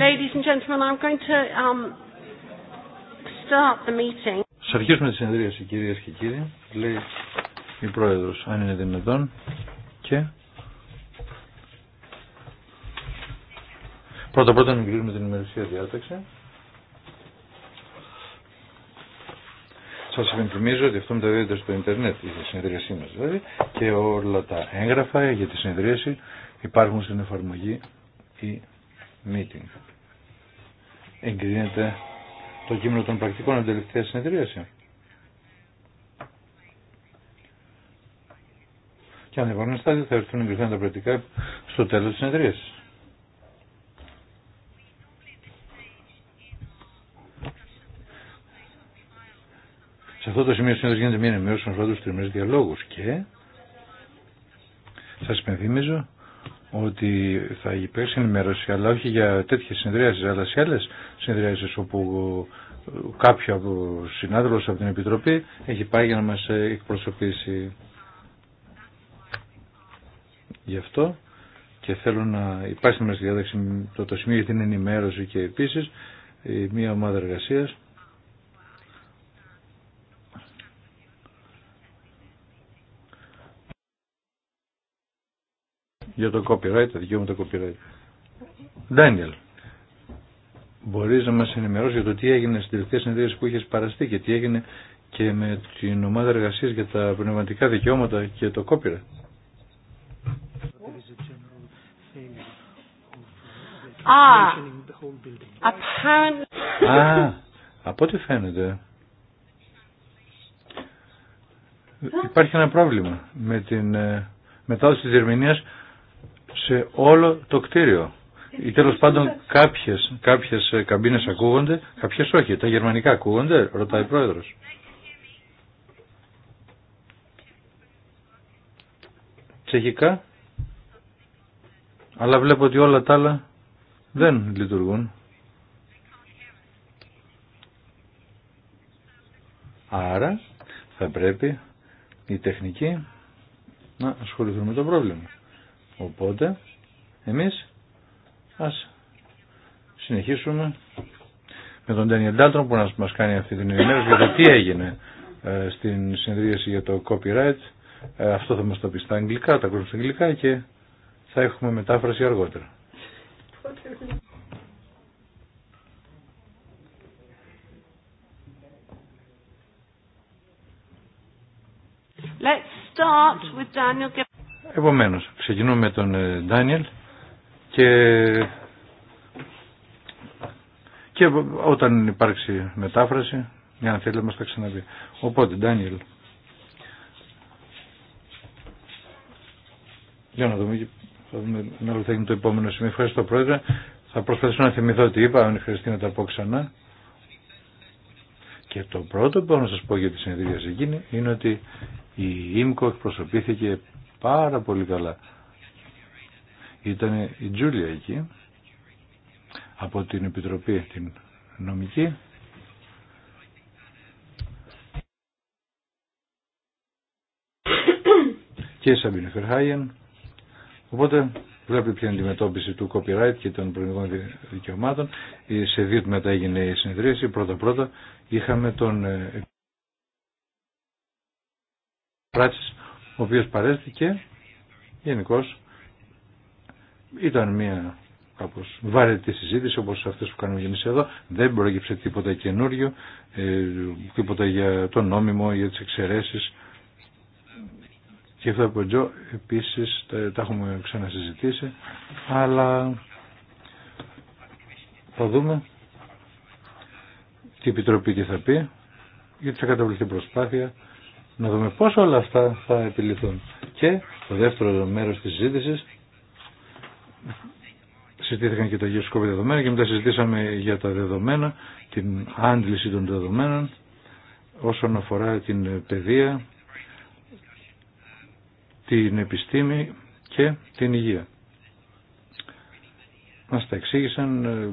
Ladies and gentlemen, I'm going to um, start the meeting. τη συνεδρίαση κυρίες και κύριοι, λέει η πρόεδρο αν είναι δυνατόν και πρώτα πρώτα να κλείσουμε την ημερησία διάταξη. Σας υπενθυμίζω ότι αυτό μεταδίδεται στο ίντερνετ, η συνεδρίασή μας δηλαδή, και όλα τα έγγραφα για τη συνεδρίαση υπάρχουν στην εφαρμογή η meeting εγκρίνεται το κείμενο των πρακτικών από την τελευταία συνεδρίαση. Και αν δεν υπάρχουν στάδια θα έρθουν εγκριθμένα πρακτικά στο τέλος της συνεδρίασης. Σε αυτό το σημείο συνέδριο γίνεται μια ενημέρωση με του τριμμένου διαλόγου και σα υπενθυμίζω ότι θα υπήρξε ενημέρωση, αλλά όχι για τέτοιες συνεδριάσεις, αλλά σε άλλες συνεδριάσεις όπου κάποιο συνάδελφος από την Επιτροπή έχει πάει για να μας εκπροσωπήσει. Γι' αυτό και θέλω να υπάρξει μέσα στη διάταξη το, το σημείο για την ενημέρωση και επίσης μια ομάδα εργασίας για το copyright, τα το copyright. Ντάνιελ, μπορείς να μας ενημερώσει για το τι έγινε στην τελευταία συνεδρίαση που είχες παραστεί και τι έγινε και με την ομάδα εργασίας για τα πνευματικά δικαιώματα και το copyright. Α, από ό,τι φαίνεται υπάρχει ένα πρόβλημα με την ε, μετάδοση της Γερμανίας σε όλο το κτίριο. Ή τέλος πάντων κάποιες, κάποιες ε, καμπίνες ακούγονται, κάποιες όχι. Τα γερμανικά ακούγονται, ρωτάει ο πρόεδρος. Τσεχικά. Αλλά βλέπω ότι όλα τα άλλα δεν λειτουργούν. Άρα θα πρέπει η τέλο πάντων, παντων καποιες καποιες καμπινες ακουγονται καποιες οχι τα γερμανικα ακουγονται ρωταει ο προεδρος τσεχικα αλλα βλεπω οτι ολα τα αλλα δεν λειτουργουν αρα θα πρεπει η τεχνικη να ασχοληθούν με το πρόβλημα. Οπότε, εμείς ας συνεχίσουμε με τον Ντένιελ Ντάλτον που να μας κάνει αυτή την ενημέρωση για το τι έγινε ε, στην συνεδρίαση για το copyright. Ε, αυτό θα μας το πει στα αγγλικά, τα ακούσουμε στα αγγλικά και θα έχουμε μετάφραση αργότερα. Let's start with Daniel Επομένως, ξεκινούμε με τον ε, Ντάνιελ και... και όταν υπάρξει μετάφραση, για να θέλει να μας τα ξαναπεί. Οπότε, Ντάνιελ, για να δούμε, θα δούμε θα γίνει το επόμενο σημείο. Ευχαριστώ, Πρόεδρε. Θα προσπαθήσω να θυμηθώ ότι είπα, αν χρειαστεί να τα πω ξανά. Και το πρώτο που έχω να σας πω για τη συνεδρίαση εκείνη είναι ότι η ΙΜΚΟ εκπροσωπήθηκε πάρα πολύ καλά. Ήταν η Τζούλια εκεί από την Επιτροπή την νομική και η Σαμπίνη Φερχάγεν. Οπότε βλέπει την αντιμετώπιση του copyright και των προηγούμενων δικαιωμάτων. Σε δύο μετά έγινε η συνεδρίαση. Πρώτα-πρώτα είχαμε τον Πράτσης ε, ο οποίος παρέστηκε γενικώ ήταν μια κάπως βαρετή συζήτηση όπως αυτές που κάνουμε εμείς εδώ δεν πρόκειψε τίποτα καινούριο ε, τίποτα για το νόμιμο για τις εξαιρέσεις και αυτά που Τζο επίσης τα, έχουμε ξανασυζητήσει αλλά θα δούμε τι επιτροπή τι θα πει γιατί θα καταβληθεί προσπάθεια να δούμε πώς όλα αυτά θα επιληθούν. Και το δεύτερο μέρος της συζήτησης συζητήθηκαν και τα γεωσκόπη δεδομένα και μετά συζητήσαμε για τα δεδομένα, την άντληση των δεδομένων όσον αφορά την παιδεία, την επιστήμη και την υγεία. Μας τα εξήγησαν, ε,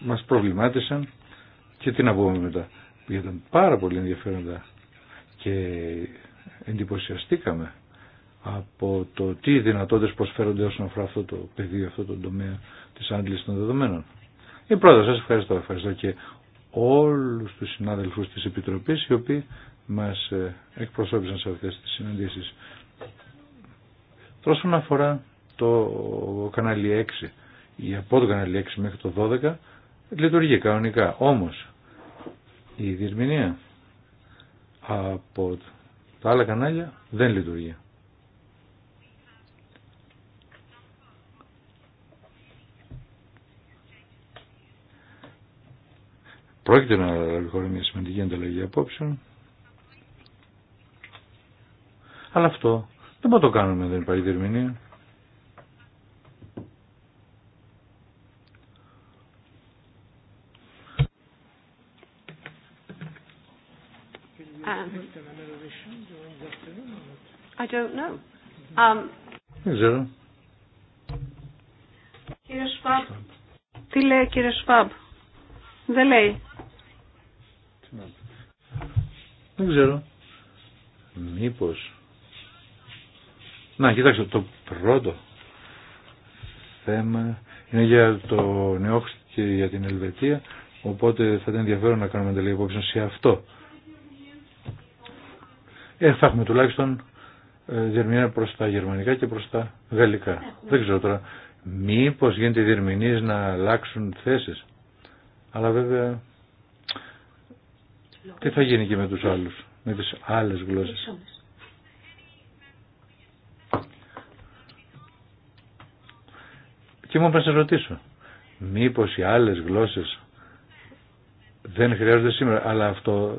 μας προβλημάτισαν και τι να πούμε μετά. Ήταν πάρα πολύ ενδιαφέροντα και εντυπωσιαστήκαμε από το τι δυνατότητες προσφέρονται όσον αφορά αυτό το πεδίο, αυτό το τομέα της άντλησης των δεδομένων. Η πρόεδρο σας ευχαριστώ, ευχαριστώ και όλους τους συνάδελφους της Επιτροπής οι οποίοι μας ε, εκπροσώπησαν σε αυτές τις συναντήσεις. Τώρα αφορά το κανάλι 6 ή από το κανάλι 6 μέχρι το 12 λειτουργεί κανονικά. Όμως η διερμηνία από τα άλλα κανάλια δεν λειτουργεί. Πρόκειται να λάβει μια σημαντική ανταλλαγή απόψεων. Αλλά αυτό δεν μπορούμε να το κάνουμε, δεν υπάρχει διερμηνία. Um, Δεν ξέρω. Κύριε Σφαμπ. Τι λέει κύριε Σφαμπ. Δεν λέει. Δεν ξέρω. Μήπως. Να, κοιτάξτε, το πρώτο θέμα είναι για το Νεόχτ και για την Ελβετία, οπότε θα ήταν ενδιαφέρον να κάνουμε τελείο υπόψη σε αυτό. Ε, θα έχουμε τουλάχιστον ε, διερμηνία προ τα γερμανικά και προ τα γαλλικά. Δεν ξέρω τώρα Μήπω γίνεται οι να αλλάξουν θέσεις. Αλλά βέβαια τι θα γίνει και με τους άλλου, με τι άλλες γλώσσε. Και μόνο να σε ρωτήσω, μήπως οι άλλες γλώσσες δεν χρειάζονται σήμερα, αλλά αυτό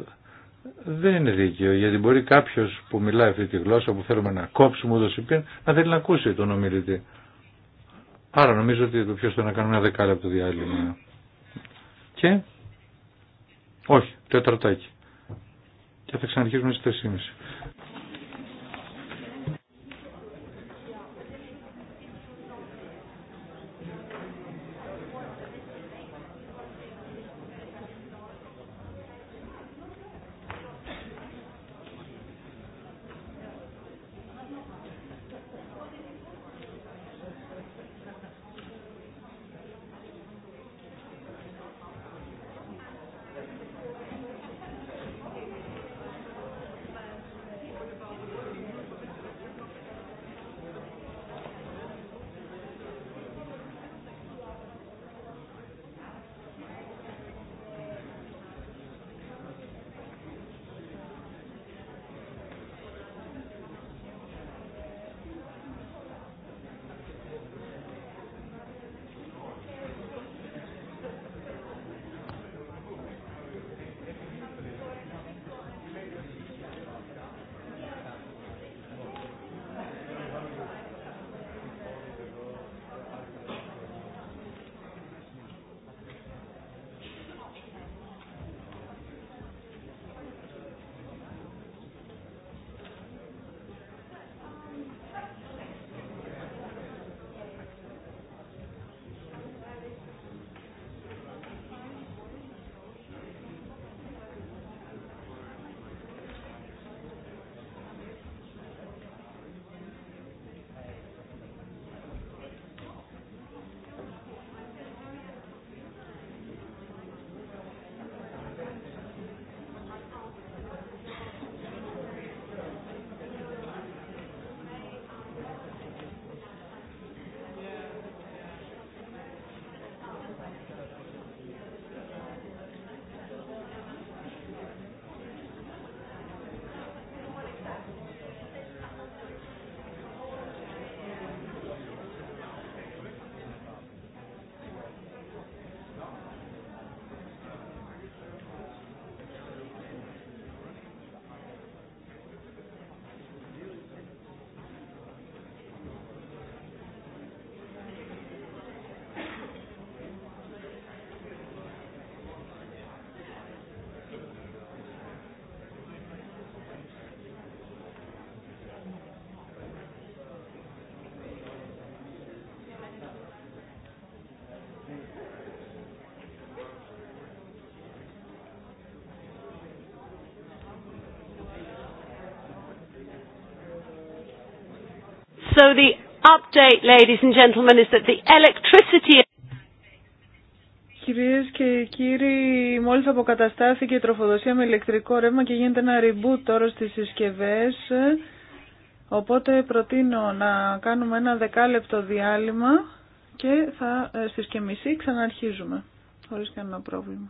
δεν είναι δίκαιο, γιατί μπορεί κάποιο που μιλάει αυτή τη γλώσσα που θέλουμε να κόψουμε ούτω ή να θέλει να ακούσει τον ομιλητή. Άρα νομίζω ότι το πιο να κάνουμε ένα δεκάλεπτο διάλειμμα. Και. Όχι, τεταρτάκι. Και θα ξαναρχίσουμε στι 4.30. So the update, ladies and gentlemen, is that the electricity... Κυρίες και κύριοι, μόλις αποκαταστάθηκε η τροφοδοσία με ηλεκτρικό ρεύμα και γίνεται ένα reboot τώρα στι συσκευές. Οπότε προτείνω να κάνουμε ένα δεκάλεπτο διάλειμμα και θα ε, στις και μισή ξαναρχίζουμε, χωρίς κανένα πρόβλημα.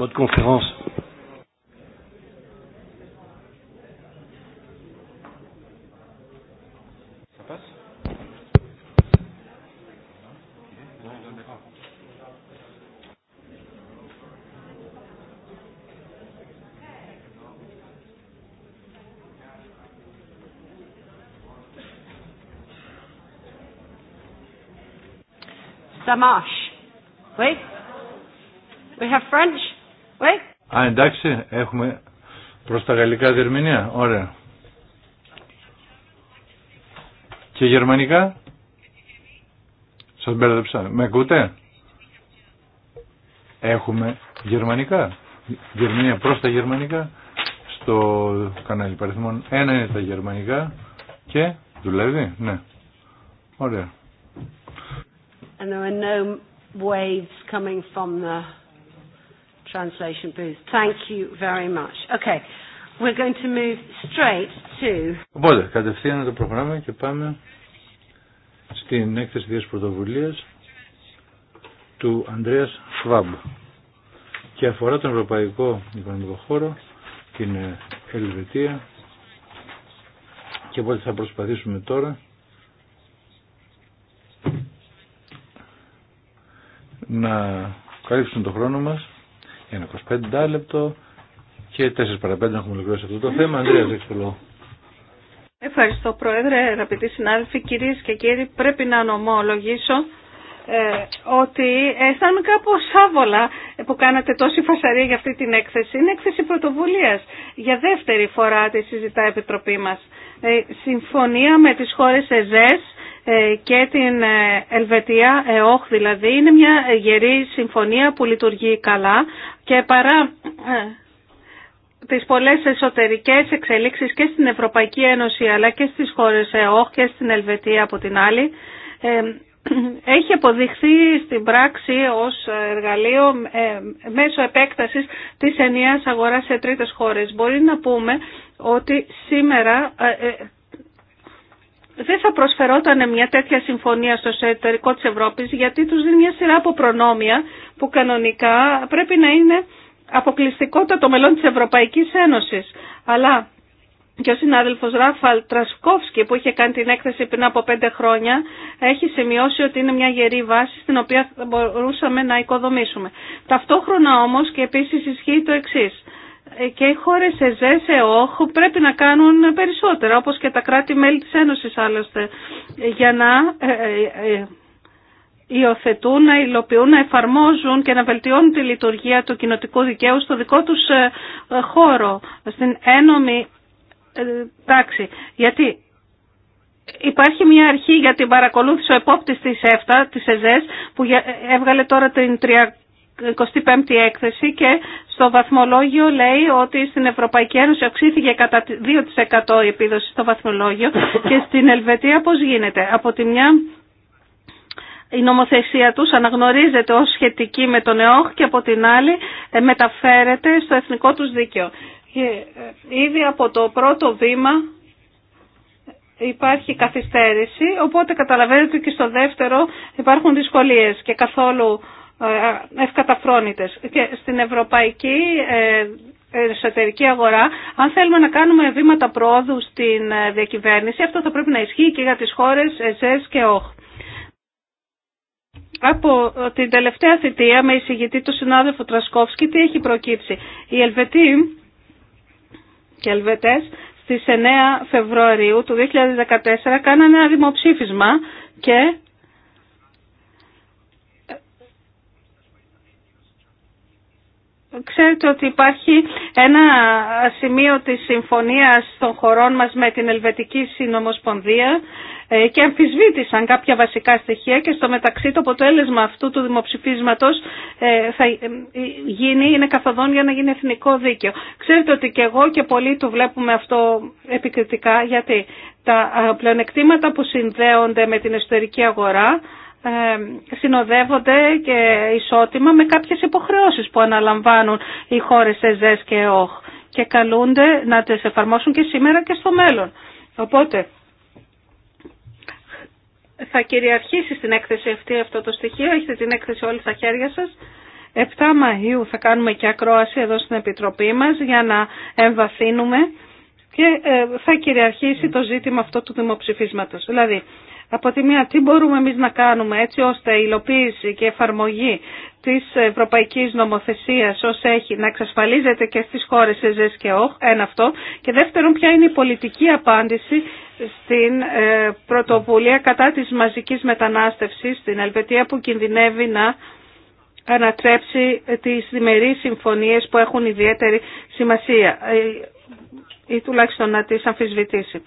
mode conférence. Ça passe Ça marche. Oui. We have French. Α, εντάξει, έχουμε προς τα γαλλικά διερμηνία. Ωραία. Και γερμανικά. Σας μπέρδεψα. Με ακούτε. Έχουμε γερμανικά. Γερμανία προς τα γερμανικά. Στο κανάλι παριθμών ένα είναι τα γερμανικά. Και δουλεύει. Ναι. Ωραία. And no waves coming from translation booth. Thank you very much. Okay, we're going to move straight to... Οπότε, κατευθείαν να το προχωράμε και πάμε στην έκθεση της πρωτοβουλίας του Ανδρέας Φβάμπ και αφορά τον Ευρωπαϊκό Οικονομικό Χώρο, την Ελβετία και οπότε θα προσπαθήσουμε τώρα να καλύψουν το χρόνο μας ένα 25 λεπτό και 4 παρα 5 έχουμε ολοκληρώσει αυτό το θέμα. Αντρέα, δεν Ευχαριστώ Πρόεδρε, αγαπητοί συνάδελφοι, κυρίε και κύριοι. Πρέπει να ομολογήσω ε, ότι αισθάνομαι κάπω άβολα που κάνατε τόση φασαρία για αυτή την έκθεση. Είναι έκθεση πρωτοβουλίας. Για δεύτερη φορά τη συζητά η Επιτροπή μα. Ε, συμφωνία με τι χώρε ΕΖΕΣ ε, και την ε, Ελβετία, ΕΟΧ δηλαδή, είναι μια γερή συμφωνία που λειτουργεί καλά και παρά ε, τις πολλές εσωτερικές εξελίξεις και στην Ευρωπαϊκή Ένωση αλλά και στις χώρες ΕΟΧ και στην Ελβετία από την άλλη, έχει αποδειχθεί στην πράξη ως εργαλείο μέσω επέκτασης της ενιαίας αγοράς σε τρίτες χώρες. Μπορεί να πούμε ότι σήμερα δεν θα προσφερόταν μια τέτοια συμφωνία στο εσωτερικό της Ευρώπης γιατί τους δίνει μια σειρά από προνόμια που κανονικά πρέπει να είναι αποκλειστικότητα το μελών της Ευρωπαϊκής Ένωσης. Αλλά και ο συνάδελφος Ράφαλ Τρασκόφσκι που είχε κάνει την έκθεση πριν από πέντε χρόνια έχει σημειώσει ότι είναι μια γερή βάση στην οποία μπορούσαμε να οικοδομήσουμε. Ταυτόχρονα όμως και επίσης ισχύει το εξής. Ε, και οι χώρες ΕΖΕ, ΕΟΧ πρέπει να κάνουν περισσότερα, όπως και τα κράτη-μέλη της Ένωσης άλλωστε, για να ε, ε, υιοθετούν, να υλοποιούν, να εφαρμόζουν και να βελτιώνουν τη λειτουργία του κοινοτικού δικαίου στο δικό τους χώρο, στην ένωμη τάξη. Γιατί υπάρχει μια αρχή για την παρακολούθηση ο επόπτης της ΕΦΤΑ, της ΕΖΕΣ, που έβγαλε τώρα την 35η έκθεση και στο βαθμολόγιο λέει ότι στην Ευρωπαϊκή Ένωση αυξήθηκε κατά 2% η επίδοση στο βαθμολόγιο και στην Ελβετία πώς γίνεται. Από τη μια η νομοθεσία τους αναγνωρίζεται ως σχετική με τον ΕΟΧ και από την άλλη ε, μεταφέρεται στο εθνικό τους δίκαιο. Και ε, ήδη από το πρώτο βήμα υπάρχει καθυστέρηση, οπότε καταλαβαίνετε ότι και στο δεύτερο υπάρχουν δυσκολίες και καθόλου ε, ευκαταφρόνητες. Και στην ευρωπαϊκή ε, εσωτερική αγορά, αν θέλουμε να κάνουμε βήματα πρόοδου στην ε, διακυβέρνηση, αυτό θα πρέπει να ισχύει και για τις χώρες ΕΖΕΣ και ΟΧ. Από την τελευταία θητεία με εισηγητή του συνάδελφου Τρασκόφσκι, τι έχει προκύψει. Οι Ελβετοί και Ελβετές στις 9 Φεβρουαρίου του 2014 κάνανε ένα δημοψήφισμα και Ξέρετε ότι υπάρχει ένα σημείο της συμφωνίας των χωρών μας με την Ελβετική Συνομοσπονδία ε, και αμφισβήτησαν κάποια βασικά στοιχεία και στο μεταξύ το αποτέλεσμα αυτού του δημοψηφίσματος ε, θα ε, γίνει, είναι καθοδόν για να γίνει εθνικό δίκαιο. Ξέρετε ότι και εγώ και πολλοί το βλέπουμε αυτό επικριτικά γιατί τα πλεονεκτήματα που συνδέονται με την εσωτερική αγορά ε, συνοδεύονται και ισότιμα με κάποιες υποχρεώσεις που αναλαμβάνουν οι χώρες ΕΖΕΣ και ΕΟΧ και καλούνται να τις εφαρμόσουν και σήμερα και στο μέλλον. Οπότε θα κυριαρχήσει στην έκθεση αυτή αυτό το στοιχείο, έχετε την έκθεση όλοι στα χέρια σας. 7 Μαΐου θα κάνουμε και ακρόαση εδώ στην Επιτροπή μας για να εμβαθύνουμε και ε, θα κυριαρχήσει το ζήτημα αυτό του δημοψηφίσματος. Δηλαδή, από τη μία, τι μπορούμε εμείς να κάνουμε έτσι ώστε η υλοποίηση και εφαρμογή της ευρωπαϊκής νομοθεσίας ως έχει να εξασφαλίζεται και στις χώρες ΕΖΕΣ και ΟΧ, ένα αυτό. Και δεύτερον, ποια είναι η πολιτική απάντηση στην ε, πρωτοβουλία κατά της μαζικής μετανάστευσης στην Ελβετία που κινδυνεύει να ανατρέψει τις διμερείς συμφωνίες που έχουν ιδιαίτερη σημασία ε, ή τουλάχιστον να τις αμφισβητήσει.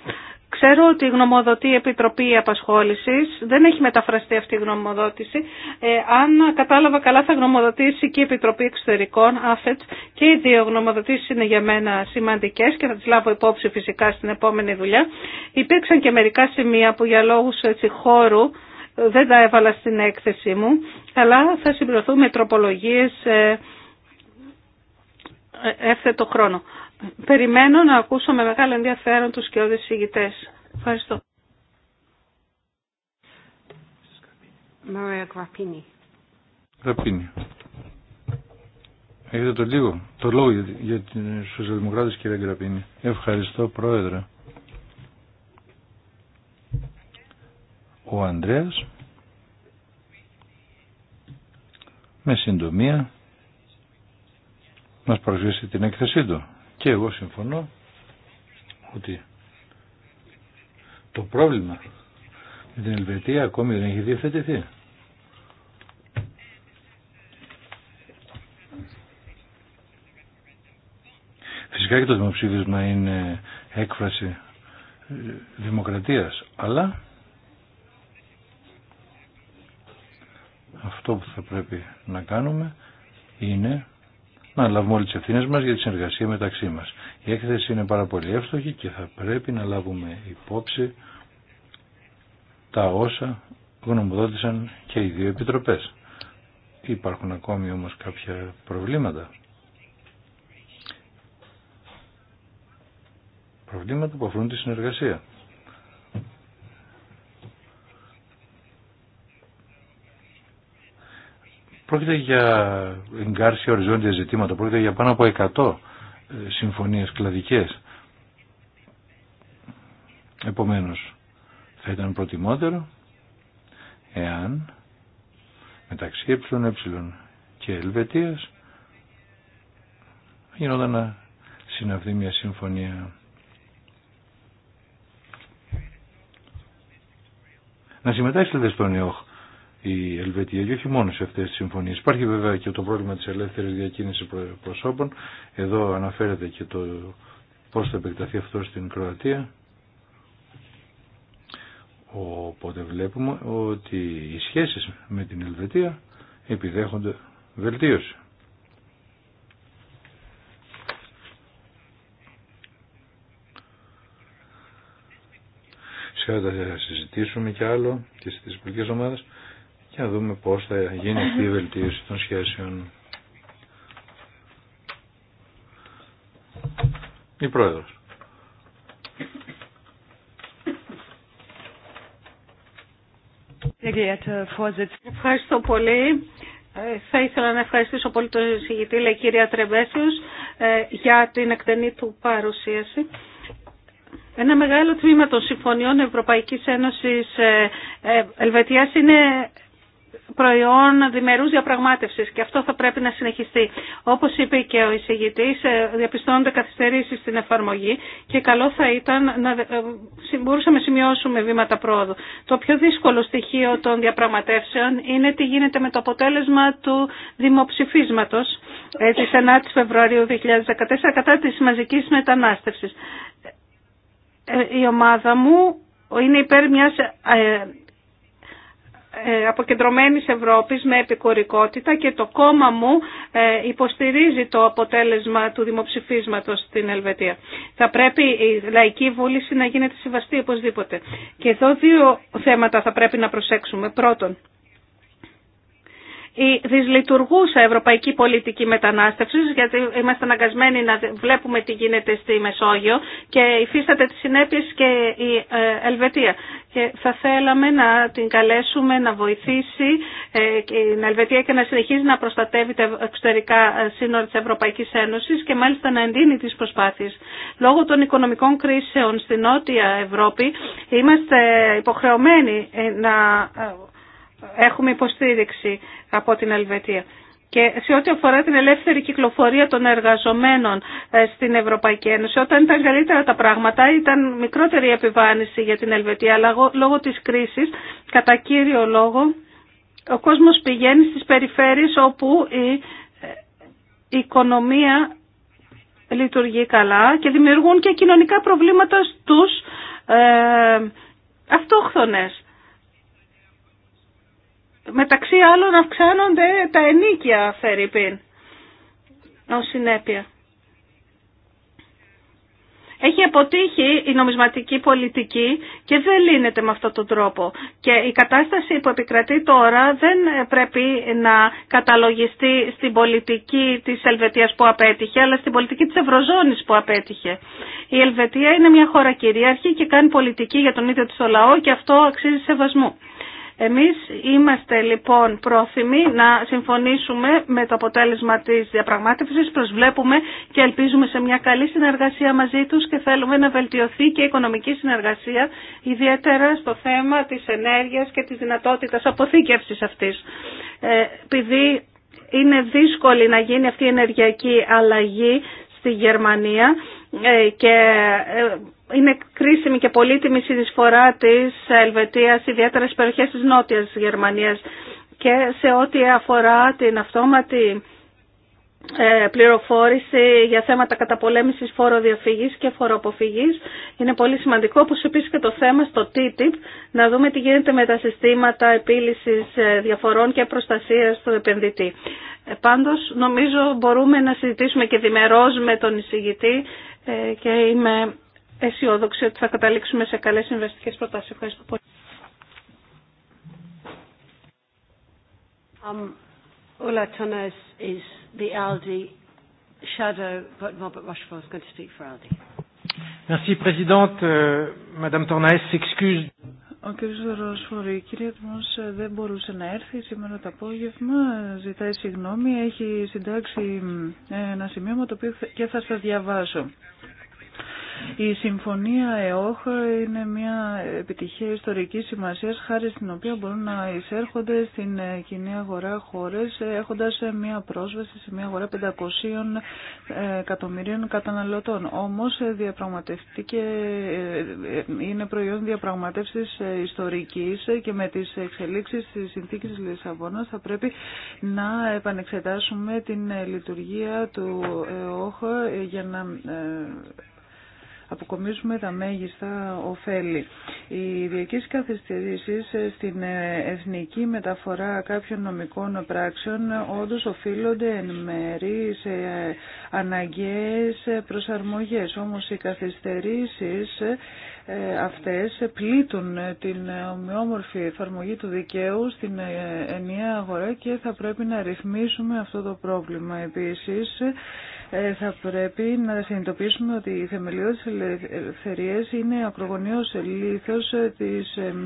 Ξέρω ότι η γνωμοδοτή Επιτροπή Απασχόλησης, δεν έχει μεταφραστεί αυτή η γνωμοδότηση, ε, αν κατάλαβα καλά θα γνωμοδοτήσει και η Επιτροπή Εξωτερικών, ΑΦΕΤ, και οι δύο γνωμοδοτήσεις είναι για μένα σημαντικές και θα τις λάβω υπόψη φυσικά στην επόμενη δουλειά. Υπήρξαν και μερικά σημεία που για λόγους έτσι, χώρου ε, δεν τα έβαλα στην έκθεση μου, αλλά θα συμπληρωθούν με τροπολογίες ε, έφθετο ε, χρόνο. Περιμένω να ακούσω με μεγάλο ενδιαφέρον τους και όλες Ευχαριστώ. Μαρία Γραπίνη. Γραπίνη. Έχετε το λίγο, το λόγο για, για την Σοσιαλδημοκράτες κύριε Γραπίνη. Ευχαριστώ Πρόεδρε. Ο Ανδρέας με συντομία μας παρουσίασε την έκθεσή του και εγώ συμφωνώ ότι το πρόβλημα με την Ελβετία ακόμη δεν έχει διευθετηθεί. Φυσικά και το δημοψήφισμα είναι έκφραση ε, δημοκρατίας, αλλά αυτό που θα πρέπει να κάνουμε είναι να λάβουμε όλε τι ευθύνε μα για τη συνεργασία μεταξύ μα. Η έκθεση είναι πάρα πολύ εύστοχη και θα πρέπει να λάβουμε υπόψη τα όσα γνωμοδότησαν και οι δύο επιτροπέ. Υπάρχουν ακόμη όμω κάποια προβλήματα. Προβλήματα που αφορούν τη συνεργασία. Πρόκειται για εγκάρσια οριζόντια ζητήματα, πρόκειται για πάνω από 100 ε, συμφωνίες κλαδικές. Επομένως, θα ήταν προτιμότερο εάν μεταξύ ΕΕ και Ελβετίας γινόταν να συναυθεί μια συμφωνία. Να συμμετάσχετε στον ΙΟΧ η Ελβετία και όχι μόνο σε αυτές τις συμφωνίες. Υπάρχει βέβαια και το πρόβλημα της ελεύθερης διακίνησης προσώπων. Εδώ αναφέρεται και το πώς θα επεκταθεί αυτό στην Κροατία. Οπότε βλέπουμε ότι οι σχέσεις με την Ελβετία επιδέχονται βελτίωση. Σε θα συζητήσουμε και άλλο και στις πολιτικές ομάδες και να δούμε πώς θα γίνει αυτή η βελτίωση των σχέσεων. Η Πρόεδρος. Ευχαριστώ πολύ. Ε, θα ήθελα να ευχαριστήσω πολύ τον συγητή, λέει κυρία Τρεμπέσιος, ε, για την εκτενή του παρουσίαση. Ένα μεγάλο τμήμα των συμφωνιών Ευρωπαϊκής Ένωσης ε, Ελβετίας είναι προϊόν διμερούς διαπραγμάτευσης και αυτό θα πρέπει να συνεχιστεί. Όπως είπε και ο εισηγητής, ε, διαπιστώνονται καθυστερήσεις στην εφαρμογή και καλό θα ήταν να ε, μπορούσαμε να σημειώσουμε βήματα πρόοδου. Το πιο δύσκολο στοιχείο των διαπραγματεύσεων είναι τι γίνεται με το αποτέλεσμα του δημοψηφίσματος ε, της 9 Φεβρουαρίου 2014 κατά της μαζικής μετανάστευσης. Η ομάδα μου είναι υπέρ μιας ε, αποκεντρωμένης Ευρώπης με επικορικότητα και το κόμμα μου ε, υποστηρίζει το αποτέλεσμα του δημοψηφίσματος στην Ελβετία. Θα πρέπει η λαϊκή βούληση να γίνεται συμβαστή οπωσδήποτε. Και εδώ δύο θέματα θα πρέπει να προσέξουμε. Πρώτον, η δυσλειτουργούσα ευρωπαϊκή πολιτική μετανάστευσης, γιατί είμαστε αναγκασμένοι να βλέπουμε τι γίνεται στη Μεσόγειο και υφίσταται τι συνέπειε και η ε, Ελβετία. Και θα θέλαμε να την καλέσουμε να βοηθήσει την ε, Ελβετία και να συνεχίζει να προστατεύει τα εξωτερικά ε, σύνορα της Ευρωπαϊκής Ένωση, και μάλιστα να εντείνει τι προσπάθειε Λόγω των οικονομικών κρίσεων στη Νότια Ευρώπη είμαστε υποχρεωμένοι να έχουμε υποστήριξη από την Ελβετία. Και σε ό,τι αφορά την ελεύθερη κυκλοφορία των εργαζομένων ε, στην Ευρωπαϊκή Ένωση, όταν ήταν καλύτερα τα πράγματα, ήταν μικρότερη επιβάνηση για την Ελβετία, αλλά λόγω της κρίσης, κατά κύριο λόγο, ο κόσμος πηγαίνει στις περιφέρειες όπου η ε, οικονομία λειτουργεί καλά και δημιουργούν και κοινωνικά προβλήματα στους ε, αυτόχθονες μεταξύ άλλων αυξάνονται τα ενίκια Φερρυπίν ως συνέπεια. Έχει αποτύχει η νομισματική πολιτική και δεν λύνεται με αυτόν τον τρόπο. Και η κατάσταση που επικρατεί τώρα δεν πρέπει να καταλογιστεί στην πολιτική της Ελβετίας που απέτυχε, αλλά στην πολιτική της Ευρωζώνης που απέτυχε. Η Ελβετία είναι μια χώρα κυρίαρχη και κάνει πολιτική για τον ίδιο της το λαό και αυτό αξίζει σεβασμού. Εμείς είμαστε λοιπόν πρόθυμοι να συμφωνήσουμε με το αποτέλεσμα της διαπραγμάτευσης, προσβλέπουμε και ελπίζουμε σε μια καλή συνεργασία μαζί τους και θέλουμε να βελτιωθεί και η οικονομική συνεργασία, ιδιαίτερα στο θέμα της ενέργειας και της δυνατότητας αποθήκευσης αυτής. Ε, επειδή είναι δύσκολη να γίνει αυτή η ενεργειακή αλλαγή στη Γερμανία ε, ε, είναι κρίσιμη και πολύτιμη συνεισφορά της Ελβετία, ιδιαίτερα στις περιοχές της Νότιας Γερμανίας και σε ό,τι αφορά την αυτόματη ε, πληροφόρηση για θέματα καταπολέμησης φοροδιαφυγής και φοροαποφυγής. Είναι πολύ σημαντικό, όπως επίσης και το θέμα στο TTIP, να δούμε τι γίνεται με τα συστήματα επίλυσης ε, διαφορών και προστασίας του επενδυτή. Ε, πάντως, νομίζω μπορούμε να συζητήσουμε και διμερώς με τον εισηγητή και είμαι αισιόδοξη ότι θα καταλήξουμε σε καλές συμβαστικές προτάσεις. Ευχαριστώ πολύ. Um, Ola Tunas is the ALDE shadow, but Robert Rochefort is going to speak for ALDE. Merci, Présidente. Euh, Madame Tornaes s'excuse. Ο κ. Ροσφορή, η κυρία Τμός ε, δεν μπορούσε να έρθει σήμερα το απόγευμα, ζητάει συγγνώμη, έχει συντάξει ε, ένα σημείωμα το οποίο και θα σας διαβάσω. Η Συμφωνία ΕΟΧ είναι μια επιτυχία ιστορική σημασία, χάρη στην οποία μπορούν να εισέρχονται στην κοινή αγορά χώρε, έχοντα μια πρόσβαση σε μια αγορά 500 ε, εκατομμυρίων καταναλωτών. Όμω, ε, ε, είναι προϊόν διαπραγματεύση ιστορική και με τι εξελίξει τη συνθήκη τη Λισαβόνα θα πρέπει να επανεξετάσουμε την λειτουργία του ΕΟΧ για να αποκομίσουμε τα μέγιστα ωφέλη. Οι διοικήσεις καθυστερήσεις στην εθνική μεταφορά κάποιων νομικών πράξεων όντως οφείλονται εν μέρη σε αναγκαίες προσαρμογές. Όμως οι καθυστερήσεις ε, αυτές πλήττουν την ομοιόμορφη εφαρμογή του δικαίου στην ε, ενιαία αγορά και θα πρέπει να ρυθμίσουμε αυτό το πρόβλημα. Επίσης, ε, θα πρέπει να συνειδητοποιήσουμε ότι οι θεμελιώδεις ελευθερίες είναι ακρογωνιός λήθος τη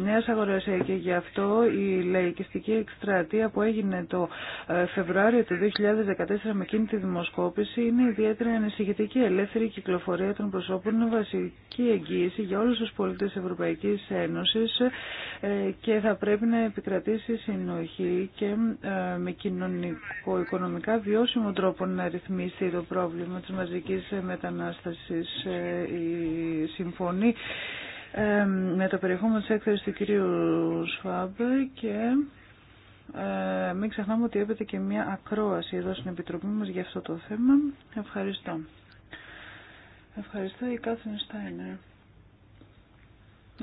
νέα αγορά. Ε, και γι' αυτό η λαϊκιστική εκστρατεία που έγινε το ε, Φεβρουάριο του 2014 με εκείνη τη δημοσκόπηση είναι ιδιαίτερα ανησυχητική. Η ελεύθερη κυκλοφορία των προσώπων είναι βασική εγγύηση για όλους τους πολίτες Ευρωπαϊκής Ένωσης και θα πρέπει να επικρατήσει συνοχή και με κοινωνικο-οικονομικά βιώσιμο τρόπο να ρυθμίσει το πρόβλημα πρόβλημα της μαζικής μετανάστασης. Ε, η συμφωνή ε, με το περιεχόμενο της έκθεσης του κυρίου Σφάμπ και ε, μην ξεχνάμε ότι έπεται και μια ακρόαση εδώ στην Επιτροπή μας για αυτό το θέμα. Ευχαριστώ. Ευχαριστώ η Κάθριν Στάινερ.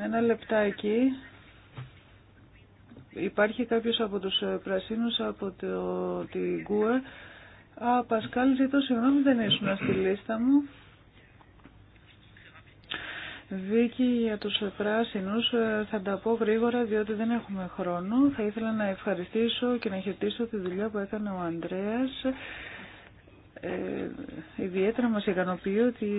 Ένα λεπτάκι. Υπάρχει κάποιος από τους πρασίνους από το, την Κούερ. Α, Πασκάλ, ζητώ συγγνώμη, δεν ήσουν στη λίστα μου. Βίκη, για τους πράσινους ε, θα τα πω γρήγορα διότι δεν έχουμε χρόνο. Θα ήθελα να ευχαριστήσω και να χαιρετήσω τη δουλειά που έκανε ο Ανδρέας. Ε, ιδιαίτερα μας ικανοποιεί ότι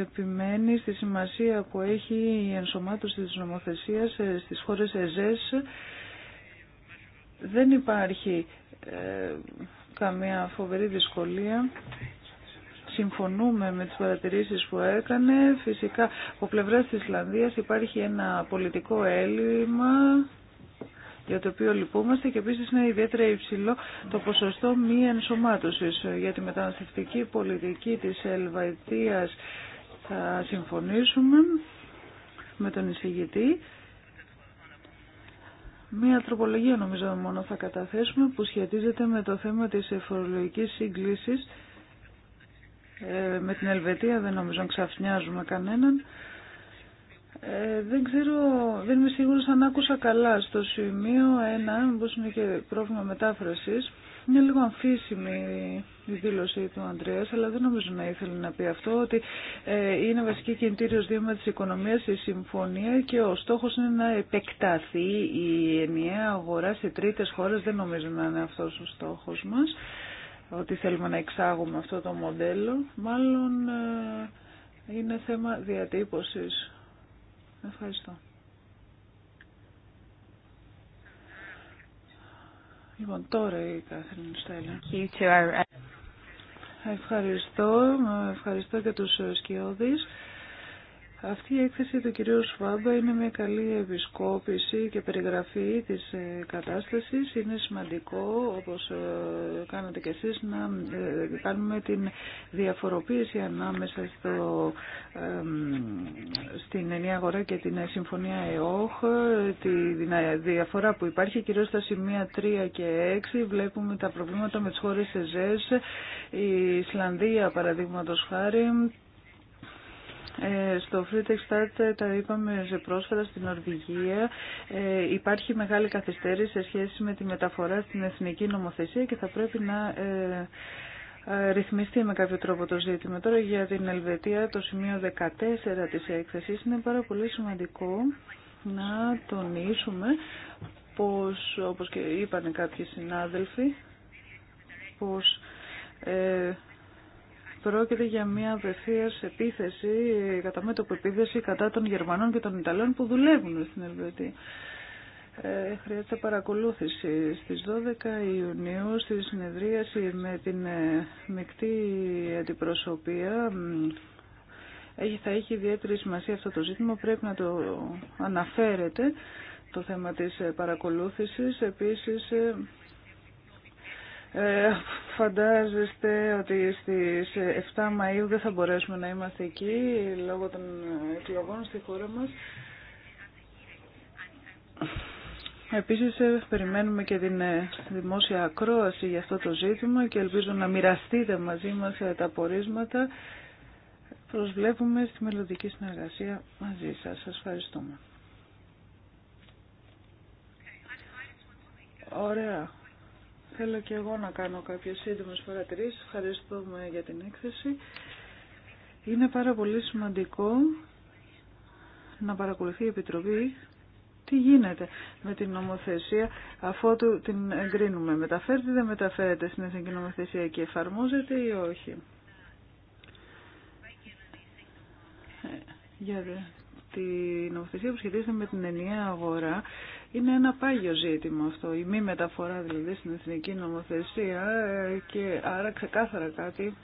επιμένει στη σημασία που έχει η ενσωμάτωση της νομοθεσίας ε, στις χώρες ΕΖΕΣ. Δεν υπάρχει ε, καμία φοβερή δυσκολία. Συμφωνούμε με τις παρατηρήσεις που έκανε. Φυσικά, από πλευράς της Ισλανδίας υπάρχει ένα πολιτικό έλλειμμα για το οποίο λυπούμαστε και επίσης είναι ιδιαίτερα υψηλό το ποσοστό μη ενσωμάτωσης για τη μεταναστευτική πολιτική της Ελβαϊτίας θα συμφωνήσουμε με τον εισηγητή Μία τροπολογία νομίζω μόνο θα καταθέσουμε που σχετίζεται με το θέμα της εφορολογικής σύγκλησης. Ε, με την Ελβετία δεν νομίζω να ξαφνιάζουμε κανέναν. Ε, δεν ξέρω, δεν είμαι σίγουρος αν άκουσα καλά στο σημείο ένα, μήπως είναι και πρόβλημα μετάφρασης. Είναι λίγο αμφίσιμη η δήλωση του Αντρέα, αλλά δεν νομίζω να ήθελε να πει αυτό, ότι ε, είναι βασική κινητήριο δίωμα τη οικονομία η συμφωνία και ο στόχο είναι να επεκταθεί η ενιαία αγορά σε τρίτε χώρε. Δεν νομίζω να είναι αυτό ο στόχο μα, ότι θέλουμε να εξάγουμε αυτό το μοντέλο. Μάλλον ε, είναι θέμα διατύπωση. Ευχαριστώ. Λοιπόν, τώρα η Κάθριν Στέλλα. Ευχαριστώ. Ευχαριστώ και τους σκιώδεις. Αυτή η έκθεση του κυρίου Σφάμπα είναι μια καλή επισκόπηση και περιγραφή της ε, κατάστασης. Είναι σημαντικό, όπως ε, κάνατε και εσείς, να ε, κάνουμε την διαφοροποίηση ανάμεσα στο, στην ενία αγορά και την συμφωνία ΕΟΧ, τη διαφορά που υπάρχει κυρίως στα σημεία 3 και 6. Βλέπουμε τα προβλήματα με τις χώρες ΕΖΕΣ, η Ισλανδία παραδείγματος χάρη, ε, στο Free Tech ε, τα είπαμε σε πρόσφατα στην Νορβηγία. Ε, υπάρχει μεγάλη καθυστέρηση σε σχέση με τη μεταφορά στην εθνική νομοθεσία και θα πρέπει να ρυθμιστεί με κάποιο τρόπο το ζήτημα. Τώρα για την Ελβετία το σημείο 14 της έκθεσης είναι πάρα πολύ σημαντικό να τονίσουμε πως, όπως και είπαν κάποιοι συνάδελφοι, πως πρόκειται για μια απευθεία επίθεση, κατά μέτωπο επίθεση κατά των Γερμανών και των Ιταλών που δουλεύουν στην Ελβετία. Ε, χρειάζεται παρακολούθηση. Στις 12 Ιουνίου στη συνεδρίαση με την ε, μεικτή αντιπροσωπεία έχει, θα έχει ιδιαίτερη σημασία αυτό το ζήτημα, πρέπει να το αναφέρετε το θέμα της παρακολούθησης. Επίσης ε, ε, φαντάζεστε ότι στις 7 Μαΐου δεν θα μπορέσουμε να είμαστε εκεί λόγω των εκλογών στη χώρα μας. Επίσης ε, περιμένουμε και την ε, δημόσια ακρόαση για αυτό το ζήτημα και ελπίζω να μοιραστείτε μαζί μας τα πορίσματα. Προσβλέπουμε στη μελλοντική συνεργασία μαζί σας. Σας ευχαριστούμε. Ωραία. Θέλω και εγώ να κάνω κάποιες σύντομες παρατηρήσεις. Ευχαριστούμε για την έκθεση. Είναι πάρα πολύ σημαντικό να παρακολουθεί η Επιτροπή τι γίνεται με την νομοθεσία αφού την εγκρίνουμε. Μεταφέρεται ή δεν μεταφέρεται στην Εθνική Νομοθεσία και εφαρμόζεται ή όχι. Ε, για τη νομοθεσία που σχετίζεται με την ενιαία αγορά είναι ένα πάγιο ζήτημα αυτό, η μη μεταφορά δηλαδή στην εθνική νομοθεσία ε, και άρα ξεκάθαρα κάτι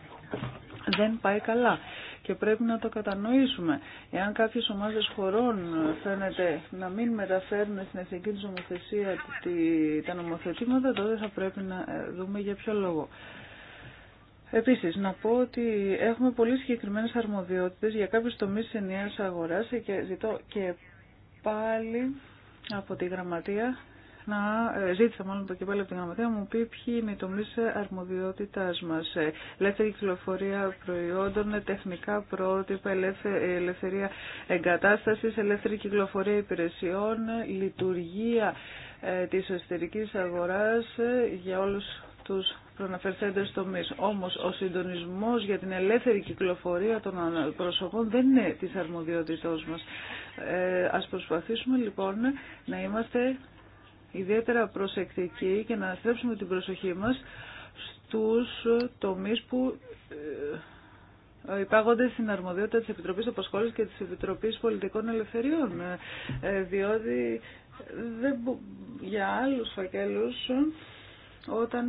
δεν πάει καλά και πρέπει να το κατανοήσουμε. Εάν κάποιες ομάδες χωρών φαίνεται να μην μεταφέρουν στην εθνική νομοθεσία τα νομοθετήματα, τότε θα πρέπει να ε, δούμε για ποιο λόγο. Επίσης, να πω ότι έχουμε πολύ συγκεκριμένες αρμοδιότητες για κάποιους τομείς της ενιαίας αγοράς και ζητώ και πάλι από τη γραμματεία ε, ζήτησα μάλλον το κεφάλαιο από την γραμματεία μου πει ποιοι είναι οι τομεί αρμοδιότητά μα. Ε, ελεύθερη κυκλοφορία προϊόντων, τεχνικά πρότυπα, ελευθερία εγκατάσταση, ελεύθερη κυκλοφορία υπηρεσιών, λειτουργία ε, της εσωτερικής αγοράς για όλους τους προαναφερθέντες τομείς. Όμως ο συντονισμός για την ελεύθερη κυκλοφορία των προσωπών δεν είναι της αρμοδιότητός μας. Ε, ας προσπαθήσουμε λοιπόν να είμαστε ιδιαίτερα προσεκτικοί και να στρέψουμε την προσοχή μας στους τομείς που ε, υπάγονται στην αρμοδιότητα της Επιτροπής Αποσχόλησης και της Επιτροπής Πολιτικών Ελευθεριών, ε, διότι δεν, για άλλους φακέλους όταν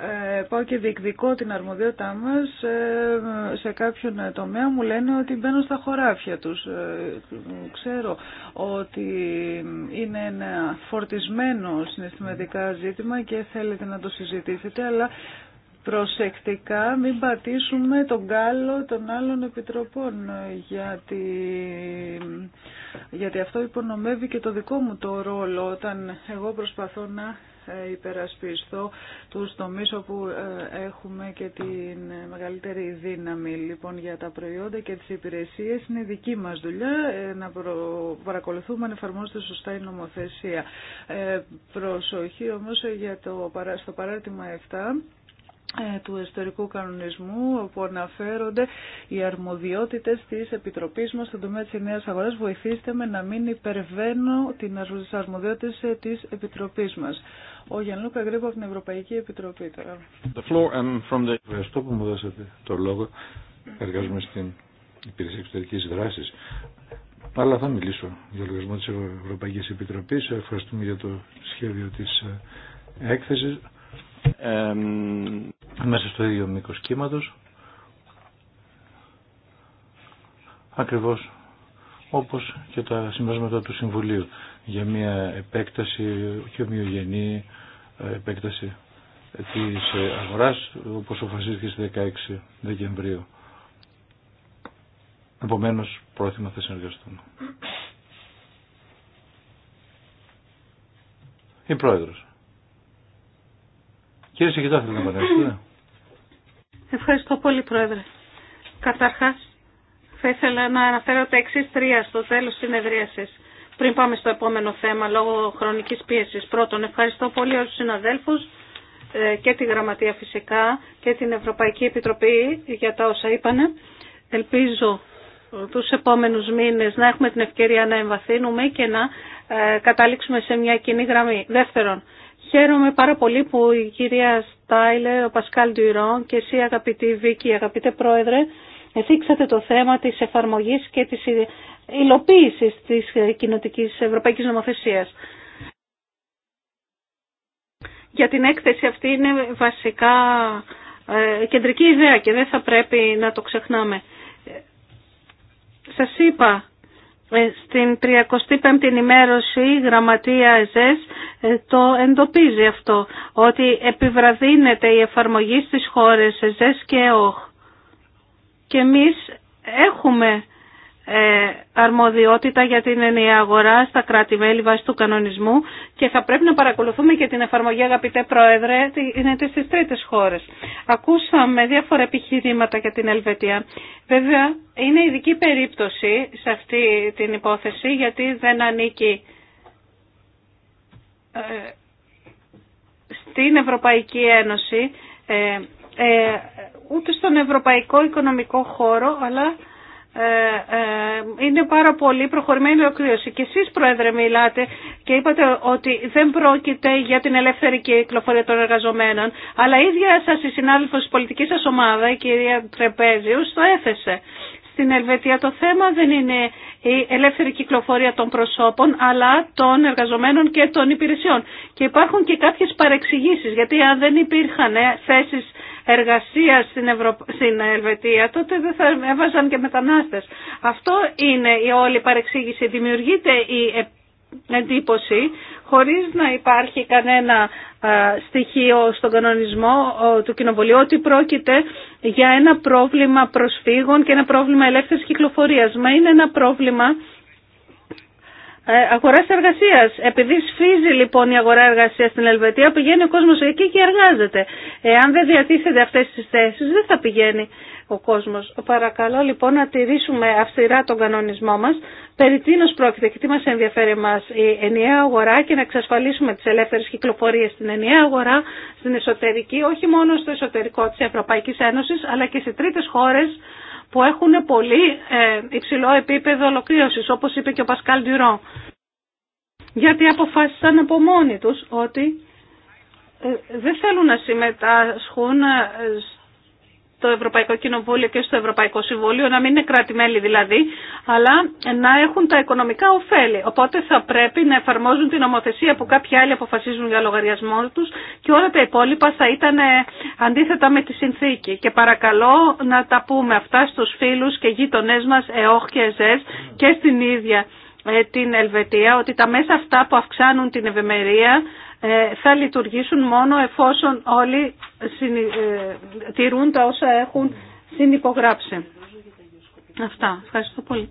ε, πάω και διεκδικώ την αρμοδιότητά μας ε, σε κάποιον τομέα μου λένε ότι μπαίνω στα χωράφια τους. Ε, ξέρω ότι είναι ένα φορτισμένο συναισθηματικά ζήτημα και θέλετε να το συζητήσετε, αλλά προσεκτικά μην πατήσουμε τον κάλο των άλλων επιτροπών γιατί, γιατί αυτό υπονομεύει και το δικό μου το ρόλο όταν εγώ προσπαθώ να υπερασπιστώ του τομείς όπου ε, έχουμε και την μεγαλύτερη δύναμη λοιπόν για τα προϊόντα και τις υπηρεσίες. Είναι δική μας δουλειά ε, να παρακολουθούμε αν εφαρμόζεται σωστά η νομοθεσία. Ε, προσοχή όμως για το, στο παράρτημα 7 του ιστορικού κανονισμού όπου αναφέρονται οι αρμοδιότητες της Επιτροπής μας στον τομέα της νέας αγοράς. Βοηθήστε με να μην υπερβαίνω τις αρμοδιότητες της Επιτροπής μας. Ο Γιαννούκα Γρήγο από την Ευρωπαϊκή Επιτροπή τώρα. Ευχαριστώ που μου δώσατε το λόγο. Εργάζομαι στην Υπηρεσία Εξωτερική Δράση. Αλλά θα μιλήσω για λογαριασμό τη Ευρωπαϊκή Επιτροπή. Ευχαριστούμε για το σχέδιο τη ε, έκθεση. μέσα στο ίδιο μήκο κύματο. Ακριβώ όπω και τα συμβασμάτα του Συμβουλίου για μια επέκταση και ομοιογενή ε, επέκταση της ε, αγοράς όπως οφασίστηκε στις 16 Δεκεμβρίου. Επομένως, πρόθυμα θα συνεργαστούμε. Η Πρόεδρος. Κύριε Σιγητά, θέλω να παρέμβετε. Ευχαριστώ πολύ, Πρόεδρε. Καταρχάς, θα ήθελα να αναφέρω τα εξή τρία στο τέλος της συνεδρίασης πριν πάμε στο επόμενο θέμα λόγω χρονικής πίεσης. Πρώτον, ευχαριστώ πολύ όλους τους συναδέλφους ε, και τη Γραμματεία φυσικά και την Ευρωπαϊκή Επιτροπή για τα όσα είπανε. Ελπίζω τους επόμενους μήνες να έχουμε την ευκαιρία να εμβαθύνουμε και να ε, καταλήξουμε σε μια κοινή γραμμή. Δεύτερον, χαίρομαι πάρα πολύ που η κυρία Στάιλε, ο Πασκάλ Ντουιρόν και εσύ αγαπητή Βίκη, αγαπητέ Πρόεδρε, Εθίξατε το θέμα της εφαρμογής και της υλοποίηση της ε, κοινοτικής Ευρωπαϊκή Νομοθεσία. Για την έκθεση αυτή είναι βασικά ε, κεντρική ιδέα και δεν θα πρέπει να το ξεχνάμε. Σας είπα ε, στην 35η ενημέρωση η ημερωση η γραμματεια ΕΖΕΣ το εντοπίζει αυτό, ότι επιβραδύνεται η εφαρμογή στις χώρες ΕΖΕΣ και ΟΧ. Και εμείς έχουμε ε, αρμοδιότητα για την ενιαία αγορά στα κράτη-μέλη βάσει του κανονισμού και θα πρέπει να παρακολουθούμε και την εφαρμογή, αγαπητέ Πρόεδρε, είναι στις τρίτες χώρες. Ακούσαμε διάφορα επιχειρήματα για την Ελβετία. Βέβαια, είναι ειδική περίπτωση σε αυτή την υπόθεση γιατί δεν ανήκει ε, στην Ευρωπαϊκή Ένωση ε, ούτε στον Ευρωπαϊκό Οικονομικό Χώρο, αλλά ε, ε, είναι πάρα πολύ προχωρημένη ολοκλήρωση. Και εσείς, Πρόεδρε, μιλάτε και είπατε ότι δεν πρόκειται για την ελεύθερη κυκλοφορία των εργαζομένων, αλλά η ίδια σας η συνάδελφος της πολιτικής σας ομάδα, η κυρία Τρεπέζιους, το έθεσε. Στην Ελβετία το θέμα δεν είναι η ελεύθερη κυκλοφορία των προσώπων, αλλά των εργαζομένων και των υπηρεσιών. Και υπάρχουν και κάποιες παρεξηγήσεις, γιατί αν δεν υπήρχαν θέσεις Εργασία στην, Ευρω... Ελβετία, τότε δεν θα έβαζαν και μετανάστες. Αυτό είναι η όλη παρεξήγηση. Δημιουργείται η ε- εντύπωση, χωρίς να υπάρχει κανένα ε, στοιχείο στον κανονισμό του Κοινοβουλίου, ότι πρόκειται για ένα πρόβλημα προσφύγων και ένα πρόβλημα ελεύθερης κυκλοφορίας. Μα είναι ένα πρόβλημα ε, αγορά εργασία. Επειδή σφίζει λοιπόν η αγορά εργασία στην Ελβετία, πηγαίνει ο κόσμος εκεί και εργάζεται. Εάν δεν διατίθεται αυτέ τι θέσει, δεν θα πηγαίνει ο κόσμο. Παρακαλώ λοιπόν να τηρήσουμε αυστηρά τον κανονισμό μα. Περί τίνο πρόκειται και τι μα ενδιαφέρει εμά η ενιαία αγορά και να εξασφαλίσουμε τι ελεύθερε κυκλοφορίε στην ενιαία αγορά, στην εσωτερική, όχι μόνο στο εσωτερικό τη Ευρωπαϊκή Ένωση, αλλά και σε τρίτε χώρε που έχουν πολύ ε, υψηλό επίπεδο ολοκλήρωσης, όπως είπε και ο Πασκάλ Ντυρό. Γιατί αποφάσισαν από μόνοι τους ότι ε, δεν θέλουν να συμμετάσχουν ε, στο Ευρωπαϊκό Κοινοβούλιο και στο Ευρωπαϊκό Συμβούλιο, να μην είναι κράτη-μέλη δηλαδή, αλλά να έχουν τα οικονομικά οφέλη. Οπότε θα πρέπει να εφαρμόζουν την νομοθεσία που κάποιοι άλλοι αποφασίζουν για λογαριασμό τους και όλα τα υπόλοιπα θα ήταν ε, αντίθετα με τη συνθήκη. Και παρακαλώ να τα πούμε αυτά στου φίλου και γείτονε μα ΕΟΧ και ΕΖΕΣ και στην ίδια ε, την Ελβετία ότι τα μέσα αυτά που αυξάνουν την ευημερία ε, θα λειτουργήσουν μόνο εφόσον όλοι ε, τηρούν τα όσα έχουν συνυπογράψει. Αυτά. Ευχαριστώ πολύ.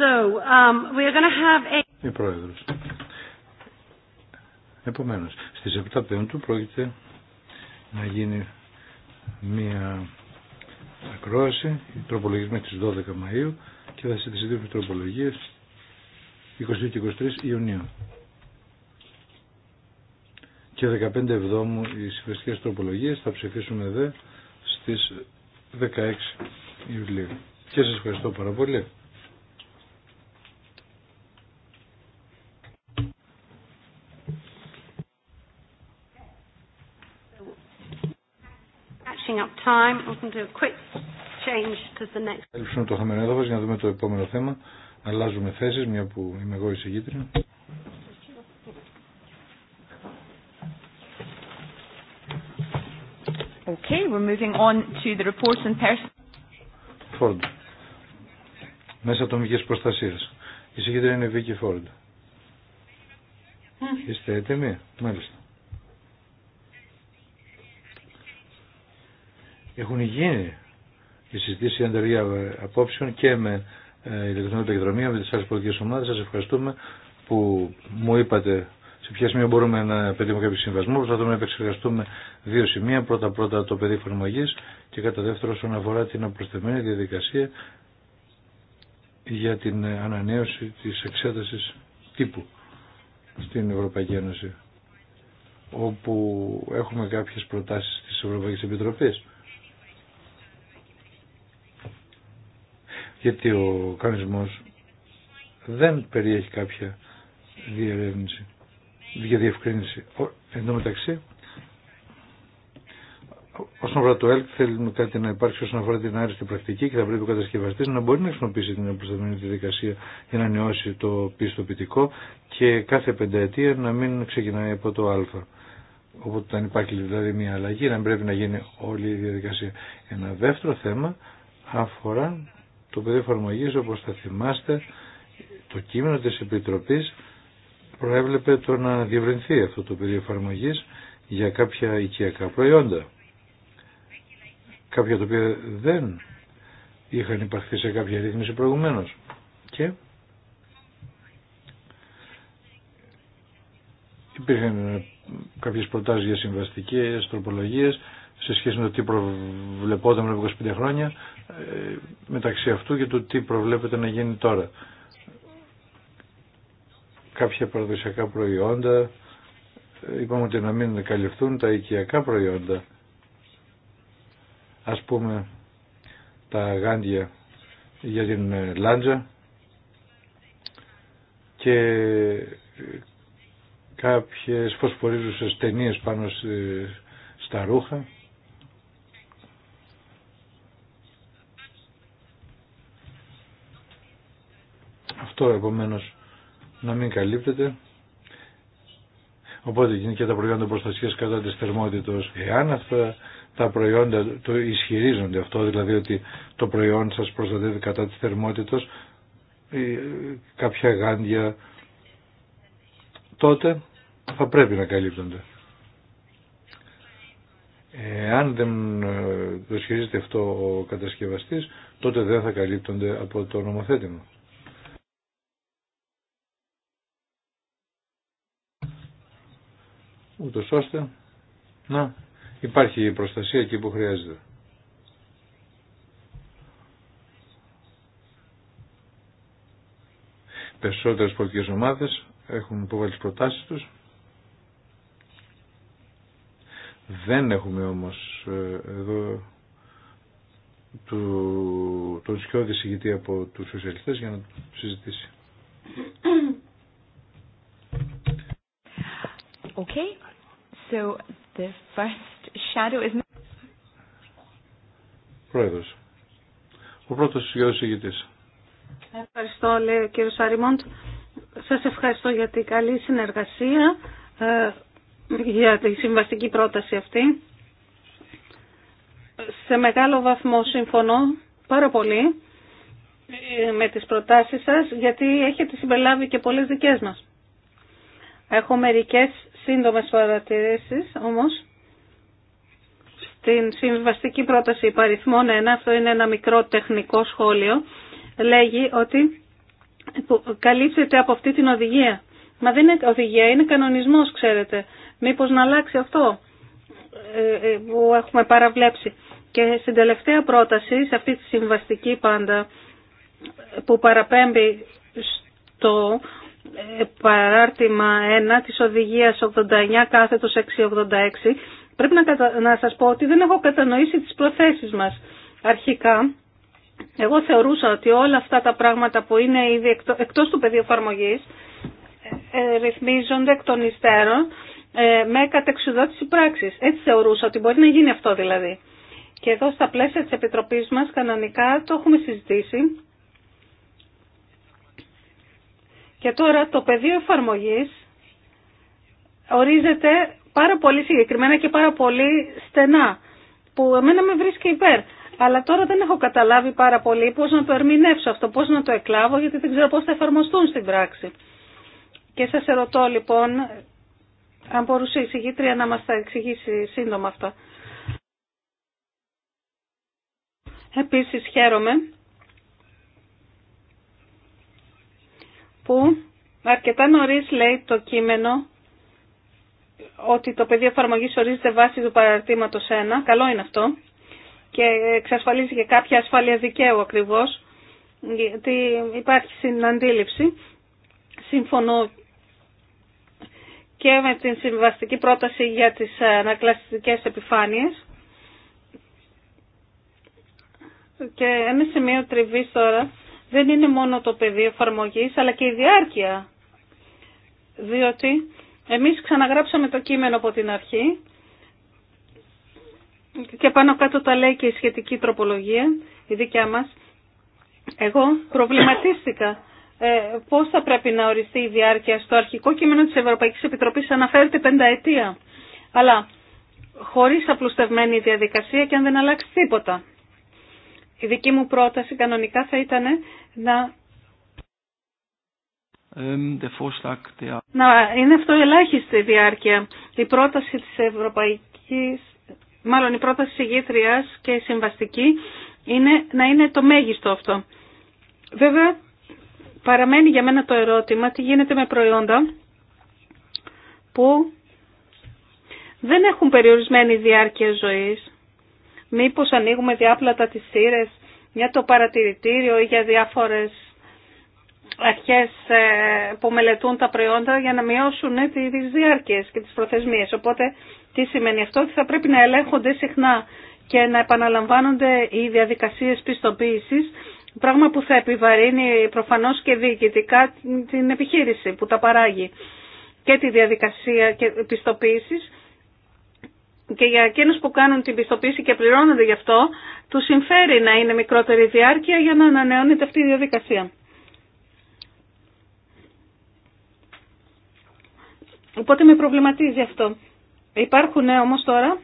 So, um, we are going to have a... Επομένως, στις 7 Πέμπτου πρόκειται να γίνει μια ακρόαση, η τροπολογία μέχρι τις 12 Μαΐου και θα συζητήσουμε τροπολογίες 22 και 23 Ιουνίου. Και 15 Εβδόμου οι συμφεστικές τροπολογίες θα ψηφίσουμε δε στις 16 Ιουλίου. Και σας ευχαριστώ πάρα πολύ. eating up time. We can do a quick change to the next. Ελπίζουμε το χαμένο εδώ για να δούμε το επόμενο θέμα. Αλλάζουμε θέσεις, μια που είμαι εγώ εισηγήτρια. Okay, we're moving on to the reports and person. Ford. Μέσα ατομικής προστασίας. Η συγκέντρια είναι Vicky Ford. Mm. Είστε έτοιμοι, μάλιστα. Έχουν γίνει οι συζητήσει ανταλλαγή απόψεων και με ε, ηλεκτρονική επικοινωνία, με τι άλλε πολιτικέ ομάδε. Σα ευχαριστούμε που μου είπατε σε ποια σημεία μπορούμε να πετύχουμε κάποιο συμβασμό. Προσπαθούμε να επεξεργαστούμε δύο σημεία. Πρώτα-πρώτα το πεδίο εφαρμογή και κατά δεύτερο όσον αφορά την απροστεμένη διαδικασία για την ανανέωση τη εξέταση τύπου στην Ευρωπαϊκή Ένωση όπου έχουμε κάποιες προτάσεις της Ευρωπαϊκής Επιτροπής γιατί ο κανονισμός δεν περιέχει κάποια διερεύνηση για διευκρίνηση. Εν τω μεταξύ, όσον αφορά το ΕΛΚ, θέλουμε κάτι να υπάρξει όσον αφορά την άριστη πρακτική και θα πρέπει ο κατασκευαστή να μπορεί να χρησιμοποιήσει την προστατευμένη διαδικασία για να νιώσει το πιστοποιητικό και κάθε πενταετία να μην ξεκινάει από το Α. Οπότε, αν υπάρχει δηλαδή μια αλλαγή, να πρέπει να γίνει όλη η διαδικασία. Ένα δεύτερο θέμα αφορά το πεδίο εφαρμογής, όπως θα θυμάστε, το κείμενο της Επιτροπής προέβλεπε το να διευρυνθεί αυτό το πεδίο εφαρμογής για κάποια οικιακά προϊόντα. Κάποια τα οποία δεν είχαν υπαρχθεί σε κάποια ρύθμιση προηγουμένως. Και υπήρχαν κάποιες προτάσεις για συμβαστικές τροπολογίες σε σχέση με το τι προβλεπόταν πριν 25 χρόνια. Ε, μεταξύ αυτού και του τι προβλέπεται να γίνει τώρα. Κάποια παραδοσιακά προϊόντα, είπαμε ότι να μην καλυφθούν τα οικιακά προϊόντα. Ας πούμε τα γάντια για την ε, λάντζα και ε, κάποιες φωσφορίζουσες ταινίες πάνω στα ρούχα αυτό επομένως να μην καλύπτεται. Οπότε γίνει και τα προϊόντα προστασίας κατά της θερμότητος. Εάν αυτά τα προϊόντα το ισχυρίζονται αυτό, δηλαδή ότι το προϊόν σας προστατεύει κατά της θερμότητος, ε, κάποια γάντια, τότε θα πρέπει να καλύπτονται. Εάν δεν ε, το ισχυρίζεται αυτό ο κατασκευαστής, τότε δεν θα καλύπτονται από το νομοθέτημα. ούτως ώστε να υπάρχει η προστασία εκεί που χρειάζεται. Περισσότερες πολιτικές ομάδες έχουν υποβάλει τις προτάσεις τους. Δεν έχουμε όμως ε, εδώ του, τον σκιώδη συγκητή από τους σοσιαλιστές για να συζητήσει. Okay. So the first shadow Ο πρώτος γεωσηγητής. Ευχαριστώ, λέει ο κύριος Αριμόντ. Σας ευχαριστώ για την καλή συνεργασία, ε, για τη συμβαστική πρόταση αυτή. Σε μεγάλο βαθμό συμφωνώ πάρα πολύ ε, με τις προτάσεις σας, γιατί έχετε συμπεριλάβει και πολλές δικές μας. Έχω μερικές σύντομες παρατηρήσεις όμως. Στην συμβαστική πρόταση υπαριθμών 1, αυτό είναι ένα μικρό τεχνικό σχόλιο, λέγει ότι καλύπτεται από αυτή την οδηγία. Μα δεν είναι οδηγία, είναι κανονισμός, ξέρετε. Μήπως να αλλάξει αυτό ε, ε, που έχουμε παραβλέψει. Και στην τελευταία πρόταση, σε αυτή τη συμβαστική πάντα, που παραπέμπει στο ε, παράρτημα 1 της οδηγίας 89 κάθετος 686 πρέπει να, κατα... σας πω ότι δεν έχω κατανοήσει τις προθέσεις μας αρχικά. Εγώ θεωρούσα ότι όλα αυτά τα πράγματα που είναι ήδη εκτός, του πεδίου εφαρμογή ε, ρυθμίζονται εκ των υστέρων ε, με κατεξουδότηση πράξης. Έτσι θεωρούσα ότι μπορεί να γίνει αυτό δηλαδή. Και εδώ στα πλαίσια της Επιτροπής μας κανονικά το έχουμε συζητήσει Και τώρα το πεδίο εφαρμογής ορίζεται πάρα πολύ συγκεκριμένα και πάρα πολύ στενά, που εμένα με βρίσκει υπέρ. Αλλά τώρα δεν έχω καταλάβει πάρα πολύ πώς να το ερμηνεύσω αυτό, πώς να το εκλάβω, γιατί δεν ξέρω πώς θα εφαρμοστούν στην πράξη. Και σας ερωτώ λοιπόν, αν μπορούσε η συγγήτρια να μας τα εξηγήσει σύντομα αυτά. Επίσης χαίρομαι που αρκετά νωρίς λέει το κείμενο ότι το πεδίο εφαρμογή ορίζεται βάσει του παραρτήματος 1. Καλό είναι αυτό. Και εξασφαλίζει και κάποια ασφάλεια δικαίου ακριβώς, γιατί υπάρχει συναντήληψη. Συμφωνώ και με την συμβαστική πρόταση για τις ανακλαστικές επιφάνειες. Και ένα σημείο τριβής τώρα δεν είναι μόνο το πεδίο εφαρμογή, αλλά και η διάρκεια. Διότι εμείς ξαναγράψαμε το κείμενο από την αρχή και πάνω κάτω τα λέει και η σχετική τροπολογία, η δικιά μας. Εγώ προβληματίστηκα ε, πώς θα πρέπει να οριστεί η διάρκεια στο αρχικό κείμενο της Ευρωπαϊκής Επιτροπής αναφέρεται πενταετία. Αλλά χωρίς απλουστευμένη διαδικασία και αν δεν αλλάξει τίποτα. Η δική μου πρόταση κανονικά θα ήταν να... Να είναι αυτό ελάχιστη διάρκεια. Η πρόταση της Ευρωπαϊκής, μάλλον η πρόταση της ηγήτριας και η συμβαστική είναι να είναι το μέγιστο αυτό. Βέβαια παραμένει για μένα το ερώτημα τι γίνεται με προϊόντα που δεν έχουν περιορισμένη διάρκεια ζωής Μήπως ανοίγουμε διάπλατα τις σύρες για το παρατηρητήριο ή για διάφορες αρχές ε, που μελετούν τα προϊόντα για να μειώσουν ε, τις διάρκειες και τις προθεσμίες. Οπότε τι σημαίνει αυτό, ότι θα πρέπει να ελέγχονται συχνά και να επαναλαμβάνονται οι διαδικασίες πιστοποίησης, πράγμα που θα επιβαρύνει προφανώς και διοικητικά την επιχείρηση που τα παράγει και τη διαδικασία πιστοποίησης και για εκείνου που κάνουν την πιστοποίηση και πληρώνονται γι' αυτό, του συμφέρει να είναι μικρότερη διάρκεια για να ανανεώνεται αυτή η διαδικασία. Οπότε με προβληματίζει αυτό. Υπάρχουν όμως τώρα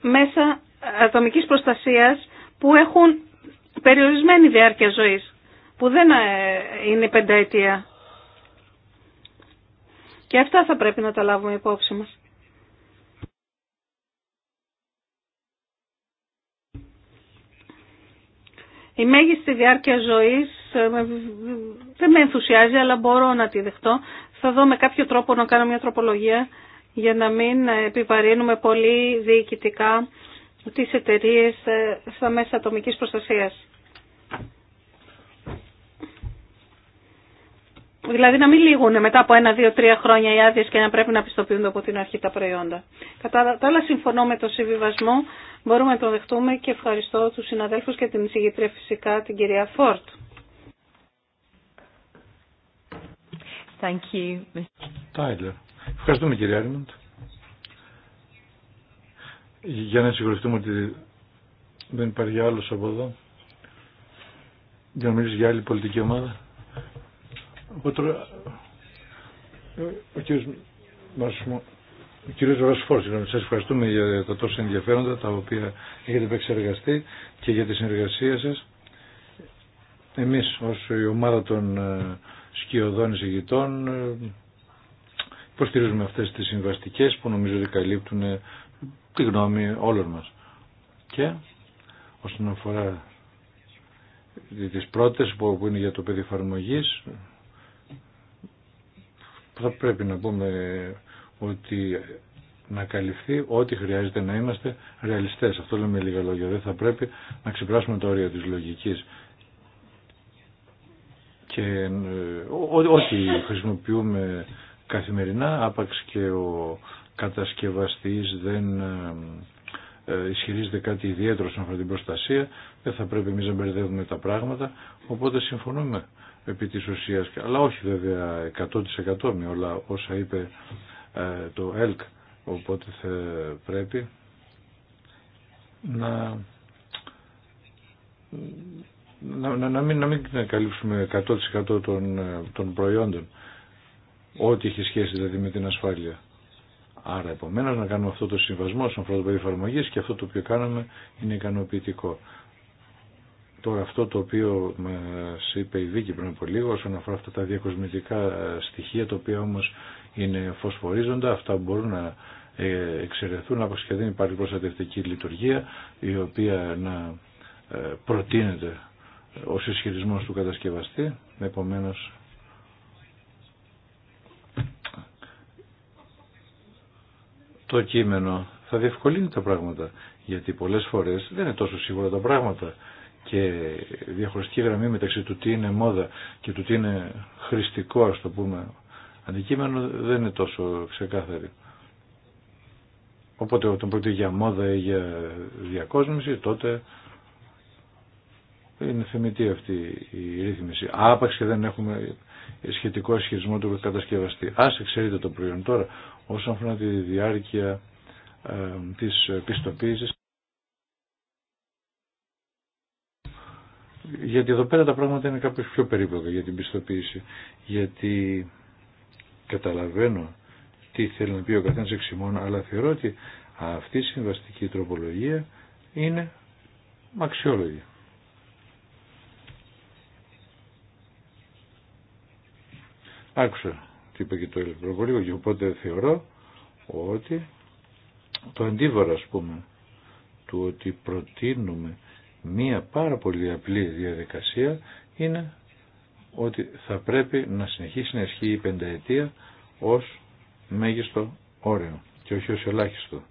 μέσα ατομική προστασίας που έχουν περιορισμένη διάρκεια ζωής, που δεν ε, είναι πενταετία. Και αυτά θα πρέπει να τα λάβουμε υπόψη μας. Η μέγιστη διάρκεια ζωής ε, δεν με ενθουσιάζει, αλλά μπορώ να τη δεχτώ. Θα δω με κάποιο τρόπο να κάνω μια τροπολογία για να μην επιβαρύνουμε πολύ διοικητικά τις εταιρείε ε, στα μέσα ατομικής προστασίας. Δηλαδή να μην λήγουν μετά από ένα, δύο, τρία χρόνια οι άδειε και να πρέπει να πιστοποιούνται από την αρχή τα προϊόντα. Κατά τα άλλα συμφωνώ με το συμβιβασμό, μπορούμε να το δεχτούμε και ευχαριστώ τους συναδέλφους και την εισηγήτρια φυσικά την κυρία Φόρτ. Ευχαριστούμε κυρία Άριμοντ. Για να συγχωρευτούμε ότι δεν υπάρχει άλλος από εδώ. Για να μιλήσει για άλλη πολιτική ομάδα. Ο κύριο ε, ο κύριος ευχαριστούμε για τα τόσα ενδιαφέροντα τα οποία έχετε επεξεργαστεί και για τη συνεργασία σας. Εμείς ως η ομάδα των ε, σκιωδών εισηγητών ε, υποστηρίζουμε αυτές τις συμβαστικές που νομίζω ότι καλύπτουν τη γνώμη όλων μας. Και όσον αφορά τις πρώτες που είναι για το παιδί θα πρέπει να πούμε ότι να καλυφθεί ό,τι χρειάζεται να είμαστε ρεαλιστές. Αυτό λέμε λίγα λόγια. Δεν θα πρέπει να ξεπεράσουμε τα όρια της λογικής. Και ε, ό,τι χρησιμοποιούμε καθημερινά, άπαξ και ο κατασκευαστής δεν ε, ε, ισχυρίζεται κάτι ιδιαίτερο στον αυτή την προστασία, δεν θα πρέπει εμεί να μπερδεύουμε τα πράγματα, οπότε συμφωνούμε επί της ουσία αλλά όχι βέβαια 100% με όλα όσα είπε ε, το ΕΛΚ, οπότε θα πρέπει να να, να, μην, να μην καλύψουμε 100% των, ε, των προϊόντων ό,τι έχει σχέση δηλαδή με την ασφάλεια. Άρα επομένω να κάνουμε αυτό το συμβασμό στον φρόντο πεδίο εφαρμογή και αυτό το οποίο κάναμε είναι ικανοποιητικό. Τώρα αυτό το οποίο μα είπε η Βίκη πριν από λίγο όσον αφορά αυτά τα διακοσμητικά ε, στοιχεία τα οποία όμως είναι φωσφορίζοντα, αυτά μπορούν να ε, εξαιρεθούν από σχεδόν υπάρχει προστατευτική λειτουργία η οποία να ε, προτείνεται ως ισχυρισμός του κατασκευαστή. Επομένως το κείμενο θα διευκολύνει τα πράγματα. Γιατί πολλές φορές δεν είναι τόσο σίγουρα τα πράγματα και διαχωριστική γραμμή μεταξύ του τι είναι μόδα και του τι είναι χρηστικό α το πούμε αντικείμενο δεν είναι τόσο ξεκάθαρη. Οπότε όταν πρόκειται για μόδα ή για διακόσμηση τότε είναι θεμητή αυτή η ρύθμιση. Άπαξ και δεν έχουμε σχετικό ισχυρισμό του κατασκευαστή. Ας εξαιρείτε το προϊόν τώρα όσον αφορά τη διάρκεια ε, της πιστοποίησης. Γιατί εδώ πέρα τα πράγματα είναι κάπως πιο περίπλοκα για την πιστοποίηση. Γιατί καταλαβαίνω τι θέλει να πει ο καθένας εξημών, αλλά θεωρώ ότι αυτή η συμβαστική τροπολογία είναι αξιόλογη. Άκουσα τι είπε και το και οπότε θεωρώ ότι το αντίβαρο ας πούμε του ότι προτείνουμε μία πάρα πολύ απλή διαδικασία είναι ότι θα πρέπει να συνεχίσει να ισχύει η πενταετία ως μέγιστο όριο και όχι ως ελάχιστο.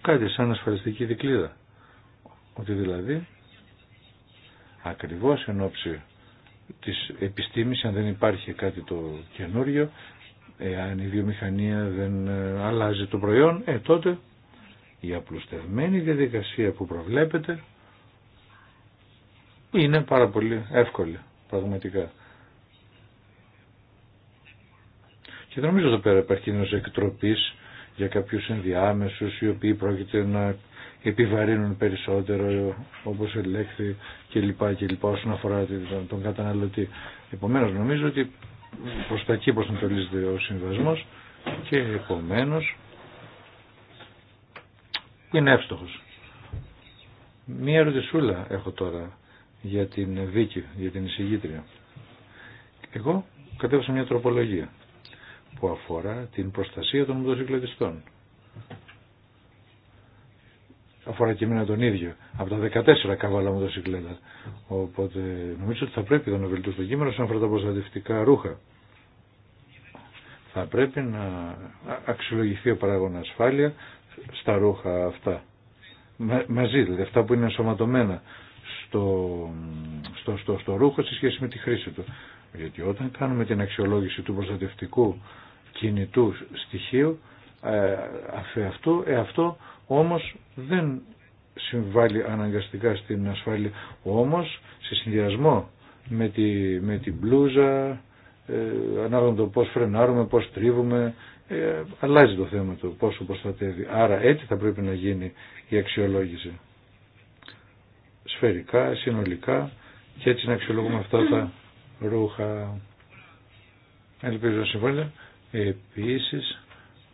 Κάτι σαν ασφαλιστική δικλίδα. Ότι δηλαδή ακριβώς εν ώψη της επιστήμης, αν δεν υπάρχει κάτι το καινούριο, εάν η βιομηχανία δεν ε, αλλάζει το προϊόν, ε, τότε η απλουστευμένη διαδικασία που προβλέπεται είναι πάρα πολύ εύκολη, πραγματικά. Και δεν νομίζω εδώ πέρα υπάρχει ενός εκτροπής για κάποιους ενδιάμεσους οι οποίοι πρόκειται να επιβαρύνουν περισσότερο όπως ελέγχθη και λοιπά και λοιπά όσον αφορά τον καταναλωτή. Επομένως νομίζω ότι προς τα εκεί προσανατολίζεται ο συμβασμός και επομένως είναι εύστοχος. Μία ερωτησούλα έχω τώρα για την δίκη, για την εισηγήτρια. Εγώ κατέβασα μια τροπολογία που αφορά την προστασία των μοτοσυκλετιστών αφορά και εμένα τον ίδιο. Από τα 14 καβάλα μοτοσυκλέτα. Οπότε νομίζω ότι θα πρέπει να βελτιώσει το κείμενο σαν αφορά τα προστατευτικά ρούχα. Θα πρέπει να αξιολογηθεί ο παράγων ασφάλεια στα ρούχα αυτά. μαζί δηλαδή, αυτά που είναι ενσωματωμένα στο, στο, στο, στο ρούχο σε σχέση με τη χρήση του. Γιατί όταν κάνουμε την αξιολόγηση του προστατευτικού κινητού στοιχείου ε, ε; αυτό, όμως δεν συμβάλλει αναγκαστικά στην ασφάλεια. Όμως σε συνδυασμό με τη, με την μπλούζα, ε, ανάλογα το πώς φρενάρουμε, πώς τρίβουμε, ε, αλλάζει το θέμα του πόσο προστατεύει. Άρα έτσι θα πρέπει να γίνει η αξιολόγηση. Σφαιρικά, συνολικά και έτσι να αξιολογούμε αυτά τα ρούχα. Ελπίζω να συμβάλλει. Επίσης,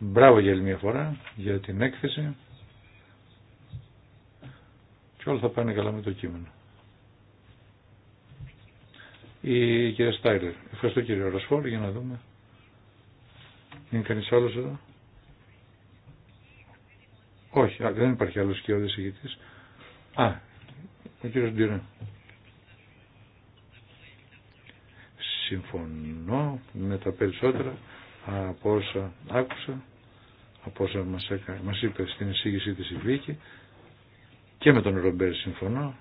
Μπράβο για άλλη μια φορά για την έκθεση και όλα θα πάνε καλά με το κείμενο. Η κυρία Στάιλερ. Ευχαριστώ κύριε Ρασφόρ για να δούμε. Είναι κανείς άλλος εδώ. Όχι, α, δεν υπάρχει άλλος και ο ηγητής. Α, ο κύριος Ντυρέ. Συμφωνώ με τα περισσότερα από όσα άκουσα από όσα μας, είπε στην εισήγησή της η και με τον Ρομπέρ συμφωνώ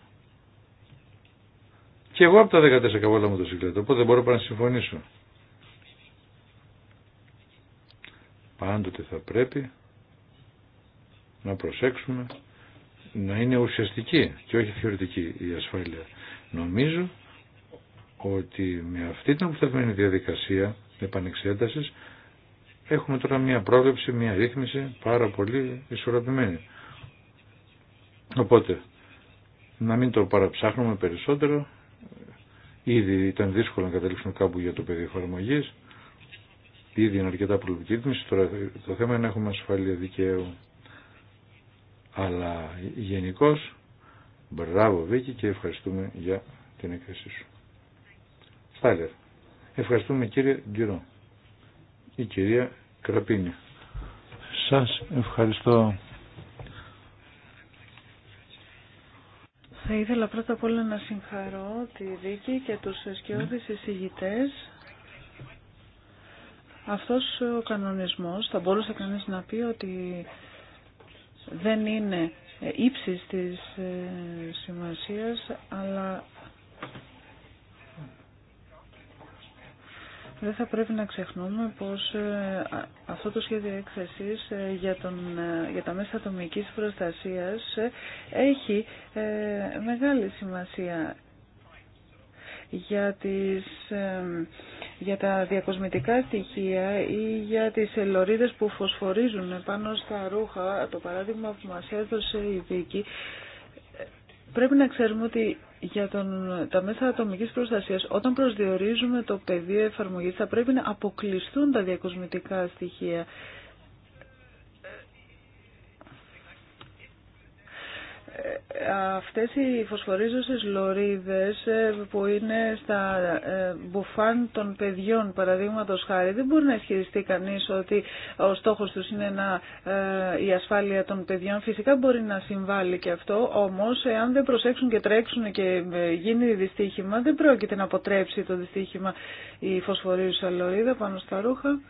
και εγώ από τα 14 καβόλα μου το συγκλέτω οπότε δεν μπορώ παρά να συμφωνήσω πάντοτε θα πρέπει να προσέξουμε να είναι ουσιαστική και όχι θεωρητική η ασφάλεια νομίζω ότι με αυτή την αποθεμένη διαδικασία επανεξέτασης έχουμε τώρα μια πρόβλεψη, μια ρύθμιση πάρα πολύ ισορροπημένη. Οπότε, να μην το παραψάχνουμε περισσότερο. Ήδη ήταν δύσκολο να καταλήξουμε κάπου για το πεδίο εφαρμογή. Ήδη είναι αρκετά προληπτική ρύθμιση. Τώρα το θέμα είναι να έχουμε ασφάλεια δικαίου. Αλλά γενικώ, μπράβο Βίκη και ευχαριστούμε για την έκθεσή σου. Στάλερ. Ευχαριστούμε κύριε Γκυρό. Η κυρία Κραπίνη. Σας ευχαριστώ. Θα ήθελα πρώτα απ' όλα να συγχαρώ τη Δίκη και τους σκιώδεις ναι. εισηγητές. Αυτός ο κανονισμός θα μπορούσε κανείς να πει ότι δεν είναι ύψης της ε, σημασίας, αλλά Δεν θα πρέπει να ξεχνούμε πως ε, αυτό το σχέδιο έκθεσης ε, για, τον, ε, για τα μέσα ατομικής προστασίας έχει μεγάλη σημασία για, τις, για τα διακοσμητικά στοιχεία ή για τις ελωρίδες που φωσφορίζουν πάνω στα ρούχα, το παράδειγμα που μας έδωσε η Βίκη, πρέπει να ξέρουμε ότι για τον, τα μέσα ατομικής προστασίας, όταν προσδιορίζουμε το πεδίο εφαρμογής, θα πρέπει να αποκλειστούν τα διακοσμητικά στοιχεία αυτές οι φωσφορίζωσες λωρίδες ε, που είναι στα ε, μπουφάν των παιδιών παραδείγματο χάρη δεν μπορεί να ισχυριστεί κανείς ότι ο στόχος τους είναι να, ε, η ασφάλεια των παιδιών φυσικά μπορεί να συμβάλλει και αυτό όμως εάν δεν προσέξουν και τρέξουν και γίνει δυστύχημα δεν πρόκειται να αποτρέψει το δυστύχημα η φωσφορίζωσα λωρίδα πάνω στα ρούχα.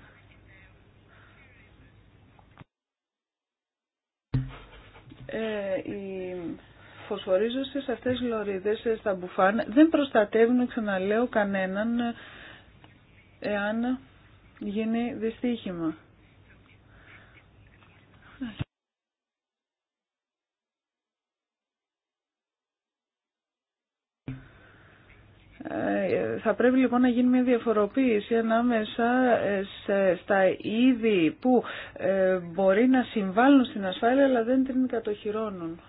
Ε, οι σε αυτές λωρίδες ε, στα μπουφάν δεν προστατεύουν, ξαναλέω, κανέναν ε, εάν γίνει δυστύχημα. Ε, θα πρέπει λοιπόν να γίνει μια διαφοροποίηση ανάμεσα ε, στα είδη που ε, μπορεί να συμβάλλουν στην ασφάλεια αλλά δεν την κατοχυρώνουν.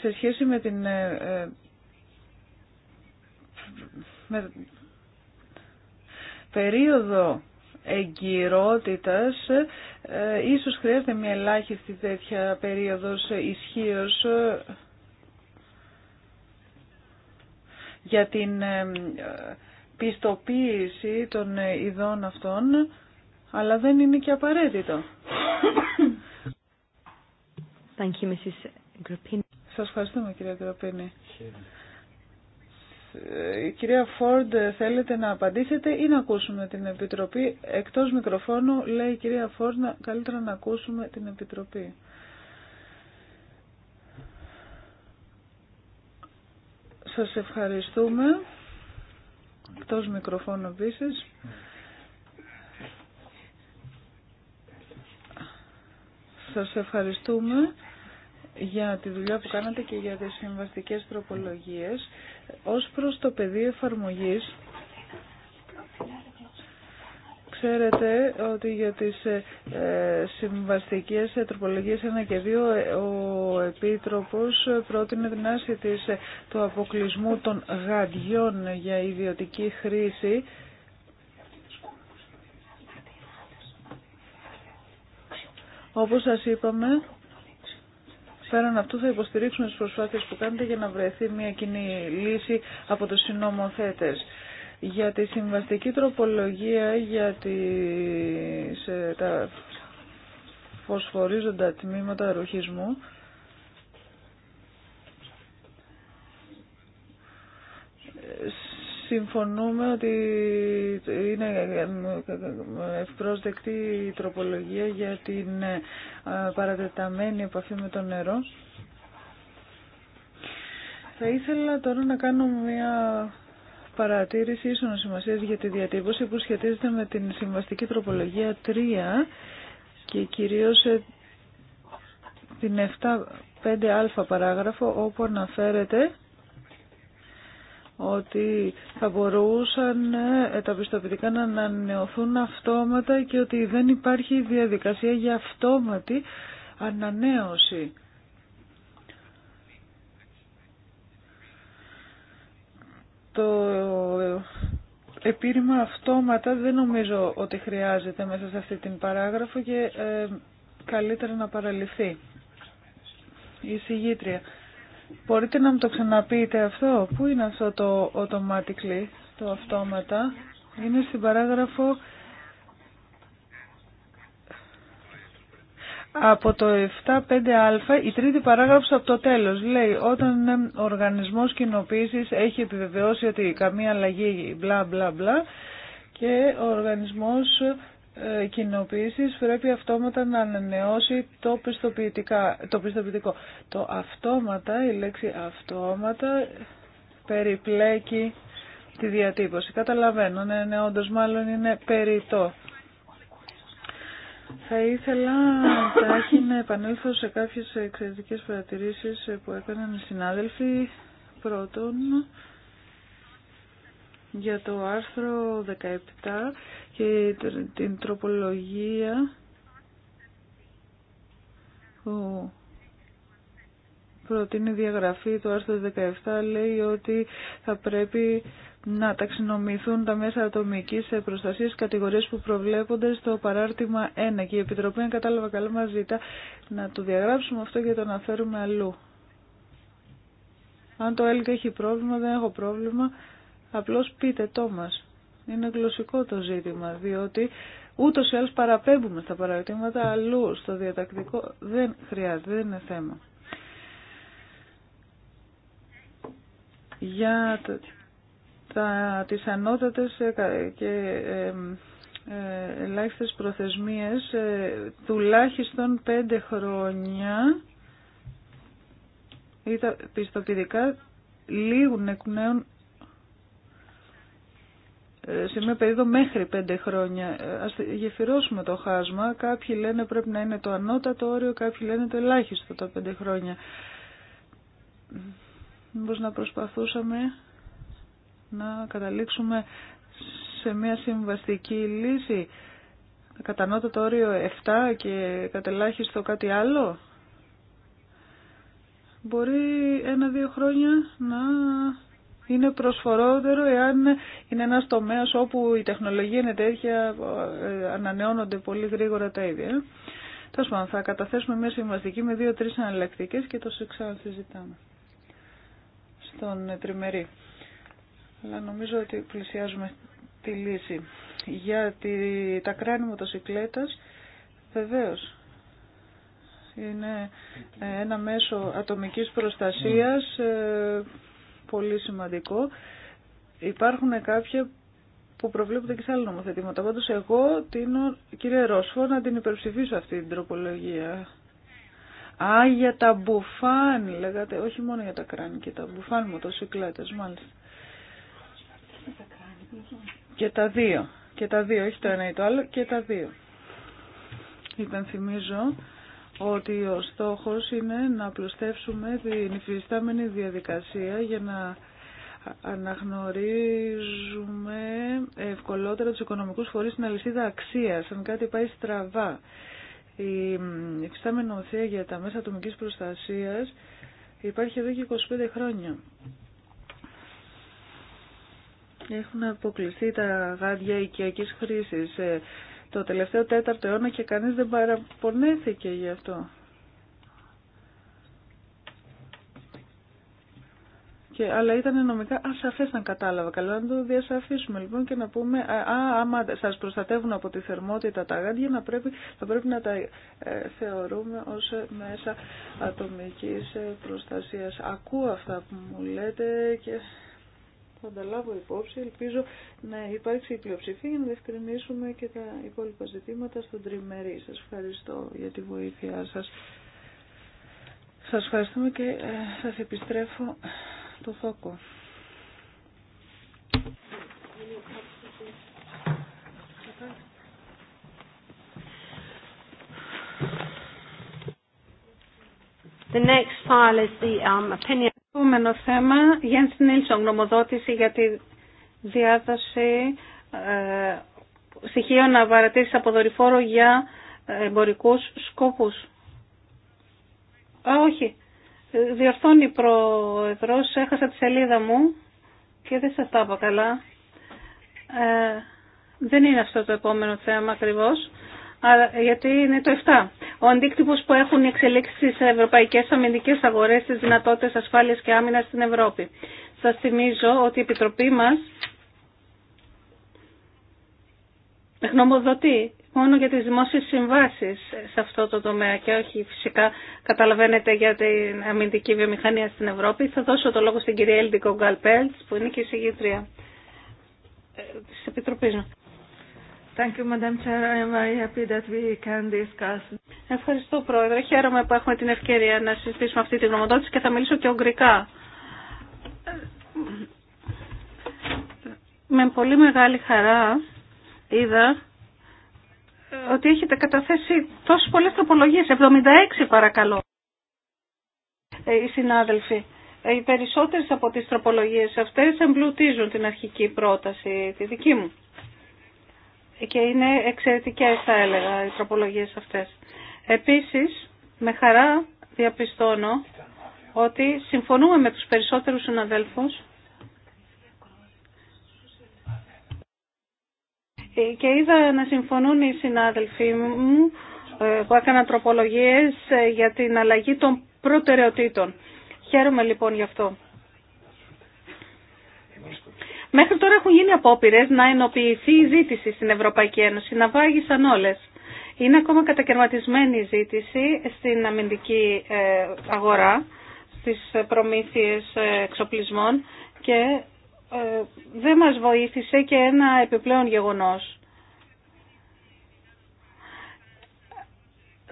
Σε σχέση με την περίοδο εγκυρότητας. Ε, ίσως χρειάζεται μια ελάχιστη τέτοια περίοδος ισχύω ε, για την ε, πιστοποίηση των ειδών αυτών, αλλά δεν είναι και απαραίτητο. Thank you, Mrs. Σας ευχαριστούμε κυρία ε, η κυρία Φόρντ ε, θέλετε να απαντήσετε ή να ακούσουμε την Επιτροπή. Εκτός μικροφώνου λέει η κυρία Φόρντ καλύτερα να ακούσουμε την Επιτροπή. Σας ευχαριστούμε. Εκτός μικροφώνου επίση. Σας ευχαριστούμε για τη δουλειά που κάνατε και για τις συμβαστικές τροπολογίες. Ως προς το πεδίο εφαρμογής, ξέρετε ότι για τις ε, ε, συμβαστικές τροπολογίες 1 και 2 ε, ο Επίτροπος πρότεινε την της του αποκλεισμού των γαντιών για ιδιωτική χρήση. Όπως σας είπαμε, Πέραν αυτού θα υποστηρίξουν τις προσπάθειες που κάνετε για να βρεθεί μια κοινή λύση από τους συνομοθέτες. Για τη συμβαστική τροπολογία για σε τα φωσφορίζοντα τμήματα ρουχισμού, Συμφωνούμε ότι είναι ευπρόσδεκτη η τροπολογία για την ε, παρατεταμένη επαφή με το νερό. Θα ήθελα τώρα να κάνω μια παρατήρηση ίσων σημασίας για τη διατύπωση που σχετίζεται με την συμβαστική τροπολογία 3 και κυρίως ε, την 7-5α παράγραφο όπου αναφέρεται ότι θα μπορούσαν ε, τα πιστοποιητικά να ανανεωθούν αυτόματα και ότι δεν υπάρχει διαδικασία για αυτόματη ανανέωση. Το επίρρημα αυτόματα δεν νομίζω ότι χρειάζεται μέσα σε αυτή την παράγραφο και ε, καλύτερα να παραλυθεί. Η συγγήτρια. Μπορείτε να μου το ξαναπείτε αυτό. Πού είναι αυτό το automatically, το αυτόματα. Είναι στην παράγραφο από το 5 α η τρίτη παράγραφος από το τέλος. Λέει, όταν ο οργανισμός κοινοποίησης έχει επιβεβαιώσει ότι καμία αλλαγή μπλα μπλα μπλα και ο οργανισμός ε, κοινοποίησης πρέπει αυτόματα να ανανεώσει το, το πιστοποιητικό. Το αυτόματα, η λέξη αυτόματα περιπλέκει τη διατύπωση. Καταλαβαίνω, ναι, ναι, όντως μάλλον είναι περιττό. Θα ήθελα τάχει να επανέλθω σε κάποιες εξαιρετικές παρατηρήσεις που έκαναν οι συνάδελφοι. Πρώτον, για το άρθρο 17 και την τροπολογία που προτείνει διαγραφή του άρθρου 17 λέει ότι θα πρέπει να ταξινομηθούν τα μέσα ατομικής προστασία κατηγορίες που προβλέπονται στο παράρτημα 1 και η Επιτροπή αν κατάλαβα καλά μα ζητά να το διαγράψουμε αυτό και το αναφέρουμε αλλού. Αν το έλεγχο έχει πρόβλημα δεν έχω πρόβλημα, Απλώ πείτε το μας. Είναι γλωσσικό το ζήτημα, διότι ούτω ή άλλω παραπέμπουμε στα παραδείγματα αλλού, στο διατακτικό. Δεν χρειάζεται, δεν είναι θέμα. Για τα, τις ανώτατες ε, και ε, ελάχιστες προθεσμίες ε, τουλάχιστον πέντε χρόνια ή τα πιστοποιητικά λίγουν εκ νέων σε μια περίοδο μέχρι πέντε χρόνια. Ας γεφυρώσουμε το χάσμα. Κάποιοι λένε πρέπει να είναι το ανώτατο όριο, κάποιοι λένε το ελάχιστο τα πέντε χρόνια. Μήπως να προσπαθούσαμε να καταλήξουμε σε μια συμβαστική λύση. κατά το όριο 7 και κατελάχιστο κάτι άλλο. Μπορεί ένα-δύο χρόνια να είναι προσφορότερο εάν είναι ένας τομέας όπου η τεχνολογία είναι τέτοια, ε, ανανεώνονται πολύ γρήγορα τα ίδια. Ε. θα καταθέσουμε μια συμβαστική με δυο τρεις αναλλακτικέ και το ξανασυζητάμε στον τριμερή. Αλλά νομίζω ότι πλησιάζουμε τη λύση. Για τη, τα κράνη μοτοσυκλέτας, βεβαίως, είναι ένα μέσο ατομικής προστασίας ναι. ε, πολύ σημαντικό. Υπάρχουν κάποια που προβλέπονται και σε άλλα νομοθετήματα. Πάντω, εγώ, την, κύριε Ρόσφο, να την υπερψηφίσω αυτή την τροπολογία. Α, για τα μπουφάν, λέγατε, όχι μόνο για τα κράνη και τα μπουφάν μοτοσυκλέτες, μάλιστα. Και τα δύο, και τα δύο, όχι το ένα ή το άλλο, και τα δύο. Υπενθυμίζω ότι ο στόχος είναι να απλουστεύσουμε την υφιστάμενη διαδικασία για να αναγνωρίζουμε ευκολότερα τους οικονομικούς φορείς στην αλυσίδα αξίας, αν κάτι πάει στραβά. Η υφιστάμενη για τα μέσα ατομικής προστασίας υπάρχει εδώ και 25 χρόνια. Έχουν αποκλειστεί τα γάντια οικιακής χρήσης. Ε, το τελευταίο τέταρτο αιώνα και κανείς δεν παραπονέθηκε γι' αυτό. Και, αλλά ήταν νομικά ασαφές να κατάλαβα. Καλό να το διασαφίσουμε λοιπόν και να πούμε α, άμα σας προστατεύουν από τη θερμότητα τα γάντια να πρέπει, θα πρέπει να τα ε, θεωρούμε ως μέσα ατομικής ε, προστασίας. Ακούω αυτά που μου λέτε και θα τα λάβω υπόψη. Ελπίζω να υπάρξει η πλειοψηφία για να διευκρινίσουμε και τα υπόλοιπα ζητήματα στον τριμερή. Σας ευχαριστώ για τη βοήθειά σας. Σας ευχαριστούμε και ε, σας επιστρέφω το θόκο. The next file is the um, opinion. Επόμενο θέμα, Γιάννης Νίλσον, γνωμοδότηση για τη διάδοση ε, στοιχείων απαρατήρησης από δορυφόρο για εμπορικούς σκόπους. Α, όχι. Διορθώνει η Πρόεδρος, έχασα τη σελίδα μου και δεν σας τα είπα καλά. Ε, δεν είναι αυτό το επόμενο θέμα ακριβώς, αλλά, γιατί είναι το 7 ο αντίκτυπο που έχουν οι εξελίξει στι ευρωπαϊκές αμυντικέ αγορές, στι δυνατότητες ασφάλειας και άμυνα στην Ευρώπη. Σα θυμίζω ότι η Επιτροπή μα γνωμοδοτεί μόνο για τις δημόσιες συμβάσεις σε αυτό το τομέα και όχι φυσικά καταλαβαίνετε για την αμυντική βιομηχανία στην Ευρώπη. Θα δώσω το λόγο στην κυρία Έλντικο Γκαλπέλτς που είναι και η συγγήτρια ε, της Επιτροπής μου. Ευχαριστώ, Πρόεδρε. Χαίρομαι που έχουμε την ευκαιρία να συζητήσουμε αυτή τη γνωμοδότηση και θα μιλήσω και ογκρικά. Με πολύ μεγάλη χαρά είδα ότι έχετε καταθέσει τόσες πολλές τροπολογίες, 76 παρακαλώ, ε, οι συνάδελφοι. Ε, οι περισσότερες από τις τροπολογίες αυτές εμπλουτίζουν την αρχική πρόταση, τη δική μου και είναι εξαιρετικές θα έλεγα οι τροπολογίες αυτές. Επίσης, με χαρά διαπιστώνω ότι συμφωνούμε με τους περισσότερους συναδέλφους και είδα να συμφωνούν οι συνάδελφοί μου ε, που έκαναν τροπολογίες ε, για την αλλαγή των προτεραιοτήτων. Χαίρομαι λοιπόν γι' αυτό. Μέχρι τώρα έχουν γίνει απόπειρε να ενοποιηθεί η ζήτηση στην Ευρωπαϊκή Ένωση, να βάγισαν όλε. Είναι ακόμα κατακαιρματισμένη η ζήτηση στην αμυντική ε, αγορά, στις προμήθειες ε, εξοπλισμών και ε, δεν μας βοήθησε και ένα επιπλέον γεγονός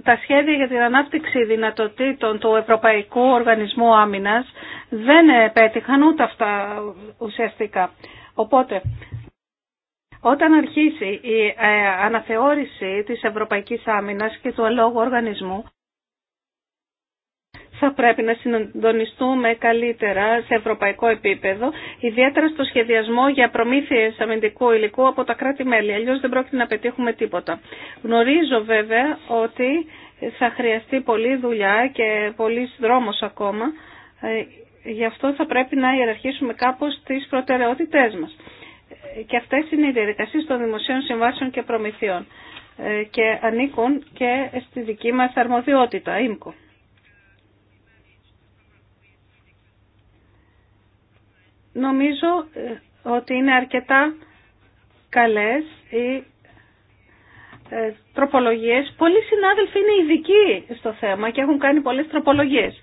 τα σχέδια για την ανάπτυξη δυνατοτήτων του Ευρωπαϊκού Οργανισμού Άμυνας δεν επέτυχαν ούτε αυτά ουσιαστικά. Οπότε, όταν αρχίσει η ε, αναθεώρηση της Ευρωπαϊκής Άμυνας και του Αλόγου Οργανισμού, θα πρέπει να συντονιστούμε καλύτερα σε ευρωπαϊκό επίπεδο, ιδιαίτερα στο σχεδιασμό για προμήθειες αμυντικού υλικού από τα κράτη-μέλη. Αλλιώς δεν πρόκειται να πετύχουμε τίποτα. Γνωρίζω βέβαια ότι θα χρειαστεί πολλή δουλειά και πολλή δρόμος ακόμα. Ε, γι' αυτό θα πρέπει να ιεραρχήσουμε κάπως τις προτεραιότητές μας. Και αυτές είναι οι διαδικασίες των δημοσίων συμβάσεων και προμηθειών ε, και ανήκουν και στη δική μας αρμοδιότητα, ΙΜΚΟ. Νομίζω ε, ότι είναι αρκετά καλές οι ε, τροπολογίες. Πολλοί συνάδελφοι είναι ειδικοί στο θέμα και έχουν κάνει πολλές τροπολογίες.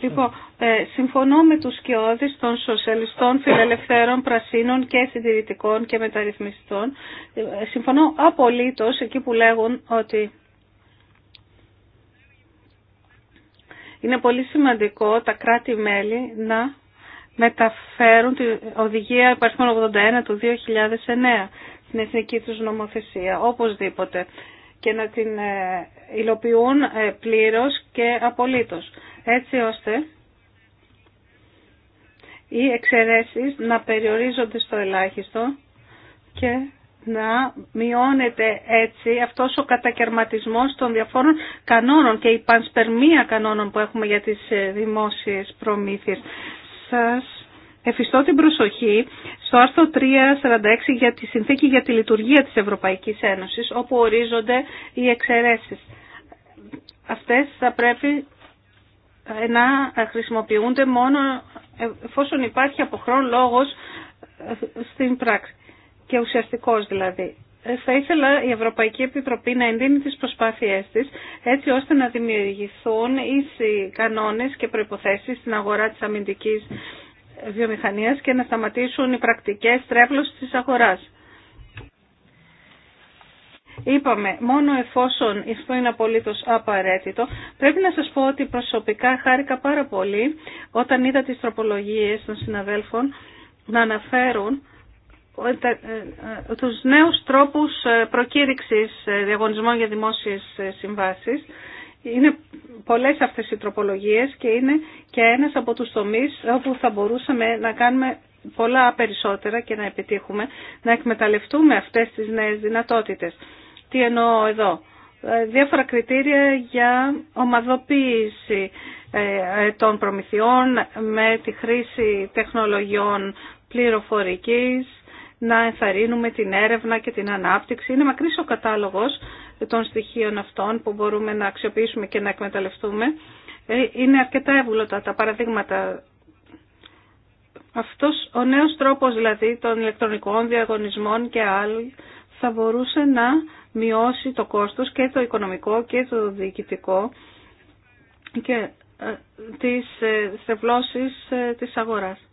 Λοιπόν, ε, συμφωνώ με τους σκιώδεις των σοσιαλιστών, φιλελευθέρων, πρασίνων και συντηρητικών και μεταρρυθμιστών. συμφωνώ απολύτως εκεί που λέγουν ότι Είναι πολύ σημαντικό τα κράτη-μέλη να μεταφέρουν την οδηγία υπαριθμών 81 του 2009 στην εθνική τους νομοθεσία, οπωσδήποτε, και να την ε, υλοποιούν ε, πλήρως και απολύτως, έτσι ώστε οι εξαιρέσεις να περιορίζονται στο ελάχιστο και να μειώνεται έτσι αυτός ο κατακαιρματισμός των διαφόρων κανόνων και η πανσπερμία κανόνων που έχουμε για τις ε, δημόσιες προμήθειες. Σας εφιστώ την προσοχή στο άρθρο 346 για τη συνθήκη για τη λειτουργία της Ευρωπαϊκής Ένωσης όπου ορίζονται οι εξαιρέσεις. Αυτές θα πρέπει ε, να χρησιμοποιούνται μόνο εφόσον υπάρχει από χρόνο λόγος ε, στην πράξη και ουσιαστικό δηλαδή. Ε, θα ήθελα η Ευρωπαϊκή Επιτροπή να εντείνει τις προσπάθειές της έτσι ώστε να δημιουργηθούν ίσοι κανόνες και προϋποθέσεις στην αγορά της αμυντικής βιομηχανίας και να σταματήσουν οι πρακτικές τρέβλωσης της αγοράς. Είπαμε, μόνο εφόσον αυτό είναι απολύτω απαραίτητο, πρέπει να σας πω ότι προσωπικά χάρηκα πάρα πολύ όταν είδα τις τροπολογίες των συναδέλφων να αναφέρουν ε, ε, τους νέους τρόπους ε, προκήρυξης διαγωνισμών για δημόσιες συμβάσεις. Είναι πολλές αυτές οι τροπολογίες και είναι και ένας από τους τομείς όπου θα μπορούσαμε να κάνουμε πολλά περισσότερα και να επιτύχουμε, να εκμεταλλευτούμε αυτές τις νέες δυνατότητες. Τι εννοώ εδώ. Διάφορα κριτήρια για ομαδοποίηση των προμηθειών με τη χρήση τεχνολογιών πληροφορικής, να ενθαρρύνουμε την έρευνα και την ανάπτυξη. Είναι μακρύς ο κατάλογος των στοιχείων αυτών που μπορούμε να αξιοποιήσουμε και να εκμεταλλευτούμε. Ε, είναι αρκετά εύγλωτα τα παραδείγματα. Αυτός ο νέος τρόπος δηλαδή των ηλεκτρονικών διαγωνισμών και άλλων θα μπορούσε να μειώσει το κόστος και το οικονομικό και το διοικητικό και ε, τις ε, της αγοράς.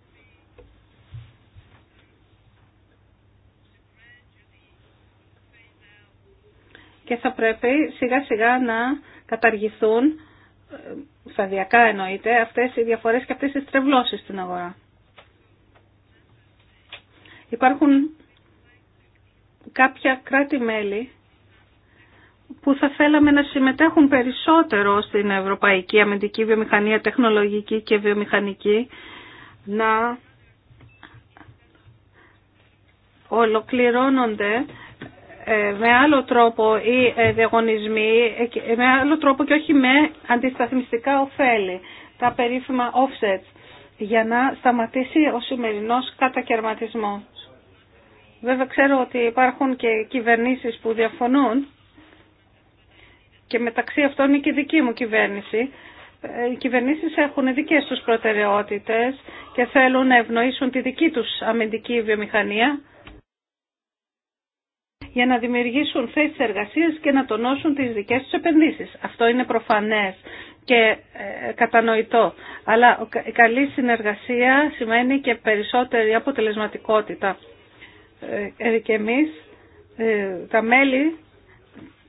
και θα πρέπει σιγά σιγά να καταργηθούν, ε, σταδιακά εννοείται, αυτές οι διαφορές και αυτές οι στρεβλώσεις στην αγορά. Υπάρχουν κάποια κράτη-μέλη που θα θέλαμε να συμμετέχουν περισσότερο στην ευρωπαϊκή αμυντική βιομηχανία, τεχνολογική και βιομηχανική, να ολοκληρώνονται ε, με άλλο τρόπο οι ε, διαγωνισμοί, ε, με άλλο τρόπο και όχι με αντισταθμιστικά ωφέλη, τα περίφημα offsets, για να σταματήσει ο σημερινός κατακαιρματισμός. Βέβαια ξέρω ότι υπάρχουν και κυβερνήσεις που διαφωνούν και μεταξύ αυτών είναι και η δική μου κυβέρνηση. Οι κυβερνήσεις έχουν δικές τους προτεραιότητες και θέλουν να ευνοήσουν τη δική τους αμυντική βιομηχανία για να δημιουργήσουν θέσεις εργασίας και να τονώσουν τις δικές τους επενδύσεις. Αυτό είναι προφανές και ε, κατανοητό. Αλλά η καλή συνεργασία σημαίνει και περισσότερη αποτελεσματικότητα. Ε, ε, και εμείς, τα μέλη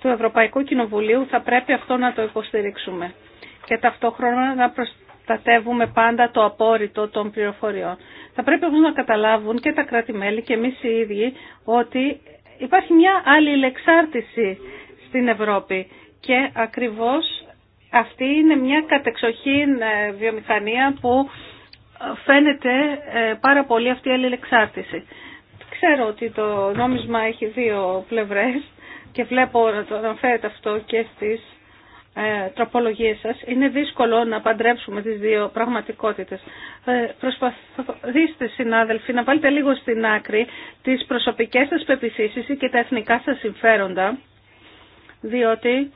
του Ευρωπαϊκού Κοινοβουλίου, θα πρέπει αυτό να το υποστηρίξουμε. Και ταυτόχρονα να προστατεύουμε πάντα το απόρριτο των πληροφοριών. Θα πρέπει όμως να καταλάβουν και τα κράτη-μέλη και εμείς οι ίδιοι ότι Υπάρχει μια αλληλεξάρτηση στην Ευρώπη και ακριβώς αυτή είναι μια κατεξοχήν ε, βιομηχανία που ε, φαίνεται ε, πάρα πολύ αυτή η αλληλεξάρτηση. Ξέρω ότι το νόμισμα έχει δύο πλευρές και βλέπω να το αναφέρεται αυτό και στις ε, τροπολογίες σας. Είναι δύσκολο να παντρέψουμε τις δύο πραγματικότητες. Ε, προσπαθήστε, συνάδελφοι, να βάλετε λίγο στην άκρη τις προσωπικές σας πεπιθήσεις και τα εθνικά σας συμφέροντα, διότι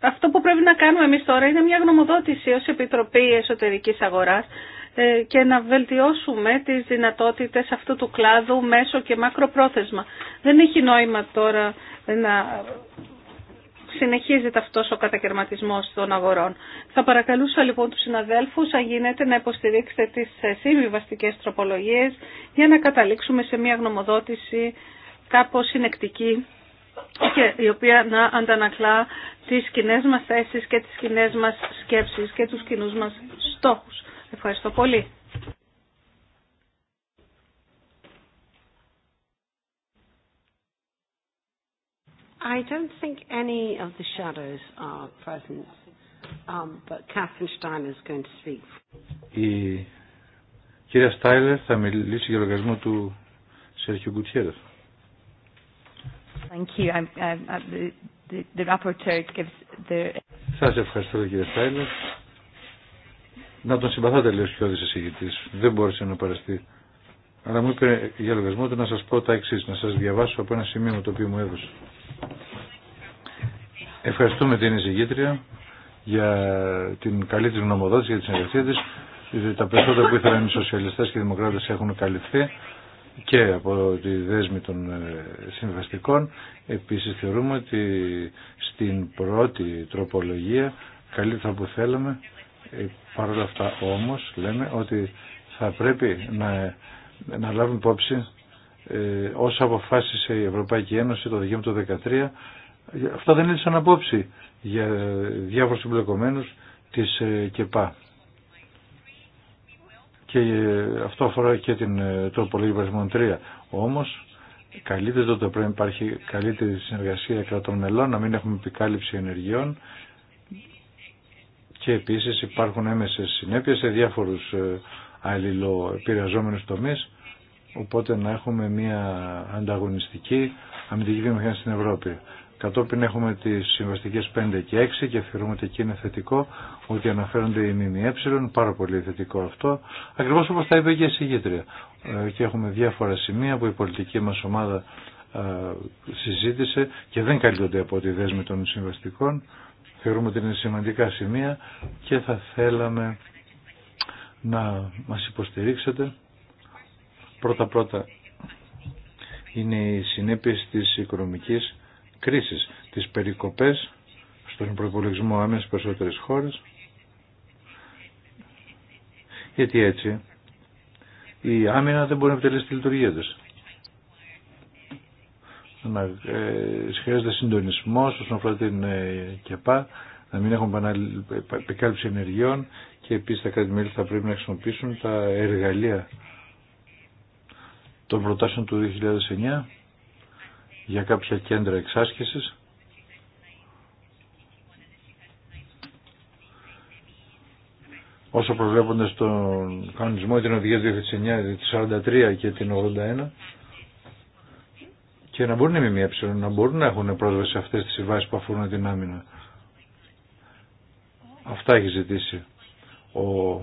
αυτό που πρέπει να κάνουμε εμείς τώρα είναι μια γνωμοδότηση ως Επιτροπή Εσωτερικής Αγοράς ε, και να βελτιώσουμε τις δυνατότητες αυτού του κλάδου μέσω και μακροπρόθεσμα. Δεν έχει νόημα τώρα να συνεχίζεται αυτό ο κατακαιρματισμός των αγορών. Θα παρακαλούσα λοιπόν τους συναδέλφους, αν γίνεται, να υποστηρίξετε τις ε, συμβιβαστικές τροπολογίες για να καταλήξουμε σε μια γνωμοδότηση κάπως συνεκτική και η οποία να αντανακλά τις κοινέ μας θέσεις και τις κοινέ μας σκέψεις και τους κοινού μας στόχους. Ευχαριστώ πολύ. I don't think any of the shadows are present, um, but Catherine Steiner is going to speak. Η κυρία Στάιλερ θα μιλήσει για λογαριασμό του Σέρχιου Γκουτσιέρες. Thank you. I'm, I'm, I'm, uh, the, the, the rapporteur gives the... Σας ευχαριστώ κύριε Στάιλερ. Να τον συμπαθάτε λίγο πιο εισηγητής. Δεν μπόρεσε να παραστεί αλλά μου είπε για λογαριασμό ότι να σας πω τα εξής, να σας διαβάσω από ένα σημείο το οποίο μου έδωσε. Ευχαριστούμε την εισηγήτρια για την καλή της γνωμοδότηση, για τη συνεργασία της. Τα περισσότερα που ήθελαν οι σοσιαλιστές και οι δημοκράτες έχουν καλυφθεί και από τη δέσμη των ε, συμβαστικών. Επίσης θεωρούμε ότι στην πρώτη τροπολογία καλύτερα που θέλαμε, ε, παρόλα αυτά όμως λέμε ότι θα πρέπει να να λάβουν υπόψη ε, όσα αποφάσισε η Ευρωπαϊκή Ένωση το Δεκέμβριο του 2013. Αυτά δεν ήταν απόψη για διάφορους εμπλεκομένους της ε, ΚΕΠΑ. Και ε, αυτό αφορά και την, ε, το πολύπαριθμόν 3. Όμως, καλύτερο το πρέπει να υπάρχει καλύτερη συνεργασία κρατών μελών, να μην έχουμε επικάλυψη ενεργειών και επίσης υπάρχουν έμεσες συνέπειες σε διάφορους αλληλοεπηρεαζόμενους τομείς, οπότε να έχουμε μια ανταγωνιστική αμυντική βιομηχανία στην Ευρώπη. Κατόπιν έχουμε τις συμβαστικές 5 και 6 και θεωρούμε ότι εκεί είναι θετικό, ότι αναφέρονται οι ΜΜΕ, πάρα πολύ θετικό αυτό, ακριβώς όπως τα είπε και η συγγήτρια. Ε, και έχουμε διάφορα σημεία που η πολιτική μας ομάδα ε, συζήτησε και δεν καλύπτονται από τη δέσμη των συμβαστικών. Θεωρούμε ότι είναι σημαντικά σημεία και θα θέλαμε να μας υποστηρίξετε. Πρώτα-πρώτα είναι οι συνέπειες της οικονομικής κρίσης, τις περικοπές στον προπολογισμό άμεσα περισσότερες χώρες, γιατί έτσι η άμυνα δεν μπορεί να επιτελέσει τη λειτουργία της. Να ε, χρειάζεται συντονισμό όσον αφορά την ε, ΚΕΠΑ, να μην έχουμε επικάλυψη ενεργειών και επίσης τα κράτη-μέλη θα πρέπει να χρησιμοποιήσουν τα εργαλεία των προτάσεων του 2009 για κάποια κέντρα εξάσκησης όσο προβλέπονται στον κανονισμό την οδηγία 2009, τη 43 και την 81 και να μπορούν να οι ΜΜΕ να μπορούν να έχουν πρόσβαση σε αυτές τις συμβάσεις που αφορούν την άμυνα. Αυτά έχει ζητήσει ο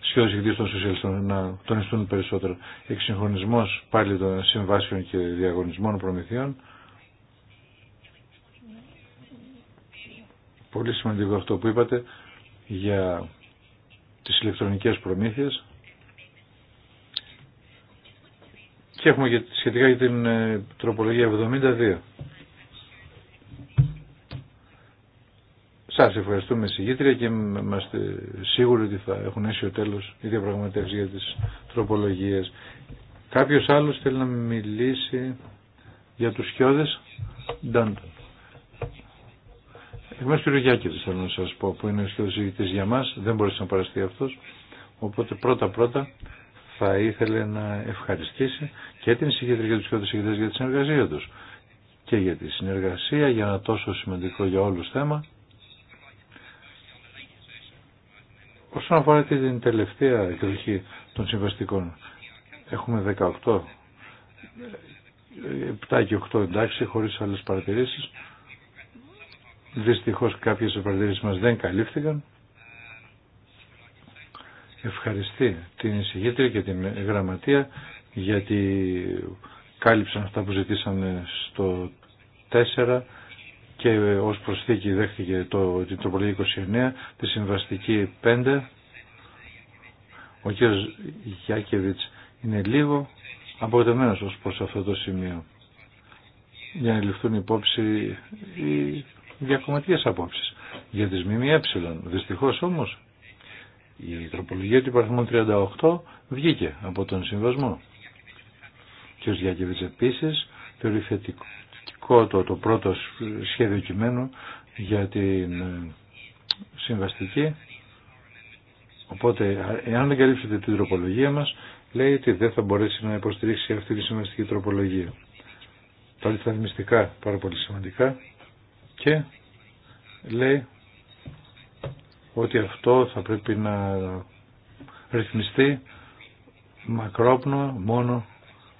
σχεδόν ηγητής των σοσιαλιστών να τονιστούν περισσότερο. Εξυγχρονισμός πάλι των συμβάσεων και διαγωνισμών προμηθειών. Πολύ σημαντικό αυτό που είπατε για τις ηλεκτρονικές προμήθειες. Και έχουμε σχετικά για την ε, τροπολογία 72. Σα ευχαριστούμε συγγήτρια και είμαστε σίγουροι ότι θα έχουν έσει ο τέλο οι διαπραγματεύσει για τι τροπολογίε. Κάποιο άλλο θέλει να μιλήσει για τους χιώδες. Ντάντον. Εκ μέρου του θέλω να σας πω που είναι ο σχεδοσυγητής για μα. δεν μπορεί να παραστεί αυτό. Οπότε πρώτα πρώτα θα ήθελε να ευχαριστήσει και την συγκεντρική και τους σχεδοσυγητές για τη συνεργασία τους και για τη συνεργασία για ένα τόσο σημαντικό για όλους θέμα Όσον αφορά την τελευταία εκδοχή των συμβαστικών, έχουμε 18, 7 ε, και 8 εντάξει, χωρίς άλλες παρατηρήσεις. Δυστυχώς κάποιες παρατηρήσεις μας δεν καλύφθηκαν. Ευχαριστεί την εισηγήτρια και την γραμματεία γιατί κάλυψαν αυτά που ζητήσαμε στο 4 και ως προσθήκη δέχτηκε το, την τροπολογία 29, τη συμβαστική 5. Ο κ. Γιάκεβιτς είναι λίγο απογοητευμένος ως προς αυτό το σημείο για να ληφθούν υπόψη οι διακομματικές απόψεις για τις ΜΜΕ. Δυστυχώς όμως η τροπολογία του υπαριθμού 38 βγήκε από τον συμβασμό. Και ο Γιάκεβιτς επίσης θεωρεί θετικό το, το πρώτο σχέδιο κειμένου για την ε, συμβαστική. Οπότε, εάν δεν καλύψετε την τροπολογία μας, λέει ότι δεν θα μπορέσει να υποστηρίξει αυτή τη συμβαστική τροπολογία. Τα ρυθμιστικά πάρα πολύ σημαντικά και λέει ότι αυτό θα πρέπει να ρυθμιστεί μακρόπνο μόνο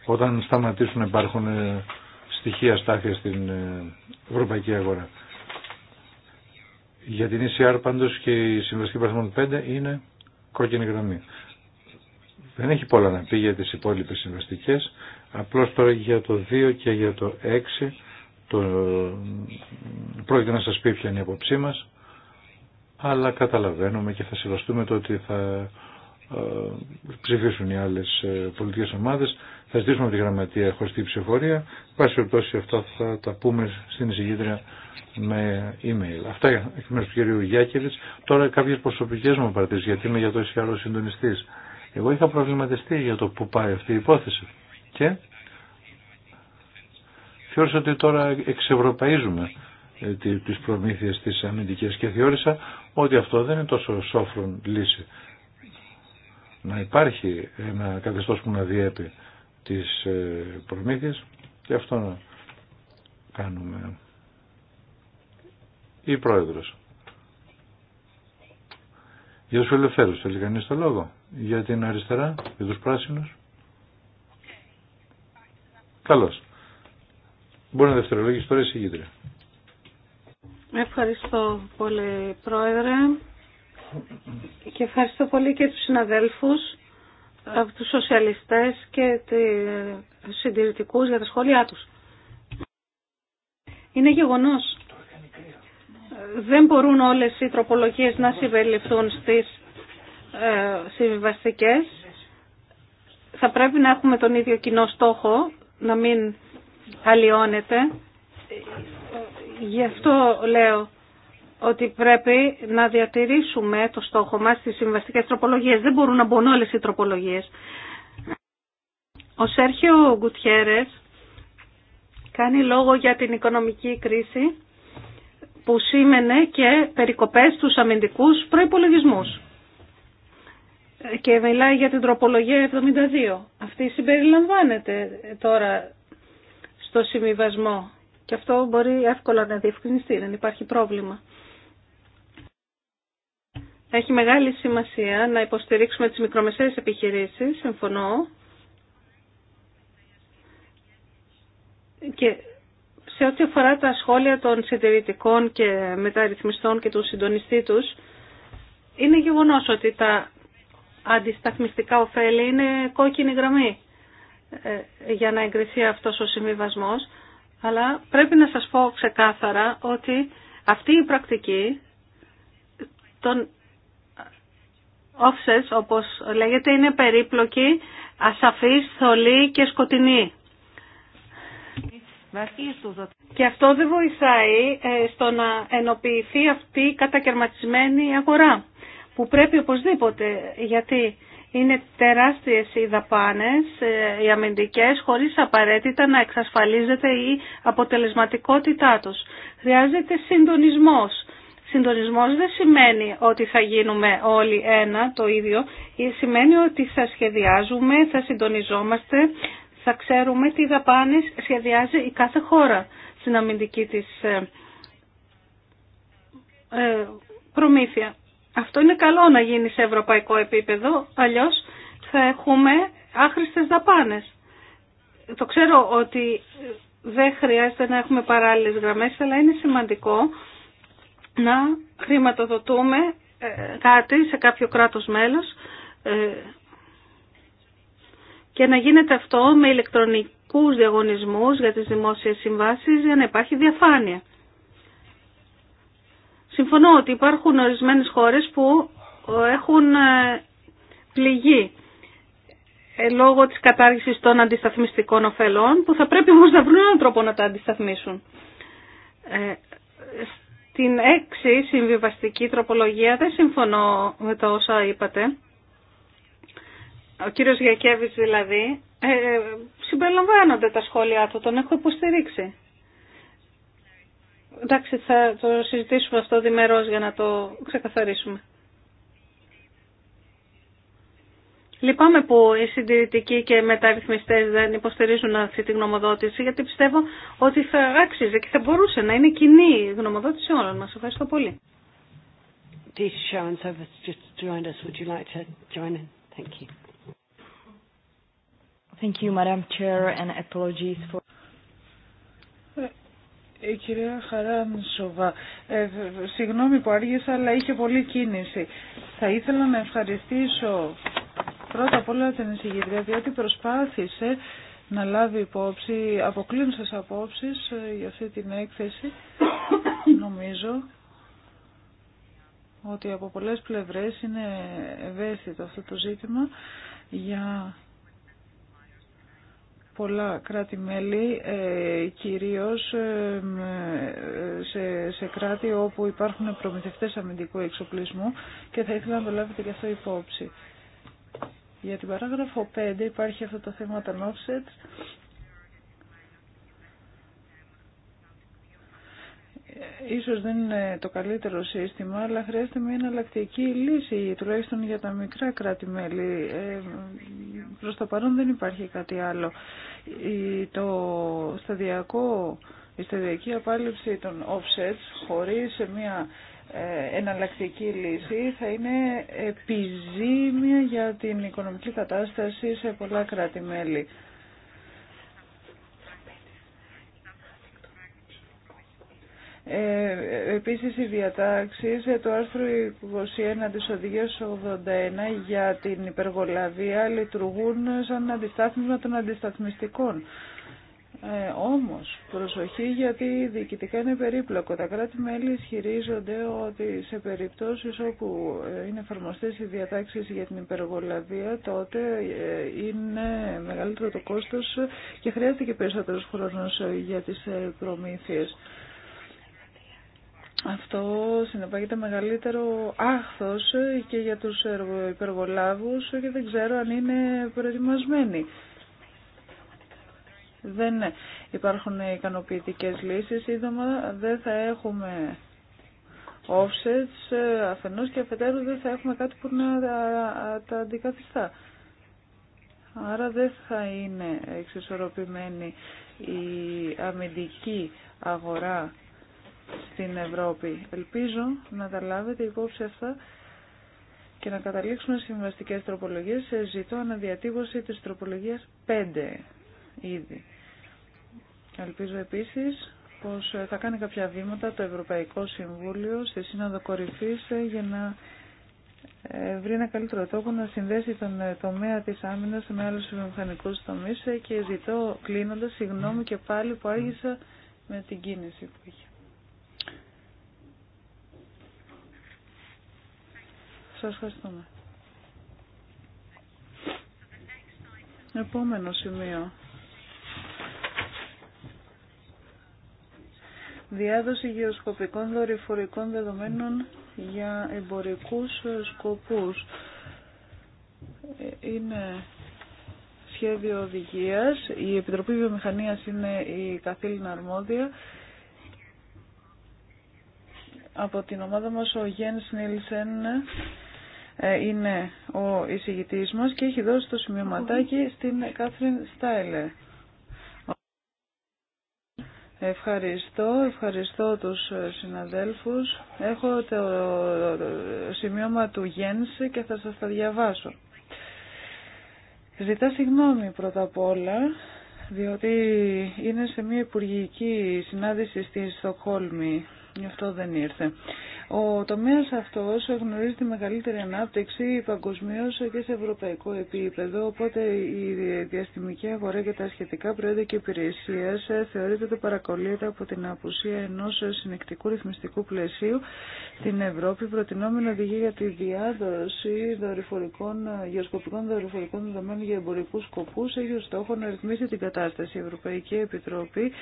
όταν σταματήσουν να υπάρχουν ε, στοιχεία στάθεια στην ε, ευρωπαϊκή αγορά. Για την ECR πάντω και η συμβαστική 5 είναι κόκκινη γραμμή. Δεν έχει πολλά να πει για τις υπόλοιπες συμβαστικές, απλώς τώρα για το 2 και για το 6 το... πρόκειται να σας πει ποια είναι η απόψή μας, αλλά καταλαβαίνουμε και θα συμβαστούμε το ότι θα ε, ψηφίσουν οι άλλε πολιτικέ ομάδε. Θα ζητήσουμε από τη γραμματεία χωριστή ψηφορία. Πάση περιπτώσει αυτά θα τα πούμε στην εισηγήτρια με email. Αυτά εκ μέρου του κυρίου Γιάκεβιτς. Τώρα κάποιε προσωπικέ μου παρατηρήσεις γιατί είμαι για το ισχυρό συντονιστή. Εγώ είχα προβληματιστεί για το που πάει αυτή η υπόθεση. Και θεώρησα ότι τώρα εξευρωπαίζουμε ε, τις προμήθειες της αμυντικές και θεώρησα ότι αυτό δεν είναι τόσο σόφρον λύση να υπάρχει ένα καθεστώς που να διέπει τις ε, προμήθειες και αυτό να κάνουμε. Ή πρόεδρος. Για τους ελευθέρους θέλει κανείς το λόγο. Για την αριστερά, για τους πράσινους. Καλώς. Μπορεί να δευτερολογήσει τώρα η συγκίτρια. Ευχαριστώ πολύ πρόεδρε. Και ευχαριστώ πολύ και τους συναδέλφους από τους σοσιαλιστές και τους συντηρητικούς για τα σχόλιά τους. Είναι γεγονός. Δεν μπορούν όλες οι τροπολογίες να συμπεριληφθούν στις ε, συμβιβαστικές. Θα πρέπει να έχουμε τον ίδιο κοινό στόχο, να μην αλλοιώνεται. Γι' αυτό λέω ότι πρέπει να διατηρήσουμε το στόχο μας στις συμβαστικές τροπολογίες. Δεν μπορούν να μπουν όλες οι τροπολογίες. Ο Σέρχιο Γκουτιέρες κάνει λόγο για την οικονομική κρίση που σήμαινε και περικοπές στους αμυντικούς προϋπολογισμούς. Και μιλάει για την τροπολογία 72. Αυτή συμπεριλαμβάνεται τώρα στο συμβιβασμό. Και αυτό μπορεί εύκολα να διευκρινιστεί, δεν υπάρχει πρόβλημα. Έχει μεγάλη σημασία να υποστηρίξουμε τις μικρομεσαίες επιχειρήσεις, συμφωνώ. Και σε ό,τι αφορά τα σχόλια των συντηρητικών και μεταρρυθμιστών και του συντονιστή τους, είναι γεγονός ότι τα αντισταθμιστικά ωφέλη είναι κόκκινη γραμμή ε, για να εγκριθεί αυτός ο συμβιβασμός, αλλά πρέπει να σας πω ξεκάθαρα ότι αυτή η πρακτική των offsets όπως λέγεται είναι περίπλοκη, ασαφής, θολή και σκοτεινή. Και αυτό δεν βοηθάει ε, στο να ενοποιηθεί αυτή η κατακαιρματισμένη αγορά που πρέπει οπωσδήποτε γιατί είναι τεράστιες οι δαπάνες, ε, οι αμυντικές, χωρίς απαραίτητα να εξασφαλίζεται η αποτελεσματικότητά τους. Χρειάζεται συντονισμός Συντονισμός δεν σημαίνει ότι θα γίνουμε όλοι ένα το ίδιο, ε, σημαίνει ότι θα σχεδιάζουμε, θα συντονιζόμαστε, θα ξέρουμε τι δαπάνες σχεδιάζει η κάθε χώρα στην αμυντική της ε, ε, προμήθεια. Αυτό είναι καλό να γίνει σε ευρωπαϊκό επίπεδο, αλλιώς θα έχουμε άχρηστες δαπάνες. Το ξέρω ότι δεν χρειάζεται να έχουμε παράλληλες γραμμές, αλλά είναι σημαντικό να χρηματοδοτούμε ε, κάτι σε κάποιο κράτος μέλος ε, και να γίνεται αυτό με ηλεκτρονικούς διαγωνισμούς για τις δημόσιες συμβάσεις για να υπάρχει διαφάνεια. Συμφωνώ ότι υπάρχουν ορισμένες χώρες που ε, έχουν πληγεί λόγω της κατάργησης των αντισταθμιστικών ωφελών που θα πρέπει όμως να βρουν έναν τρόπο να τα αντισταθμίσουν την έξι συμβιβαστική τροπολογία δεν συμφωνώ με το όσα είπατε. Ο κύριος Γιακέβης δηλαδή, ε, συμπεριλαμβάνονται τα σχόλιά του, τον έχω υποστηρίξει. Εντάξει, θα το συζητήσουμε αυτό διμερός για να το ξεκαθαρίσουμε. Λυπάμαι που οι συντηρητικοί και οι μεταρρυθμιστές δεν υποστηρίζουν αυτή τη γνωμοδότηση, γιατί πιστεύω ότι θα άξιζε και θα μπορούσε να είναι κοινή η γνωμοδότηση όλων μας. Ευχαριστώ πολύ. Thank Η κυρία Χαράνσοβα, ε, συγγνώμη που άργησα, αλλά είχε πολλή κίνηση. Θα ήθελα να ευχαριστήσω πρώτα απ' όλα την εισηγητρία, διότι προσπάθησε να λάβει υπόψη αποκλίνουσες απόψεις ε, για αυτή την έκθεση. Νομίζω ότι από πολλές πλευρές είναι ευαίσθητο αυτό το ζήτημα για πολλά κράτη-μέλη, ε, κυρίως ε, σε, σε κράτη όπου υπάρχουν προμηθευτές αμυντικού εξοπλισμού και θα ήθελα να το λάβετε και αυτό υπόψη. Για την παράγραφο 5 υπάρχει αυτό το θέμα των offsets. Ίσως δεν είναι το καλύτερο σύστημα, αλλά χρειάζεται μια εναλλακτική λύση, τουλάχιστον για τα μικρά κράτη-μέλη. Ε, προς το παρόν δεν υπάρχει κάτι άλλο. Η, το σταδιακό, η σταδιακή απάλληψη των offsets χωρίς μια ε, εναλλακτική λύση θα είναι επιζήμια για την οικονομική κατάσταση σε πολλά κράτη-μέλη. Ε, επίσης οι διατάξεις ε, του άρθρου 21 της Οδηγίας 81 για την υπεργολαβία λειτουργούν σαν αντιστάθμισμα των αντισταθμιστικών. Ε, όμως, προσοχή γιατί διοικητικά είναι περίπλοκο. Τα κράτη-μέλη ισχυρίζονται ότι σε περιπτώσεις όπου ε, είναι εφαρμοστές οι διατάξεις για την υπεργολαβία, τότε ε, είναι μεγαλύτερο το κόστος και χρειάζεται και περισσότερος χρόνος ε, για τις προμήθειες. Αυτό συνεπάγεται μεγαλύτερο άχθος και για τους υπεργολάβους και δεν ξέρω αν είναι προετοιμασμένοι δεν υπάρχουν ικανοποιητικές λύσεις, σύντομα δεν θα έχουμε offsets ε, αφενός και αφετέρου δεν θα έχουμε κάτι που να τα αντικαθιστά. Άρα δεν θα είναι εξισορροπημένη η αμυντική αγορά στην Ευρώπη. Ελπίζω να τα λάβετε υπόψη αυτά και να καταλήξουμε στις συμβαστικές τροπολογίες. Ζητώ αναδιατύπωση της τροπολογίας 5 ήδη. Ελπίζω επίσης πως ε, θα κάνει κάποια βήματα το Ευρωπαϊκό Συμβούλιο στη Σύνοδο Κορυφής ε, για να ε, βρει ένα καλύτερο τόπο να συνδέσει τον τομέα της άμυνας με άλλους βιομηχανικούς τομείς και ζητώ κλείνοντας συγγνώμη και πάλι που άργησα με την κίνηση που είχε. Σας ευχαριστούμε. Επόμενο σημείο. διάδοση γεωσκοπικών δορυφορικών δεδομένων για εμπορικούς σκοπούς. Ε, είναι σχέδιο οδηγίας. Η Επιτροπή Βιομηχανίας είναι η καθήλυνα αρμόδια. Από την ομάδα μας ο Γένς Νίλσεν ε, είναι ο εισηγητής μας και έχει δώσει το σημειωματάκι στην Κάθριν Στάιλε. Ευχαριστώ, ευχαριστώ τους συναδέλφους. Έχω το σημείωμα του Γένση και θα σας τα διαβάσω. Ζητά συγγνώμη πρώτα απ' όλα, διότι είναι σε μια υπουργική συνάντηση στη Στοκχόλμη, γι' αυτό δεν ήρθε. Ο τομέας αυτός γνωρίζει τη μεγαλύτερη ανάπτυξη παγκοσμίω και σε ευρωπαϊκό επίπεδο, οπότε η διαστημική αγορά για τα σχετικά προϊόντα και υπηρεσίες θεωρείται ότι παρακολύεται από την απουσία ενός συνεκτικού ρυθμιστικού πλαισίου στην Ευρώπη, προτινόμενο οδηγεί για τη διάδοση δορυφορικών, γεωσκοπικών δορυφορικών δεδομένων για εμπορικούς σκοπούς, έχει ως στόχο να ρυθμίσει την κατάσταση. Η Ευρωπαϊκή Επιτροπή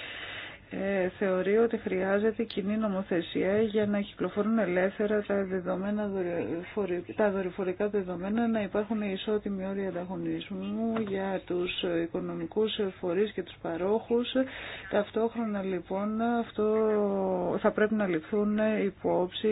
ε, θεωρεί ότι χρειάζεται κοινή νομοθεσία για να κυκλοφορούν ελεύθερα τα, δεδομένα, τα δορυφορικά δεδομένα, να υπάρχουν ισότιμοι όροι ανταγωνισμού για τους οικονομικούς φορείς και τους παρόχους. Ταυτόχρονα λοιπόν αυτό θα πρέπει να ληφθούν υπόψη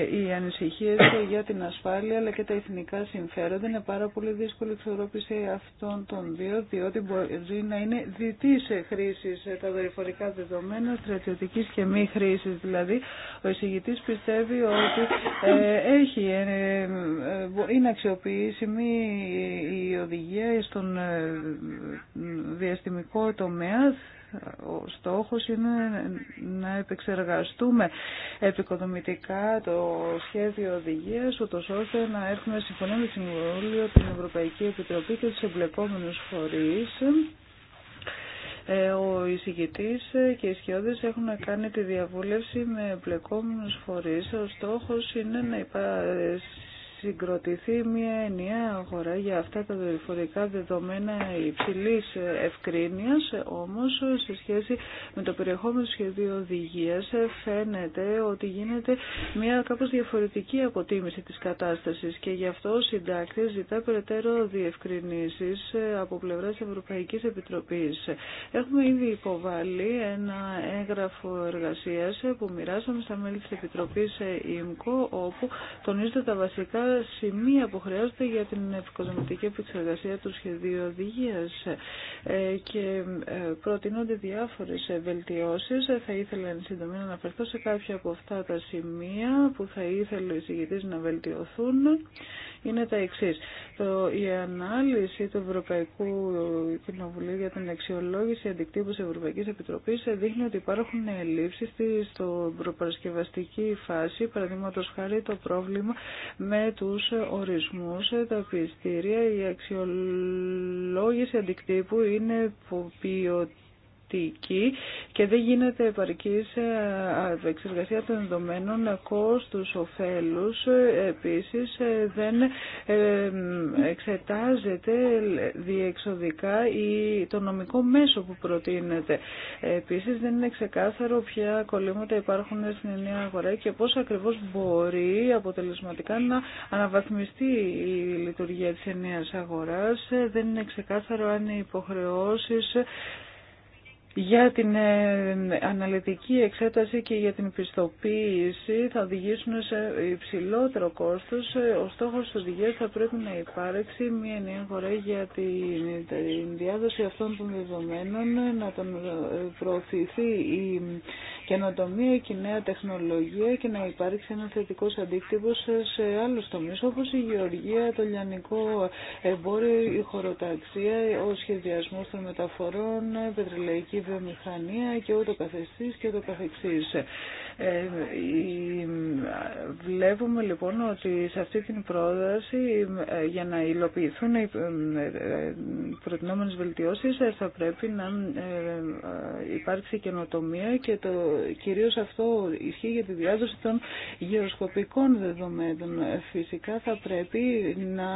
οι ανησυχίε για την ασφάλεια αλλά και τα εθνικά συμφέροντα είναι πάρα πολύ δύσκολη εξορρόπηση αυτών των δύο διότι μπορεί να είναι διτής χρήση τα δορυφορικά δεδομένα στρατιωτική και μη χρήση. δηλαδή ο εισηγητή πιστεύει ότι ε, έχει, ε, ε, είναι αξιοποιήσιμη η οδηγία στον διαστημικό τομέα ο στόχος είναι να επεξεργαστούμε επικοδομητικά το σχέδιο οδηγίας, ούτως ώστε να έχουμε συμφωνία με συμβούλιο την Ευρωπαϊκή Επιτροπή και τις εμπλεκόμενους φορείς. Ε, ο εισηγητής και οι σχεδόντες έχουν κάνει τη διαβούλευση με εμπλεκόμενους φορείς. Ο στόχος είναι να υπάρξει συγκροτηθεί μια ενιαία αγορά για αυτά τα δορυφορικά δεδομένα υψηλής ευκρίνειας, όμως σε σχέση με το περιεχόμενο σχεδίου οδηγίας φαίνεται ότι γίνεται μια κάπως διαφορετική αποτίμηση της κατάστασης και γι' αυτό ο συντάκτης ζητά περαιτέρω διευκρινήσεις από πλευράς Ευρωπαϊκής Επιτροπής. Έχουμε ήδη υποβάλει ένα έγγραφο εργασίας που μοιράσαμε στα μέλη της Επιτροπής ΙΜΚΟ όπου τονίζεται τα βασικά σημεία που χρειάζονται για την ευκοδομητική επεξεργασία του σχεδίου οδηγία ε, και ε, προτείνονται διάφορε βελτιώσει. Θα ήθελα εν συντομή να αναφερθώ σε κάποια από αυτά τα σημεία που θα ήθελε οι εισηγητή να βελτιωθούν. Είναι τα εξή. Η ανάλυση του Ευρωπαϊκού Κοινοβουλίου για την αξιολόγηση αντικτύπου τη Ευρωπαϊκή Επιτροπή δείχνει ότι υπάρχουν ελλείψει στην προπαρασκευαστική φάση, παραδείγματο χάρη το πρόβλημα με τους ορισμούς, τα πιστήρια, η αξιολόγηση αντικτύπου είναι ποιοτική τική και δεν γίνεται επαρκή ε, εξεργασία των δεδομένων κόστους ωφέλους. Επίσης ε, δεν ε, εξετάζεται διεξοδικά το νομικό μέσο που προτείνεται. Επίσης δεν είναι ξεκάθαρο ποια κολλήματα υπάρχουν στην ενιαία αγορά και πώς ακριβώς μπορεί αποτελεσματικά να αναβαθμιστεί η λειτουργία της ενιαίας αγοράς. Δεν είναι ξεκάθαρο αν οι υποχρεώσεις για την ε, αναλυτική εξέταση και για την πιστοποίηση θα οδηγήσουν σε υψηλότερο κόστος. Ε, ο στόχος της οδηγίας θα πρέπει να υπάρξει μια νέα χώρα για την, διάδοση αυτών των δεδομένων, να τον προωθηθεί η καινοτομία και η νέα τεχνολογία και να υπάρξει ένα θετικό αντίκτυπο σε άλλους τομείς όπως η γεωργία, το λιανικό εμπόριο, η χωροταξία, ο σχεδιασμός των μεταφορών, ε, πετρελαϊκή η βιομηχανία και ούτω καθεστής και ούτω καθεξής. Ε, βλέπουμε λοιπόν ότι σε αυτή την πρόταση ε, για να υλοποιηθούν οι ε, προτινόμενες βελτιώσεις θα πρέπει να υπάρξει καινοτομία και το, κυρίως αυτό ισχύει για τη διάδοση των γεροσκοπικών δεδομένων. Φυσικά θα πρέπει να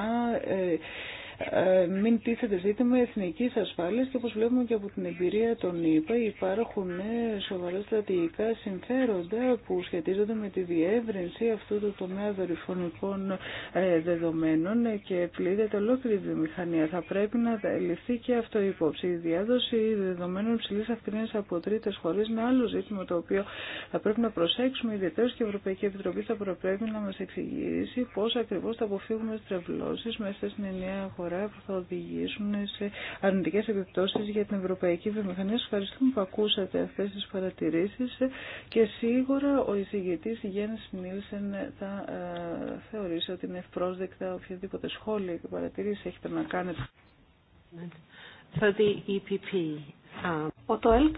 ε, μην τίθεται ζήτημα εθνική ασφάλεια και όπω βλέπουμε και από την εμπειρία των ΗΠΑ υπάρχουν ε, σοβαρά στρατηγικά συμφέροντα που σχετίζονται με τη διεύρυνση αυτού του τομέα δορυφωνικών ε, δεδομένων και πλήττεται ολόκληρη βιομηχανία. Θα πρέπει να ληφθεί και αυτό η υπόψη. Η διάδοση δεδομένων υψηλή αυκρίνης από τρίτε χωρίς είναι άλλο ζήτημα το οποίο θα πρέπει να προσέξουμε ιδιαίτερω και η Ευρωπαϊκή Επιτροπή θα πρέπει να μα εξηγήσει πώ ακριβώ θα αποφύγουμε στρεβλώσει μέσα στην ενιαία χώρα που θα οδηγήσουν σε αρνητικές επιπτώσει για την ευρωπαϊκή βιομηχανία. Σα ευχαριστούμε που ακούσατε αυτές τις παρατηρήσεις και σίγουρα ο εισηγητή Γιάννης Νίλσεν θα ε, θεωρήσει ότι είναι ευπρόσδεκτα οποιαδήποτε σχόλια και παρατηρήσει έχετε να κάνετε. For e uh, Ο Τόελκ,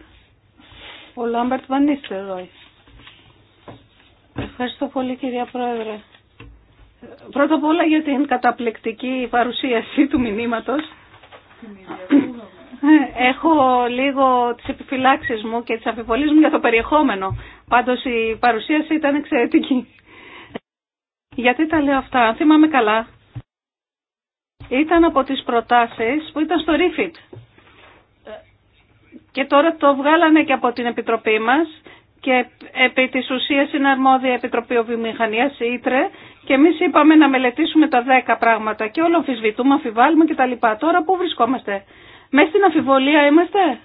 ο Λάμπερτ Ευχαριστώ πολύ κυρία Πρόεδρε. Πρώτα απ' όλα για την καταπληκτική παρουσίαση του μηνύματος. Ε, έχω λίγο τις επιφυλάξεις μου και τις αμφιβολίες μου για το περιεχόμενο. Πάντως η παρουσίαση ήταν εξαιρετική. Γιατί τα λέω αυτά, θυμάμαι καλά. Ήταν από τις προτάσεις που ήταν στο Refit. Και τώρα το βγάλανε και από την Επιτροπή μας και επί της ουσίας είναι αρμόδια Επιτροπή Οβιομηχανίας, η Ήτρε, και εμεί είπαμε να μελετήσουμε τα 10 πράγματα και όλο αμφισβητούμε, αμφιβάλλουμε κτλ. Τώρα πού βρισκόμαστε. Μέσα στην αμφιβολία είμαστε.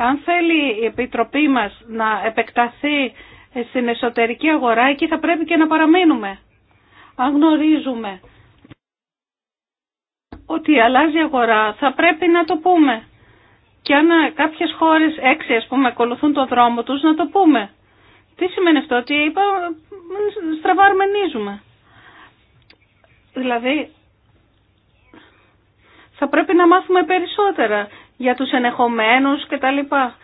Αν θέλει η Επιτροπή μας να επεκταθεί στην εσωτερική αγορά, εκεί θα πρέπει και να παραμείνουμε. Αν γνωρίζουμε ότι αλλάζει η αγορά, θα πρέπει να το πούμε. Και αν κάποιες χώρες, έξι ας πούμε, ακολουθούν το δρόμο τους, να το πούμε. Τι σημαίνει αυτό, ότι είπα, στραβάρμενίζουμε. Δηλαδή, θα πρέπει να μάθουμε περισσότερα για τους ενεχομένους και τα λοιπά.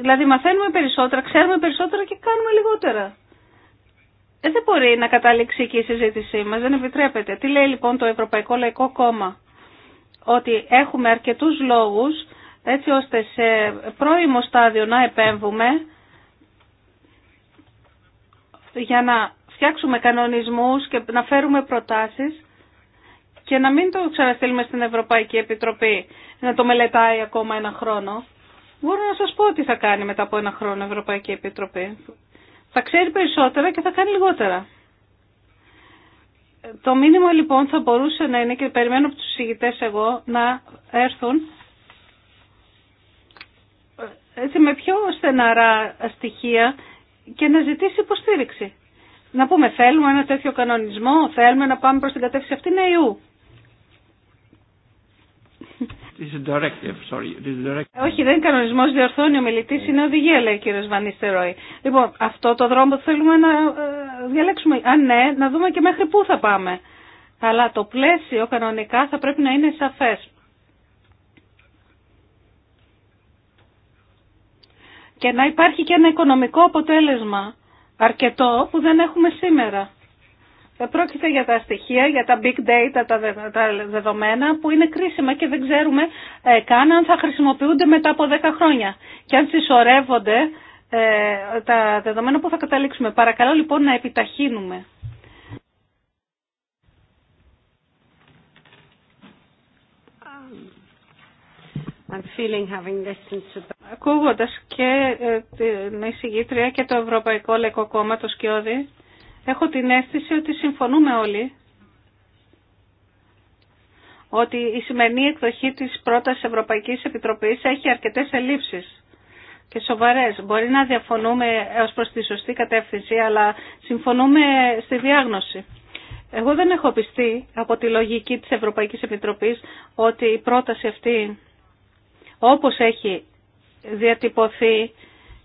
Δηλαδή, μαθαίνουμε περισσότερα, ξέρουμε περισσότερα και κάνουμε λιγότερα. Ε, δεν μπορεί να καταλήξει και η συζήτησή μας, δεν επιτρέπεται. Τι λέει λοιπόν το Ευρωπαϊκό Λαϊκό Κόμμα. Ότι έχουμε αρκετούς λόγους έτσι ώστε σε πρώιμο στάδιο να επέμβουμε για να φτιάξουμε κανονισμούς και να φέρουμε προτάσεις και να μην το ξαναστείλουμε στην Ευρωπαϊκή Επιτροπή να το μελετάει ακόμα ένα χρόνο. Μπορώ να σας πω τι θα κάνει μετά από ένα χρόνο η Ευρωπαϊκή Επιτροπή. Θα ξέρει περισσότερα και θα κάνει λιγότερα. Το μήνυμα λοιπόν θα μπορούσε να είναι και περιμένω από τους συγητές εγώ να έρθουν ε, με πιο στεναρά στοιχεία και να ζητήσει υποστήριξη. Να πούμε θέλουμε ένα τέτοιο κανονισμό, θέλουμε να πάμε προς την κατεύθυνση αυτή, ναι ιού. Όχι, δεν είναι κανονισμός, διορθώνει ο μιλητής, είναι οδηγία, λέει ο κύριος Βανίστεροι. Λοιπόν, αυτό το δρόμο θέλουμε να ε, διαλέξουμε. Αν ναι, να δούμε και μέχρι πού θα πάμε. Αλλά το πλαίσιο κανονικά θα πρέπει να είναι σαφές. και να υπάρχει και ένα οικονομικό αποτέλεσμα αρκετό που δεν έχουμε σήμερα. Ε, πρόκειται για τα στοιχεία, για τα big data, τα δεδομένα που είναι κρίσιμα και δεν ξέρουμε ε, καν αν θα χρησιμοποιούνται μετά από 10 χρόνια και αν συσσωρεύονται ε, τα δεδομένα που θα καταλήξουμε. Παρακαλώ λοιπόν να επιταχύνουμε. Ακούγοντα και ε, την εισηγήτρια και το Ευρωπαϊκό Λαϊκό Κόμμα, το Σκιώδη, έχω την αίσθηση ότι συμφωνούμε όλοι ότι η σημερινή εκδοχή της πρώτας Ευρωπαϊκής Επιτροπής έχει αρκετές ελλείψεις και σοβαρές. Μπορεί να διαφωνούμε ως προς τη σωστή κατεύθυνση, αλλά συμφωνούμε στη διάγνωση. Εγώ δεν έχω πιστεί από τη λογική της Ευρωπαϊκής Επιτροπής ότι η πρόταση αυτή όπως έχει διατυπωθεί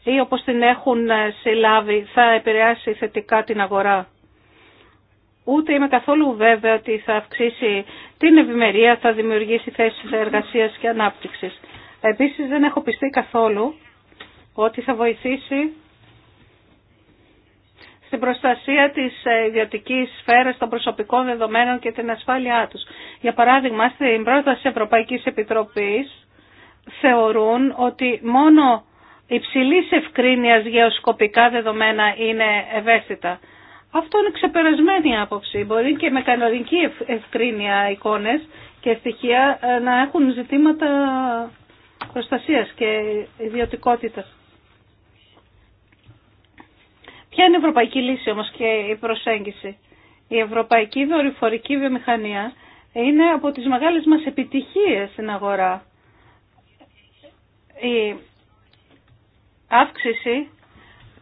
ή όπως την έχουν συλλάβει θα επηρεάσει θετικά την αγορά. Ούτε είμαι καθόλου βέβαια ότι θα αυξήσει την ευημερία, θα δημιουργήσει θέσεις εργασίας και ανάπτυξης. Επίσης δεν έχω πιστεί καθόλου ότι θα βοηθήσει στην προστασία της ιδιωτική σφαίρας των προσωπικών δεδομένων και την ασφάλειά τους. Για παράδειγμα, στην πρόταση Ευρωπαϊκής Επιτροπής θεωρούν ότι μόνο υψηλή ευκρίνεια γεωσκοπικά δεδομένα είναι ευαίσθητα. Αυτό είναι ξεπερασμένη άποψη. Μπορεί και με κανονική ευκρίνεια εικόνες και στοιχεία ε, να έχουν ζητήματα προστασία και ιδιωτικότητα. Ποια είναι η ευρωπαϊκή λύση όμως και η προσέγγιση. Η ευρωπαϊκή δορυφορική βιομηχανία είναι από τις μεγάλες μας επιτυχίες στην αγορά η αύξηση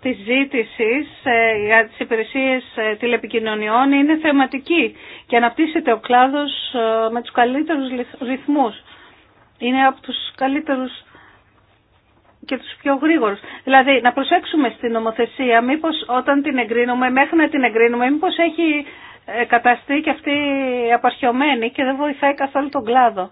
της ζήτησης ε, για τις υπηρεσίες ε, τηλεπικοινωνιών είναι θεματική και αναπτύσσεται ο κλάδος ε, με τους καλύτερους ρυθμούς. Είναι από τους καλύτερους και τους πιο γρήγορους. Δηλαδή να προσέξουμε στην νομοθεσία μήπως όταν την εγκρίνουμε, μέχρι να την εγκρίνουμε, μήπως έχει καταστεί και αυτή απαρχιωμένη και δεν βοηθάει καθόλου τον κλάδο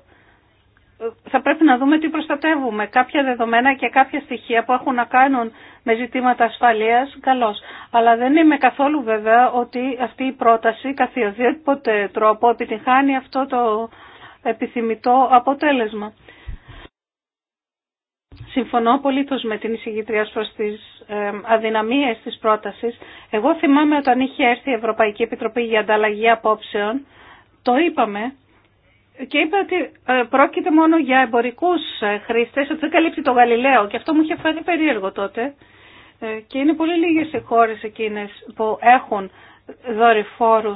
θα πρέπει να δούμε τι προστατεύουμε. Κάποια δεδομένα και κάποια στοιχεία που έχουν να κάνουν με ζητήματα ασφαλείας, καλώς. Αλλά δεν είμαι καθόλου βέβαια ότι αυτή η πρόταση καθιωδήποτε τρόπο επιτυγχάνει αυτό το επιθυμητό αποτέλεσμα. Συμφωνώ πολύ με την εισηγητρία προς τις ε, αδυναμίες της πρότασης. Εγώ θυμάμαι όταν είχε έρθει η Ευρωπαϊκή Επιτροπή για Ανταλλαγή Απόψεων, το είπαμε και είπα ότι ε, πρόκειται μόνο για εμπορικούς ε, χρήστε, ότι δεν καλύπτει το Γαλιλαίο και αυτό μου είχε φανεί περίεργο τότε. Ε, και είναι πολύ λίγες οι χώρες εκείνες που έχουν δορυφόρου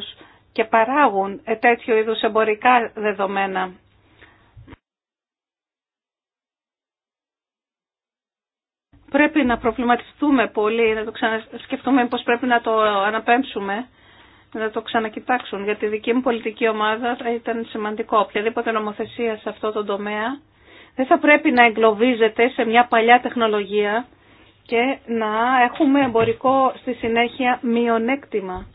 και παράγουν τέτοιου είδους εμπορικά δεδομένα. Πρέπει να προβληματιστούμε πολύ, να το ξανασκεφτούμε πώς πρέπει να το αναπέμψουμε να το ξανακοιτάξουν. γιατί η δική μου πολιτική ομάδα ήταν σημαντικό. Οποιαδήποτε νομοθεσία σε αυτό το τομέα δεν θα πρέπει να εγκλωβίζεται σε μια παλιά τεχνολογία και να έχουμε εμπορικό στη συνέχεια μειονέκτημα.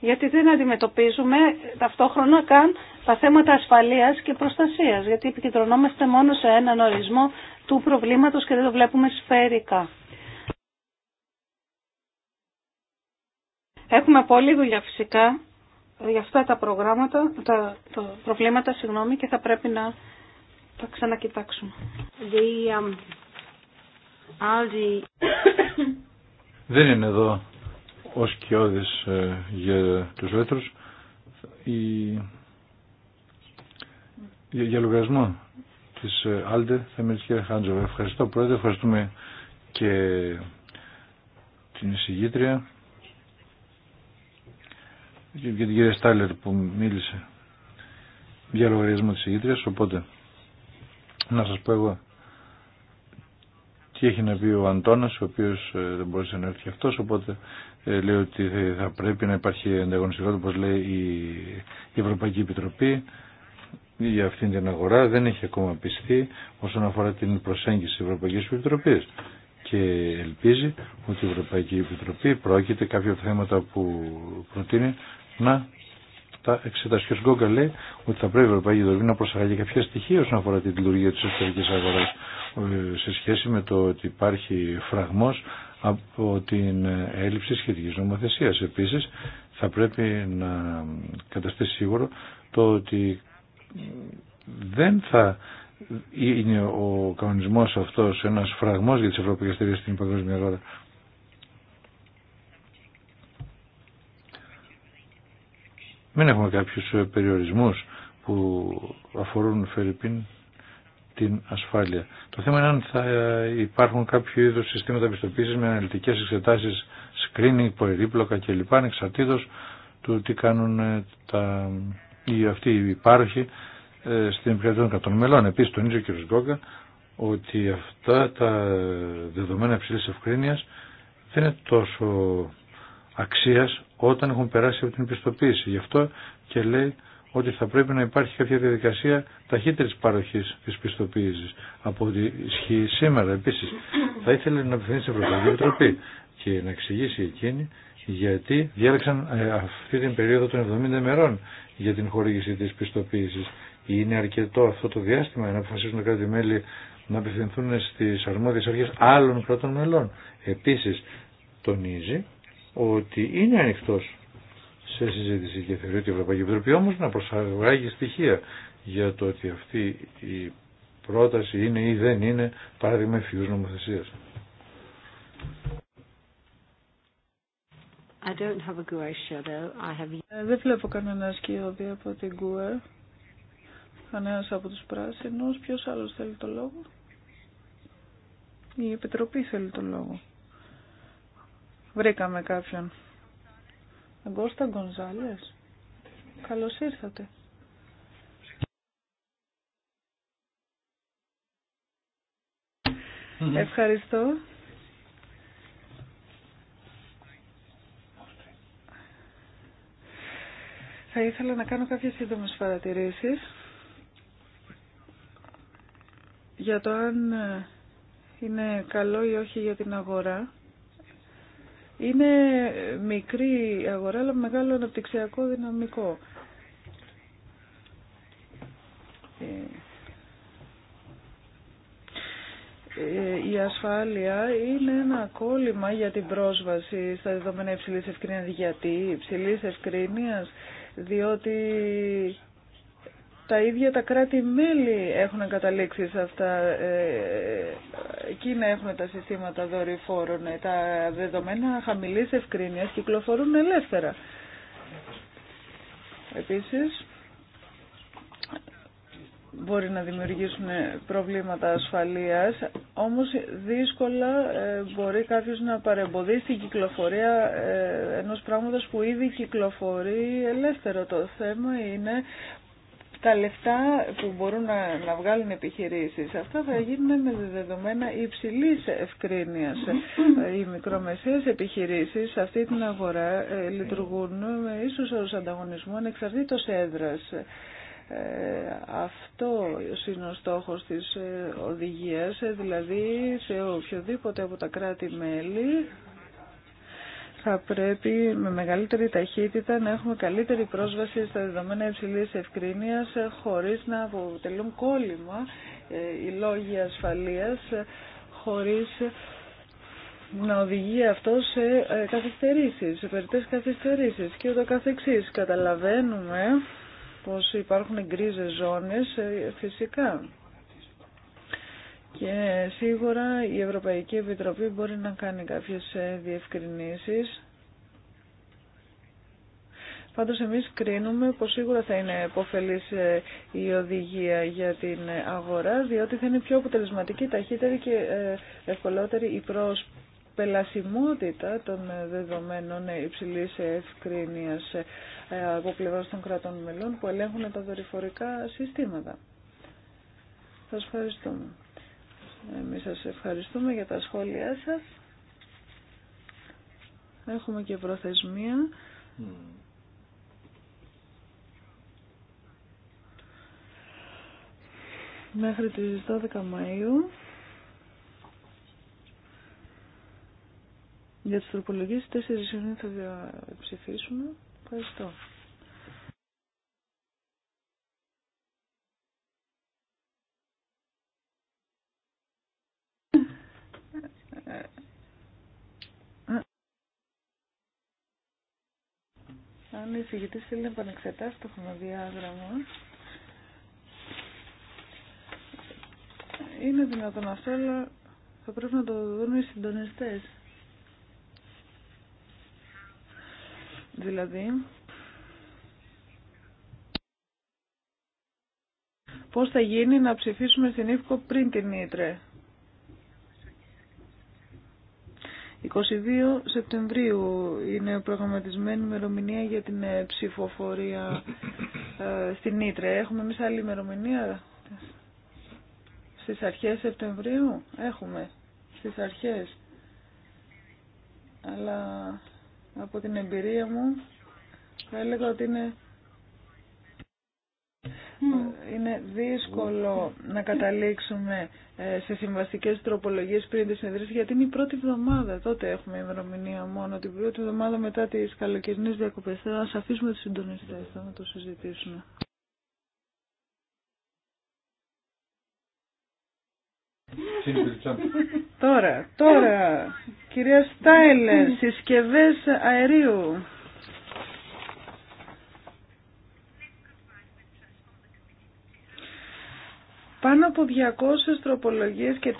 Γιατί δεν αντιμετωπίζουμε ταυτόχρονα καν τα θέματα ασφαλείας και προστασίας. Γιατί επικεντρωνόμαστε μόνο σε έναν ορισμό του προβλήματος και δεν το βλέπουμε σφαιρικά. Έχουμε πολλή δουλειά φυσικά για αυτά τα προγράμματα, τα, τα προβλήματα συγγνώμη, και θα πρέπει να τα ξανακοιτάξουμε. The, um, Δεν είναι εδώ ο Σκιώδης ε, για τους βέτρους η... για, λογαριασμό της ε, Άλτε θα μιλήσει κύριε Χάντζοβε. Ευχαριστώ πρώτα ευχαριστούμε και την εισηγήτρια για την κυρία Στάλερ που μίλησε για λογαριασμό της ηγήτριας, οπότε να σας πω εγώ τι έχει να πει ο Αντώνας, ο οποίος ε, δεν μπορούσε να έρθει αυτός, οπότε ε, λέει ότι θα πρέπει να υπάρχει ανταγωνιστικότητα, όπως λέει η Ευρωπαϊκή Επιτροπή, για αυτήν την αγορά δεν έχει ακόμα πιστεί όσον αφορά την προσέγγιση της Ευρωπαϊκής Επιτροπής και ελπίζει ότι η Ευρωπαϊκή Επιτροπή πρόκειται κάποια θέματα που προτείνει να τα εξετάσει. ο λέει ότι θα πρέπει η Ευρωπαϊκή να προσαγγεί κάποια στοιχεία όσον αφορά τη λειτουργία τη εσωτερική αγορά ε, σε σχέση με το ότι υπάρχει φραγμό από την έλλειψη σχετική νομοθεσία. Επίση, θα πρέπει να καταστήσει σίγουρο το ότι δεν θα είναι ο κανονισμός αυτός ένας φραγμός για τις ευρωπαϊκές εταιρείες στην παγκόσμια αγορά. Μην έχουμε κάποιους ε, περιορισμούς που αφορούν Φερρυπίν την ασφάλεια. Το θέμα είναι αν θα ε, υπάρχουν κάποιο είδους συστήματα πιστοποίηση με αναλυτικέ εξετάσει, screening, περίπλοκα κλπ. ανεξαρτήτω του τι κάνουν ε, τα, οι, αυτοί οι υπάρχοι στην επικρατεία των κρατών μελών. Επίση, τονίζει ο κ. Γκόγκα ότι αυτά τα δεδομένα υψηλή ευκρίνεια δεν είναι τόσο αξίας όταν έχουν περάσει από την επιστοποίηση. Γι' αυτό και λέει ότι θα πρέπει να υπάρχει κάποια διαδικασία ταχύτερης παροχής της πιστοποίησης από ό,τι ισχύει σήμερα. Επίσης, θα ήθελε να απευθύνει στην Ευρωπαϊκή Επιτροπή και να εξηγήσει εκείνη γιατί διάλεξαν ε, αυτή την περίοδο των 70 μερών για την χορήγηση της πιστοποίησης. Είναι αρκετό αυτό το διάστημα να αποφασίσουν τα κράτη-μέλη να απευθυνθούν στις αρμόδιες αρχές άλλων κρατών μελών. Επίσης, τονίζει ότι είναι ανοιχτό σε συζήτηση και θεωρεί ότι η Ευρωπαϊκή Επιτροπή όμω να προσαρμογάγει στοιχεία για το ότι αυτή η πρόταση είναι ή δεν είναι παράδειγμα ευφυούς νομοθεσίας. E ε, δεν βλέπω κανένα σκιώδη από την ΚΟΕ. E. Κανένα από του πρασινου ποιο αλλο θέλει το λόγο. Η Επιτροπή θέλει το λόγο. Βρήκαμε κάποιον. Αγκώστα Γκονζάλες. Καλώς ήρθατε. Ευχαριστώ. Θα ήθελα να κάνω κάποιες σύντομες παρατηρήσεις για το αν είναι καλό ή όχι για την αγορά είναι μικρή αγορά, αλλά μεγάλο αναπτυξιακό δυναμικό. Ε, η ασφάλεια είναι ένα κόλλημα για την πρόσβαση στα δεδομένα υψηλής ευκρίνειας. Γιατί υψηλής ευκρίνειας, διότι τα ίδια τα κράτη-μέλη έχουν καταλήξει σε αυτά. Ε, ε, εκείνα έχουν τα συστήματα δορυφόρων. Ε, τα δεδομένα χαμηλής ευκρίνειας κυκλοφορούν ελεύθερα. Επίσης, μπορεί να δημιουργήσουν προβλήματα ασφαλείας, όμως δύσκολα μπορεί κάποιος να παρεμποδίσει την κυκλοφορία ενός πράγματος που ήδη κυκλοφορεί ελεύθερο. Το θέμα είναι τα λεφτά που μπορούν να, να βγάλουν επιχειρήσεις, αυτά θα γίνουν με δεδομένα υψηλής ευκρίνειας. Οι μικρομεσαίες επιχειρήσεις σε αυτή την αγορά ε, λειτουργούν με ίσους ανταγωνισμό, ανταγωνισμού ανεξαρτήτως έδρας. Ε, αυτό είναι ο στόχος της ε, οδηγίας, δηλαδή σε οποιοδήποτε από τα κράτη-μέλη θα πρέπει με μεγαλύτερη ταχύτητα να έχουμε καλύτερη πρόσβαση στα δεδομένα υψηλής ευκρίνειας ε, χωρίς να αποτελούν κόλλημα ε, οι λόγοι ασφαλείας, ε, χωρίς να οδηγεί αυτό σε καθυστερήσει, σε περιττές καθυστερήσεις και ούτω καθεξής. Καταλαβαίνουμε πως υπάρχουν γκρίζες ζώνες φυσικά και σίγουρα η Ευρωπαϊκή Επιτροπή μπορεί να κάνει κάποιες ε, διευκρινήσεις. Πάντως εμείς κρίνουμε πως σίγουρα θα είναι επωφελής ε, η οδηγία για την αγορά, διότι θα είναι πιο αποτελεσματική, ταχύτερη και ε, ευκολότερη η προσπελασιμότητα των δεδομένων υψηλής ευκρίνειας από πλευράς των κρατών μελών που ελέγχουν τα δορυφορικά συστήματα. Σας ευχαριστούμε. Εμείς σας ευχαριστούμε για τα σχόλιά σας. Έχουμε και προθεσμία. Μέχρι τις 12 Μαΐου για τις τροπολογίες 4 Ιουνίου θα ψηφίσουμε. Ευχαριστώ. Αν η εισηγητής θέλει να επανεξετάσει το χρονοδιάγραμμα, είναι δυνατόν αυτό, αλλά θα πρέπει να το δουν οι συντονιστές. Δηλαδή, πώς θα γίνει να ψηφίσουμε στην ΙΦΚΟ πριν την Ήτρε. 22 Σεπτεμβρίου είναι προγραμματισμένη ημερομηνία για την ε, ψηφοφορία ε, στην Ήτρε. Έχουμε εμεί άλλη ημερομηνία στις αρχές Σεπτεμβρίου. Έχουμε στις αρχές. Αλλά από την εμπειρία μου θα έλεγα ότι είναι ε, είναι δύσκολο να καταλήξουμε ε, σε συμβαστικέ τροπολογίε πριν τη συνεδρίαση γιατί είναι η πρώτη εβδομάδα. Τότε έχουμε ημερομηνία μόνο την πρώτη εβδομάδα μετά τις καλοκαιρινές διακοπές. να σα αφήσουμε του συντονιστέ να το συζητήσουμε. τώρα, τώρα, κυρία Στάιλε, συσκευές αερίου. πάνω από 200 τροπολογίες και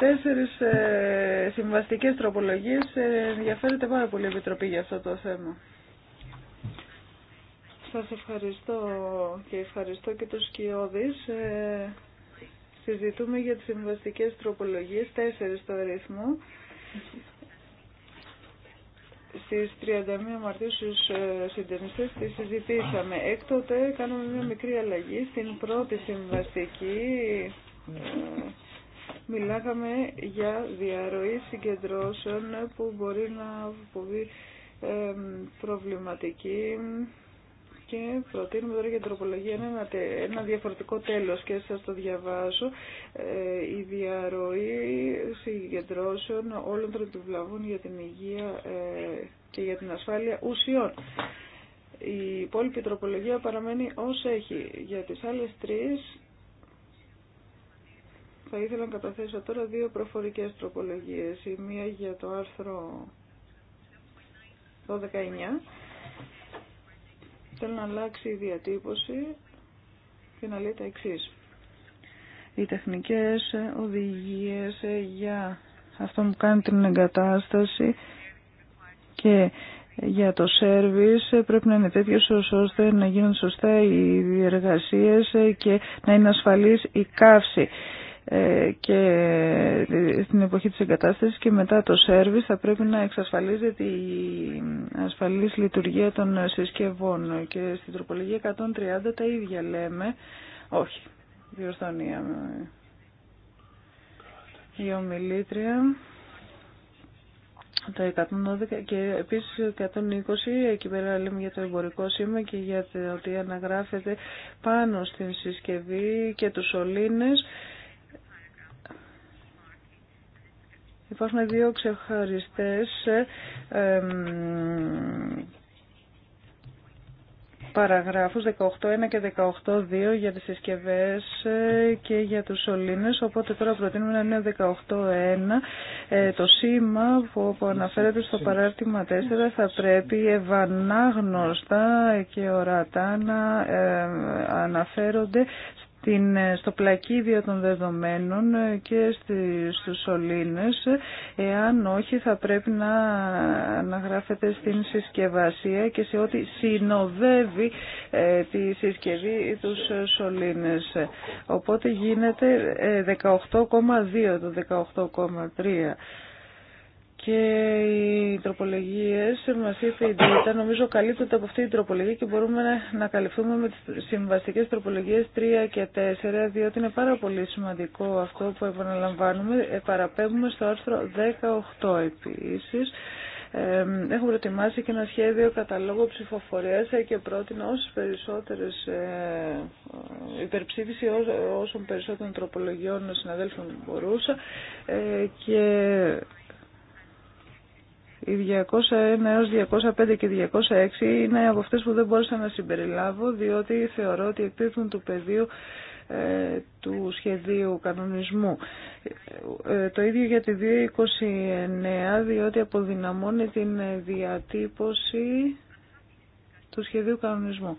4 ε, συμβαστικές τροπολογίες ε, ενδιαφέρεται πάρα πολύ η Επιτροπή για αυτό το θέμα. Σας ευχαριστώ και ευχαριστώ και τους Σκιώδης. Ε, συζητούμε για τις συμβαστικές τροπολογίες, 4 στο αριθμό. Στις 31 Μαρτίου στους ε, συντενιστές τη συζητήσαμε. Έκτοτε κάναμε μια μικρή αλλαγή στην πρώτη συμβαστική Μιλάγαμε για διαρροή συγκεντρώσεων που μπορεί να αποβεί προβληματική και προτείνουμε τώρα για την τροπολογία ένα, διαφορετικό τέλος και σας το διαβάζω. Ε, η διαρροή συγκεντρώσεων όλων των επιβλαβών για την υγεία ε, και για την ασφάλεια ουσιών. Η υπόλοιπη τροπολογία παραμένει ως έχει. Για τις άλλες τρεις θα ήθελα να καταθέσω τώρα δύο προφορικές τροπολογίες. Η μία για το άρθρο 12.9. Θέλω να αλλάξει η διατύπωση και να λέει τα εξής. Οι τεχνικές οδηγίες για αυτό που κάνει την εγκατάσταση και για το σέρβις πρέπει να είναι τέτοιο ώστε να γίνουν σωστά οι διεργασίες και να είναι ασφαλής η καύση. Ε, και ε, στην εποχή της εγκατάστασης και μετά το σέρβις θα πρέπει να εξασφαλίζεται η ασφαλής λειτουργία των συσκευών και στην τροπολογία 130 τα ίδια λέμε όχι, διορθώνει η ε, ομιλήτρια το 112 και επίσης 120 εκεί πέρα λέμε για το εμπορικό σήμα και για το ότι αναγράφεται πάνω στην συσκευή και τους σωλήνες Υπάρχουν δύο ξεχωριστές παραγράφους 18.1 και 18.2 για τις συσκευές ε, και για τους σωλήνες, οπότε τώρα προτείνουμε να είναι 18.1. Ε, το σήμα που, αναφέρεται στο παράρτημα 4 θα πρέπει ευανάγνωστα και ορατά να ε, αναφέρονται την, στο πλακίδιο των δεδομένων και στη, στους σωλήνες. Εάν όχι θα πρέπει να αναγράφεται στην συσκευασία και σε ό,τι συνοδεύει ε, τη συσκευή τους σωλήνες. Οπότε γίνεται 18,2 ε, το 18,3 και οι τροπολογίες μας είπε η Ντίτα, νομίζω καλύπτονται από αυτή την τροπολογία και μπορούμε να, καλυφθούμε με τις συμβαστικές τροπολογίες 3 και 4, διότι είναι πάρα πολύ σημαντικό αυτό που επαναλαμβάνουμε. Ε, παραπέμπουμε στο άρθρο 18 επίσης. Ε, Έχουμε προετοιμάσει και ένα σχέδιο καταλόγου ψηφοφορίας ε, και πρότεινα όσες περισσότερες υπερψήφιση όσων περισσότερων τροπολογιών συναδέλφων μπορούσα και οι 201 έως 205 και 206 είναι από αυτές που δεν μπόρεσα να συμπεριλάβω διότι θεωρώ ότι εκτίθουν του πεδίου ε, του σχεδίου κανονισμού. Ε, το ίδιο για τη 229 διότι αποδυναμώνει την διατύπωση του σχεδίου κανονισμού.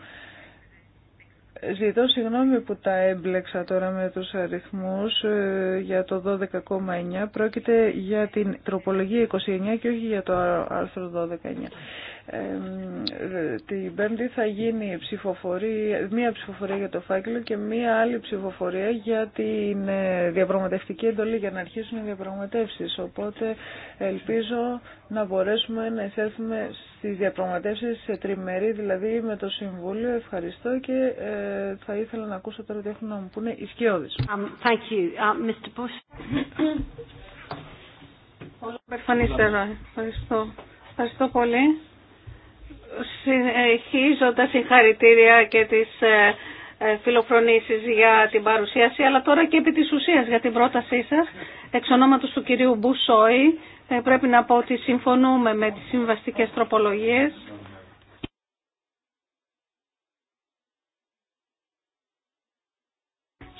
Ζητώ συγγνώμη που τα έμπλεξα τώρα με τους αριθμούς ε, για το 12,9. Πρόκειται για την τροπολογία 29 και όχι για το άρθρο 12,9 την Πέμπτη θα γίνει ψηφοφορία, μία ψηφοφορία για το φάκελο και μία άλλη ψηφοφορία για την ε, διαπραγματευτική εντολή για να αρχίσουν οι διαπραγματεύσεις. Οπότε ελπίζω να μπορέσουμε να εισέλθουμε στις διαπραγματεύσεις σε τριμερή, δηλαδή με το Συμβούλιο. Ευχαριστώ και ε, θα ήθελα να ακούσω τώρα τι έχουν να μου πούνε οι um, uh, Ευχαριστώ. Ευχαριστώ πολύ συνεχίζω τα συγχαρητήρια και τις ε, ε, φιλοφρονήσεις για την παρουσίαση, αλλά τώρα και επί της ουσίας για την πρότασή σας. Εξ ονόματος του κυρίου Μπουσόη, ε, πρέπει να πω ότι συμφωνούμε με τις συμβαστικές τροπολογίες.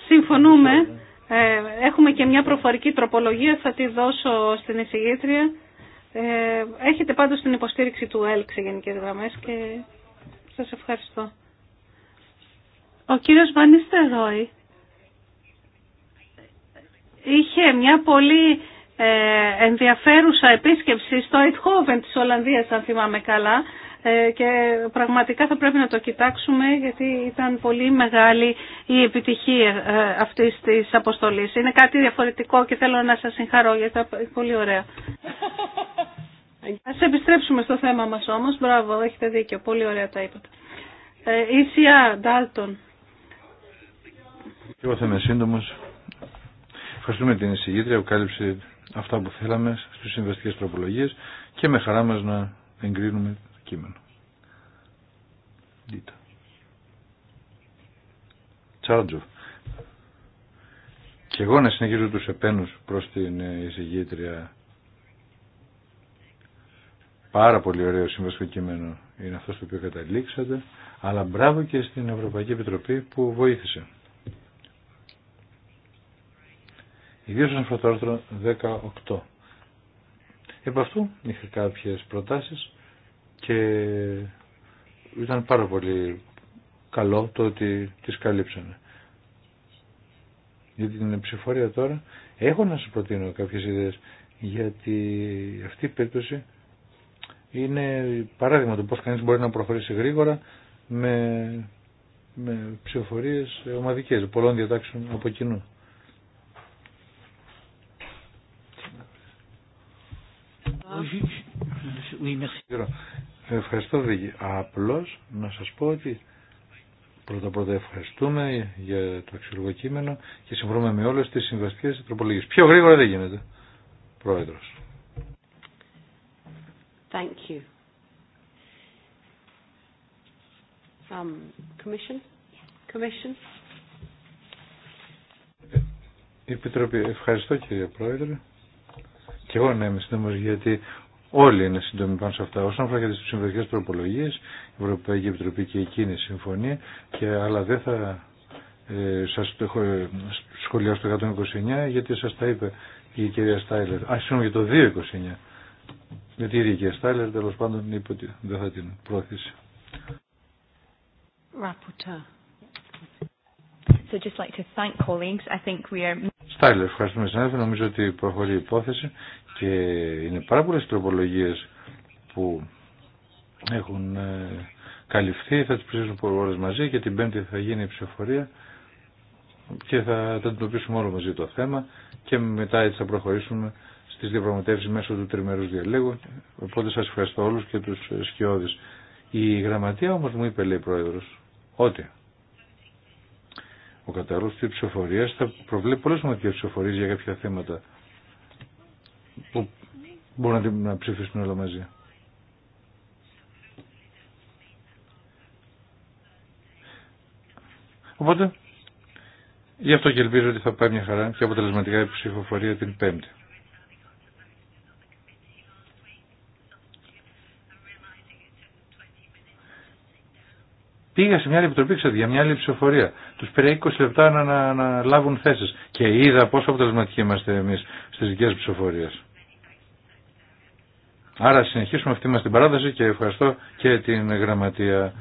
Συμφωνούμε. Έχουμε και μια προφορική τροπολογία, θα τη δώσω στην εισηγήτρια. Ε, έχετε πάντως την υποστήριξη του ΕΛΚ σε γενικές γραμμές και σας ευχαριστώ. Ο κύριος Βανίστερόι είχε μια πολύ ε, ενδιαφέρουσα επίσκεψη στο Ειτχόβεν της Ολλανδίας, αν θυμάμαι καλά, ε, και πραγματικά θα πρέπει να το κοιτάξουμε γιατί ήταν πολύ μεγάλη η επιτυχία αυτής της αποστολής. Είναι κάτι διαφορετικό και θέλω να σας συγχαρώ γιατί ήταν πολύ ωραία. Α επιστρέψουμε στο θέμα μας όμως. Μπράβο, έχετε δίκιο. Πολύ ωραία τα είπατε. Ε, Ντάλτον. Dalton. Εγώ θα είμαι σύντομο. Ευχαριστούμε την εισηγήτρια που κάλυψε αυτά που θέλαμε στι συμβαστικέ τροπολογίε και με χαρά μας να εγκρίνουμε το κείμενο. Τσάρτζο. Και εγώ να συνεχίζω τους επένου προ την εισηγήτρια Πάρα πολύ ωραίο συμβαστικό κείμενο είναι αυτό στο οποίο καταλήξατε, αλλά μπράβο και στην Ευρωπαϊκή Επιτροπή που βοήθησε. Ιδίω στον αφορά 18. Επ' αυτού είχα κάποιε προτάσει και ήταν πάρα πολύ καλό το ότι τις καλύψανε. Για την ψηφορία τώρα έχω να σας προτείνω κάποιες ιδέες γιατί αυτή η περίπτωση είναι παράδειγμα του πώς κανείς μπορεί να προχωρήσει γρήγορα με, με ψηφοφορίες ομαδικές, πολλών διατάξεων από κοινού. Ευχαριστώ Βίγη. Απλώς να σας πω ότι πρώτα πρώτα ευχαριστούμε για το αξιολογικό κείμενο και συμφωνούμε με όλες τις συμβαστικές τροπολογίες. Πιο γρήγορα δεν γίνεται, Πρόεδρος. Thank you. Um, commission? Commission? Επιτροπή, ευχαριστώ κύριε Πρόεδρε. Και εγώ να είμαι σύντομο γιατί όλοι είναι σύντομοι πάνω σε αυτά. Όσον αφορά για τι συμβατικέ τροπολογίε, η Ευρωπαϊκή Επιτροπή και εκείνη Συμφωνία και, αλλά δεν θα ε, σας το έχω ε, σχολιάσει το 129 γιατί σας τα είπε η κυρία Στάιλερ. Α, συγγνώμη για το 229. Γιατί η Ρίκη Στάιλερ τέλο πάντων είπε ότι δεν θα την πρόθεσε. So just like to Στάιλερ, ευχαριστούμε συνάδελφε. Νομίζω ότι προχωρεί η υπόθεση και είναι πάρα πολλές τροπολογίες που έχουν ε, καλυφθεί. Θα τις ψηφίσουμε ώρες μαζί και την Πέμπτη θα γίνει η ψηφοφορία και θα, θα αντιμετωπίσουμε όλο μαζί το θέμα και μετά έτσι θα προχωρήσουμε τις διαπραγματεύσει μέσω του τριμερούς διαλέγου. Οπότε σα ευχαριστώ όλου και τους σκιώδη. Η γραμματεία όμω μου είπε, λέει πρόεδρος, ότι ο κατάλογο τη ψηφοφορία. θα προβλέπει πολλέ σημαντικές ψηφοφορίε για κάποια θέματα που μπορούν να ψηφίσουν όλα μαζί. Οπότε, γι' αυτό και ελπίζω ότι θα πάει μια χαρά και αποτελεσματικά η ψηφοφορία την Πέμπτη. Πήγα σε μια άλλη επιτροπή, ξέρετε, για μια άλλη ψηφοφορία. Του πήρε 20 λεπτά να, να, να λάβουν θέσει. Και είδα πόσο αποτελεσματικοί είμαστε εμεί στι δικέ ψηφοφορίε. Άρα συνεχίσουμε αυτή μας την παράδοση και ευχαριστώ και την γραμματεία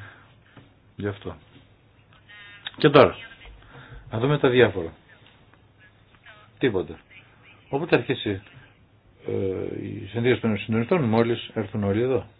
γι' αυτό. Και τώρα, να δούμε τα διάφορα. Τίποτα. Όποτε αρχίσει ε, η συνδύαση των συντονιστών, μόλις έρθουν όλοι εδώ.